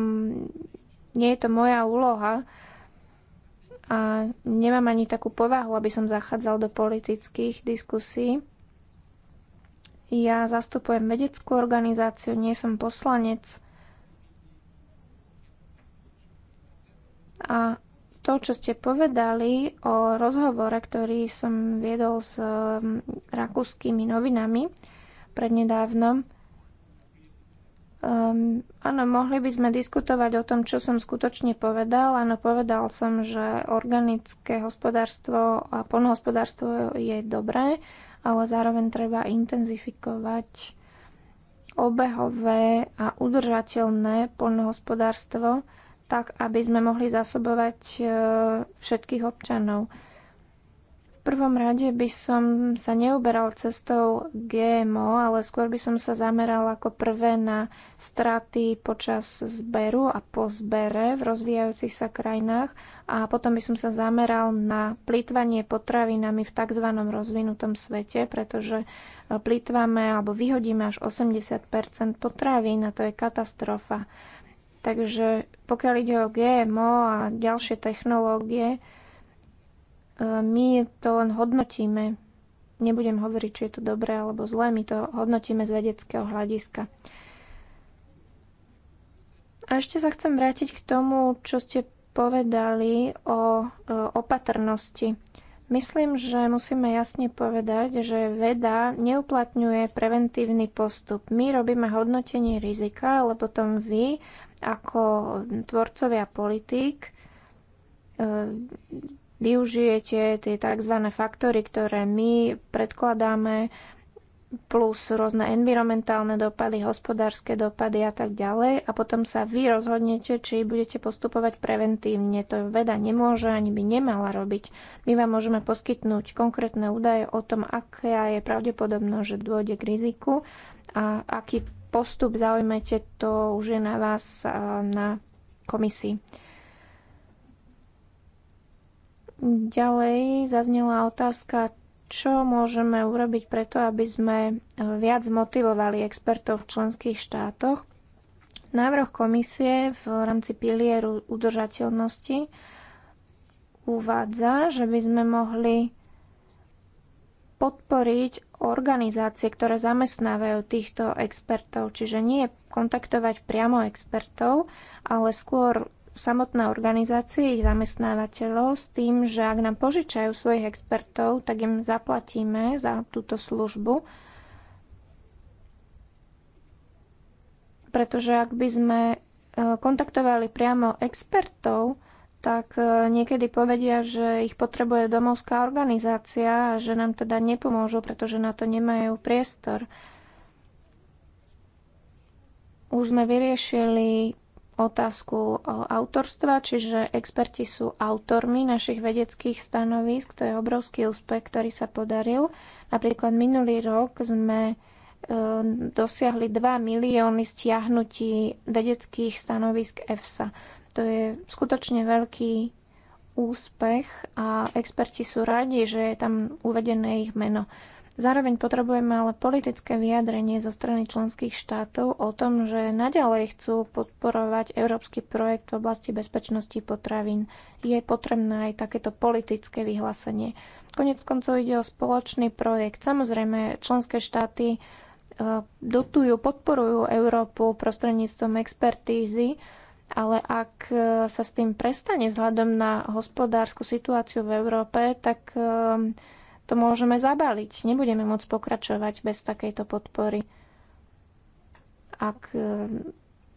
Speaker 4: nie je to moja úloha a nemám ani takú povahu, aby som zachádzal do politických diskusí. Ja zastupujem vedeckú organizáciu, nie som poslanec. A to, čo ste povedali o rozhovore, ktorý som viedol s um, rakúskými novinami prednedávnom, Um, áno, mohli by sme diskutovať o tom, čo som skutočne povedal. Áno, povedal som, že organické hospodárstvo a polnohospodárstvo je dobré, ale zároveň treba intenzifikovať obehové a udržateľné poľnohospodárstvo, tak aby sme mohli zasobovať e, všetkých občanov prvom rade by som sa neuberal cestou GMO, ale skôr by som sa zameral ako prvé na straty počas zberu a po zbere v rozvíjajúcich sa krajinách a potom by som sa zameral na plýtvanie potravinami v tzv. rozvinutom svete, pretože e, plýtvame alebo vyhodíme až 80 potravín a to je katastrofa. Takže pokiaľ ide o GMO a ďalšie technológie, Eh, my to len hodnotíme. Nebudem hovoriť, či je to dobré alebo zlé, my to hodnotíme z vedeckého hľadiska. A ešte sa chcem vrátiť k tomu, čo ste povedali o eh, opatrnosti. Myslím, že musíme jasne povedať, že veda neuplatňuje preventívny postup. My robíme hodnotenie rizika, ale potom vy, ako tvorcovia politík, eh, využijete tie tzv. faktory, ktoré my predkladáme, plus rôzne environmentálne dopady, hospodárske dopady a tak ďalej. A potom sa vy rozhodnete, či budete postupovať preventívne. To veda nemôže ani by nemala robiť. My vám môžeme poskytnúť konkrétne údaje o tom, aká je pravdepodobnosť, že dôjde k riziku a aký postup zaujmete, to už je na vás na komisii. Ďalej zaznela otázka, čo môžeme urobiť preto, aby sme e, viac motivovali expertov v členských štátoch. Návrh komisie v rámci pilieru udržateľnosti uvádza, že by sme mohli podporiť organizácie, ktoré zamestnávajú týchto expertov. Čiže nie kontaktovať priamo expertov, ale skôr samotné organizácie, ich zamestnávateľov s tým, že ak nám požičajú svojich expertov, tak im zaplatíme za túto službu. Pretože ak by sme e, kontaktovali priamo expertov, tak e, niekedy povedia, že ich potrebuje domovská organizácia a že nám teda nepomôžu, pretože na to nemajú priestor. Už sme vyriešili otázku autorstva, čiže experti sú autormi našich vedeckých stanovísk. To je obrovský úspech, ktorý sa podaril. Napríklad minulý rok sme e, dosiahli 2 milióny stiahnutí vedeckých stanovisk EFSA. To je skutočne veľký úspech a experti sú radi, že je tam uvedené ich meno. Zároveň potrebujeme ale politické vyjadrenie zo strany členských štátov o tom, že naďalej chcú podporovať európsky projekt v oblasti bezpečnosti potravín. Je potrebné aj takéto politické vyhlásenie. Konec koncov ide o spoločný projekt. Samozrejme, členské štáty e, dotujú, podporujú Európu prostredníctvom expertízy, ale ak e, sa s tým prestane vzhľadom na hospodárskú situáciu v Európe, tak e, to môžeme zabaliť. Nebudeme môcť pokračovať bez takejto podpory. Ak e,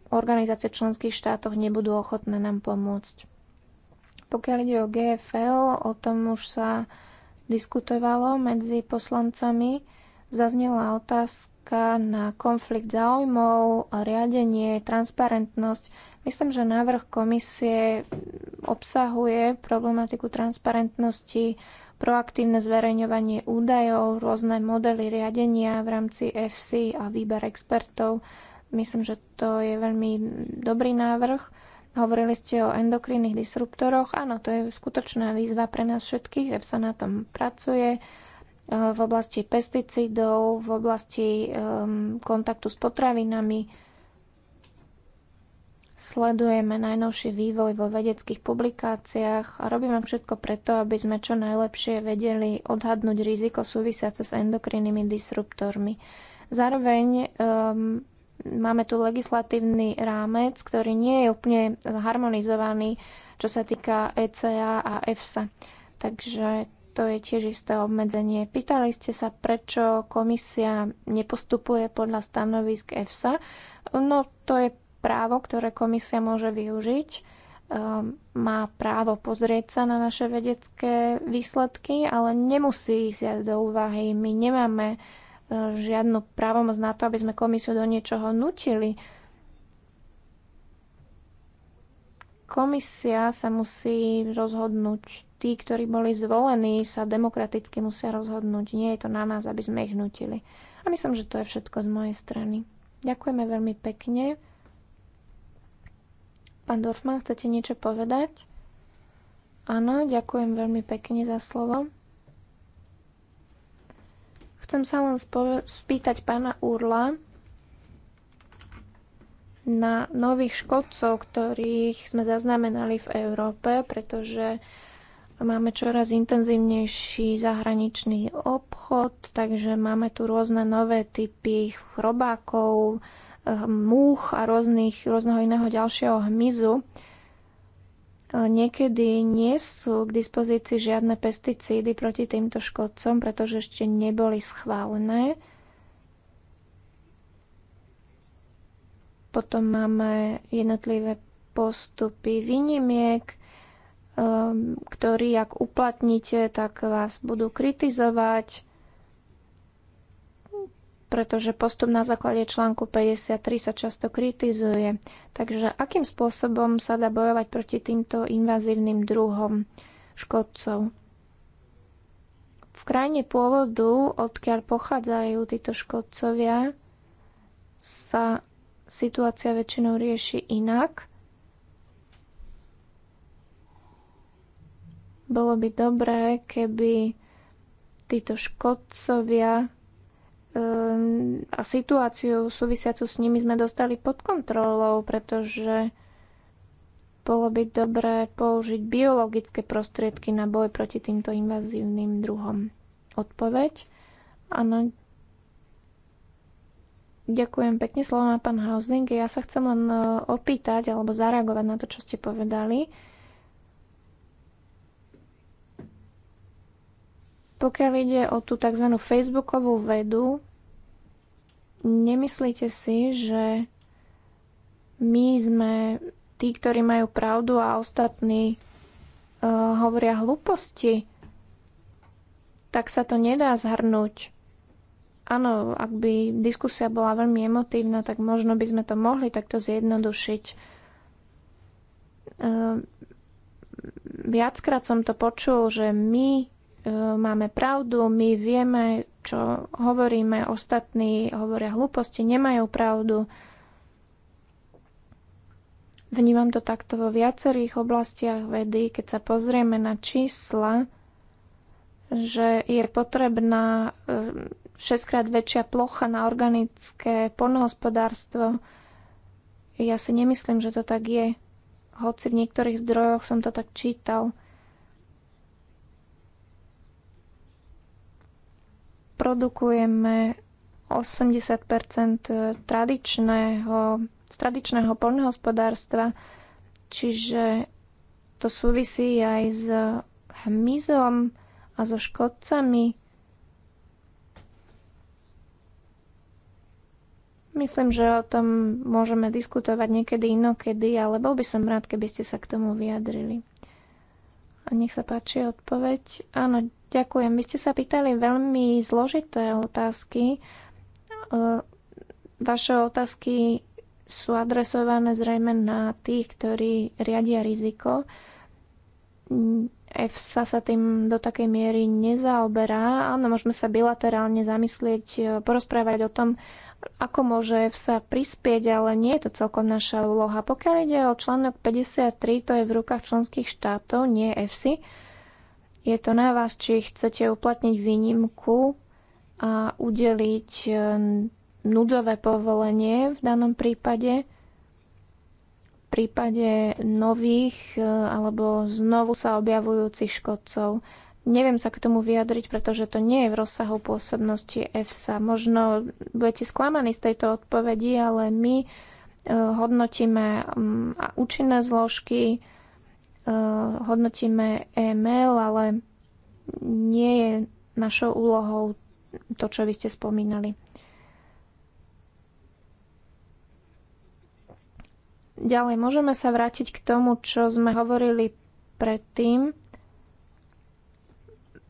Speaker 4: organizácie členských štátoch nebudú ochotné nám pomôcť. Pokiaľ ide o GFL, o tom už sa diskutovalo medzi poslancami. Zaznela otázka na konflikt záujmov, riadenie, transparentnosť. Myslím, že návrh komisie obsahuje problematiku transparentnosti, proaktívne zverejňovanie údajov, rôzne modely riadenia v rámci FC a výber expertov. Myslím, že to je veľmi dobrý návrh. Hovorili ste o endokrinných disruptoroch. Áno, to je skutočná výzva pre nás všetkých. EFSA na tom pracuje e, v oblasti pesticídov, v oblasti e, kontaktu s potravinami, Sledujeme najnovší vývoj vo vedeckých publikáciách a robíme všetko preto, aby sme čo najlepšie vedeli odhadnúť riziko súvisiace s endokrinnými disruptormi. Zároveň um, máme tu legislatívny rámec, ktorý nie je úplne harmonizovaný, čo sa týka ECA a EFSA. E Takže to je tiež isté obmedzenie. Pýtali ste sa, prečo komisia nepostupuje podľa stanovisk EFSA. No to je právo, ktoré komisia môže využiť. Ehm, má právo pozrieť sa na naše vedecké výsledky, ale nemusí ich vziať do úvahy. My nemáme e, žiadnu právomoc na to, aby sme komisiu do niečoho nutili. Komisia sa musí rozhodnúť. Tí, ktorí boli zvolení, sa demokraticky musia rozhodnúť. Nie je to na nás, aby sme ich nutili. A myslím, že to je všetko z mojej strany. Ďakujeme veľmi pekne. Pán Dorfman, chcete niečo povedať? Áno, ďakujem veľmi pekne za slovo. Chcem sa len spýtať pána Urla na nových škodcov, ktorých sme zaznamenali v Európe, pretože máme čoraz intenzívnejší zahraničný obchod, takže máme tu rôzne nové typy chrobákov, múch a rôznych, rôzneho iného ďalšieho hmyzu. E, niekedy nie sú k dispozícii žiadne pesticídy proti týmto škodcom, pretože ešte neboli schválené. Potom máme jednotlivé postupy výnimiek, e, ktorý ak uplatníte, tak vás budú kritizovať pretože postup na základe článku 53 sa často kritizuje. Takže akým spôsobom sa dá bojovať proti týmto invazívnym druhom škodcov? V krajine pôvodu, odkiaľ pochádzajú títo škodcovia, sa situácia väčšinou rieši inak. Bolo by dobré, keby títo škodcovia Ehm, a situáciu súvisiacu s nimi sme dostali pod kontrolou, pretože bolo by dobré použiť biologické prostriedky na boj proti týmto invazívnym druhom. Odpoveď? Áno. Ďakujem pekne, slovo má pán Hausling. Ja sa chcem len e, opýtať alebo zareagovať na to, čo ste povedali. Pokiaľ ide o tú tzv. facebookovú vedu, nemyslíte si, že my sme tí, ktorí majú pravdu a ostatní uh, hovoria hlúposti, tak sa to nedá zhrnúť. Áno, ak by diskusia bola veľmi emotívna, tak možno by sme to mohli takto zjednodušiť. Uh, viackrát som to počul, že my E, máme pravdu, my vieme, čo hovoríme, ostatní hovoria hlúposti, nemajú pravdu. Vnímam to takto vo viacerých oblastiach vedy, keď sa pozrieme na čísla, že je potrebná 6-krát e, väčšia plocha na organické poľnohospodárstvo. Ja si nemyslím, že to tak je. Hoci v niektorých zdrojoch som to tak čítal. produkujeme 80 eh, tradičného, z tradičného poľnohospodárstva, čiže to súvisí aj s hmyzom a so škodcami. Myslím, že o tom môžeme diskutovať niekedy inokedy, ale bol by som rád, keby ste sa k tomu vyjadrili. A nech sa páči odpoveď. Áno, Ďakujem. Vy ste sa pýtali veľmi zložité otázky. E, vaše otázky sú adresované zrejme na tých, ktorí riadia riziko. EFSA sa tým do takej miery nezaoberá. Áno, môžeme sa bilaterálne zamyslieť, e, porozprávať o tom, ako môže EFSA prispieť, ale nie je to celkom naša úloha. Pokiaľ ide o článok 53, to je v rukách členských štátov, nie EFSI. Je to na vás, či chcete uplatniť výnimku a udeliť e, núdzové povolenie v danom prípade, v prípade nových e, alebo znovu sa objavujúcich škodcov. Neviem sa k tomu vyjadriť, pretože to nie je v rozsahu pôsobnosti EFSA. Možno budete sklamaní z tejto odpovedi, ale my e, hodnotíme účinné zložky, Eh, hodnotíme e-mail, ale nie je našou úlohou to, čo vy ste spomínali. Ďalej, môžeme sa vrátiť k tomu, čo sme hovorili predtým.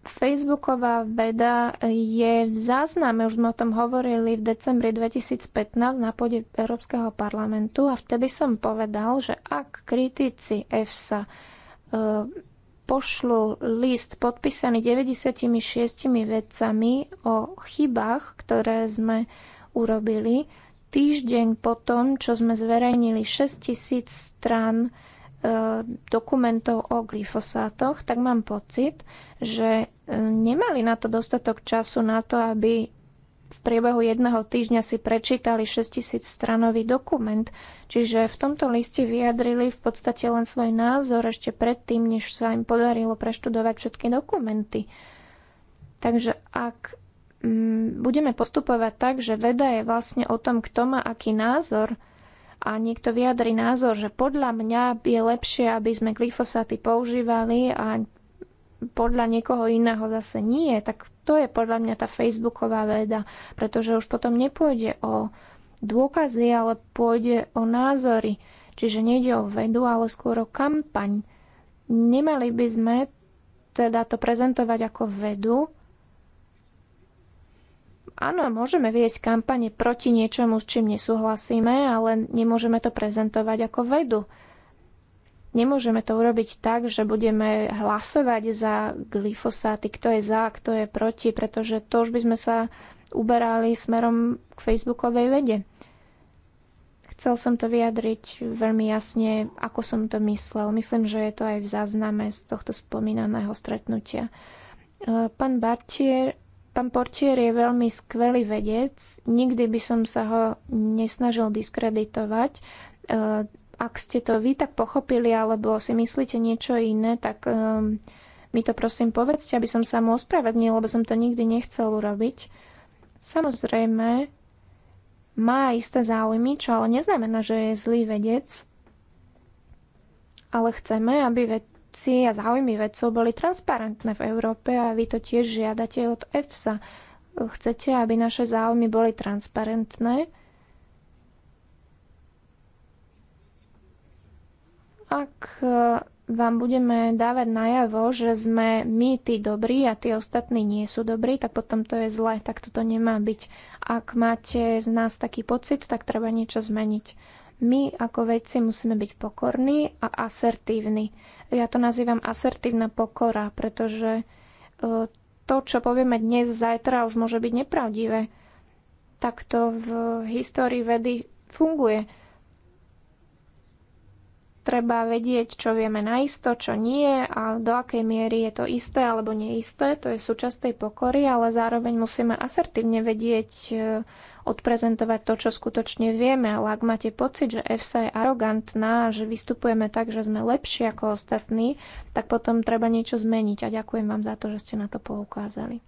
Speaker 4: Facebooková veda je v zázname, už sme o tom hovorili v decembri 2015 na pôde Európskeho parlamentu a vtedy som povedal, že ak kritici EFSA e, pošlu list podpísaný 96 vedcami o chybách, ktoré sme urobili, týždeň po tom, čo sme zverejnili 6000 strán Eh, dokumentov o glyfosátoch, tak mám pocit, že eh, nemali na to dostatok času na to, aby v priebehu jedného týždňa si prečítali 6000 stranový dokument, čiže v tomto liste vyjadrili v podstate len svoj názor ešte predtým, než sa im podarilo preštudovať všetky dokumenty. Takže ak mm, budeme postupovať tak, že veda je vlastne o tom, kto má aký názor, a niekto vyjadri názor, že podľa mňa je lepšie, aby sme glyfosáty používali a podľa niekoho iného zase nie, tak to je podľa mňa tá facebooková veda, pretože už potom nepôjde o dôkazy, ale pôjde o názory. Čiže nejde o vedu, ale skôr o kampaň. Nemali by sme teda to prezentovať ako vedu, Áno, môžeme viesť kampane proti niečomu, s čím nesúhlasíme, ale nemôžeme to prezentovať ako vedu. Nemôžeme to urobiť tak, že budeme hlasovať za glyfosáty, kto je za, kto je proti, pretože to už by sme sa uberali smerom k facebookovej vede. Chcel som to vyjadriť veľmi jasne, ako som to myslel. Myslím, že je to aj v zázname z tohto spomínaného stretnutia. Pán Bartier Pán Portier je veľmi skvelý vedec, nikdy by som sa ho nesnažil diskreditovať. E, ak ste to vy tak pochopili, alebo si myslíte niečo iné, tak e, mi to prosím povedzte, aby som sa mu ospravedlnil, lebo som to nikdy nechcel urobiť. Samozrejme, má isté záujmy, čo ale neznamená, že je zlý vedec ale chceme, aby ved veci a záujmy vedcov boli transparentné v Európe a vy to tiež žiadate od EFSA. Chcete, aby naše záujmy boli transparentné? Ak e, vám budeme dávať najavo, že sme my tí dobrí a tí ostatní nie sú dobrí, tak potom to je zle, tak toto nemá byť. Ak máte z nás taký pocit, tak treba niečo zmeniť. My ako vedci musíme byť pokorní a asertívni. Ja to nazývam asertívna pokora, pretože e, to, čo povieme dnes, zajtra už môže byť nepravdivé. Tak to v histórii vedy funguje. Treba vedieť, čo vieme naisto, čo nie a do akej miery je to isté alebo neisté. To je súčasť tej pokory, ale zároveň musíme asertívne vedieť, e, odprezentovať to, čo skutočne vieme, ale ak máte pocit, že EFSA je arogantná, že vystupujeme tak, že sme lepší ako ostatní, tak potom treba niečo zmeniť a ďakujem vám za to, že ste na to poukázali.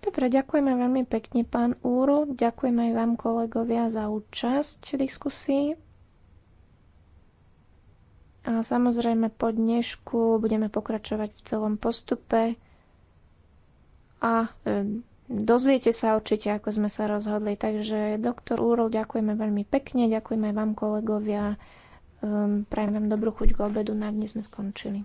Speaker 4: Dobre, ďakujeme veľmi pekne, pán Úru. Ďakujem aj vám, kolegovia, za účasť v diskusii. A samozrejme po dnešku budeme pokračovať v celom postupe a Dozviete sa určite, ako sme sa rozhodli. Takže, doktor Úrol, ďakujeme veľmi pekne, ďakujeme aj vám, kolegovia. Ehm, prajem vám dobrú chuť k obedu, na dnes sme skončili.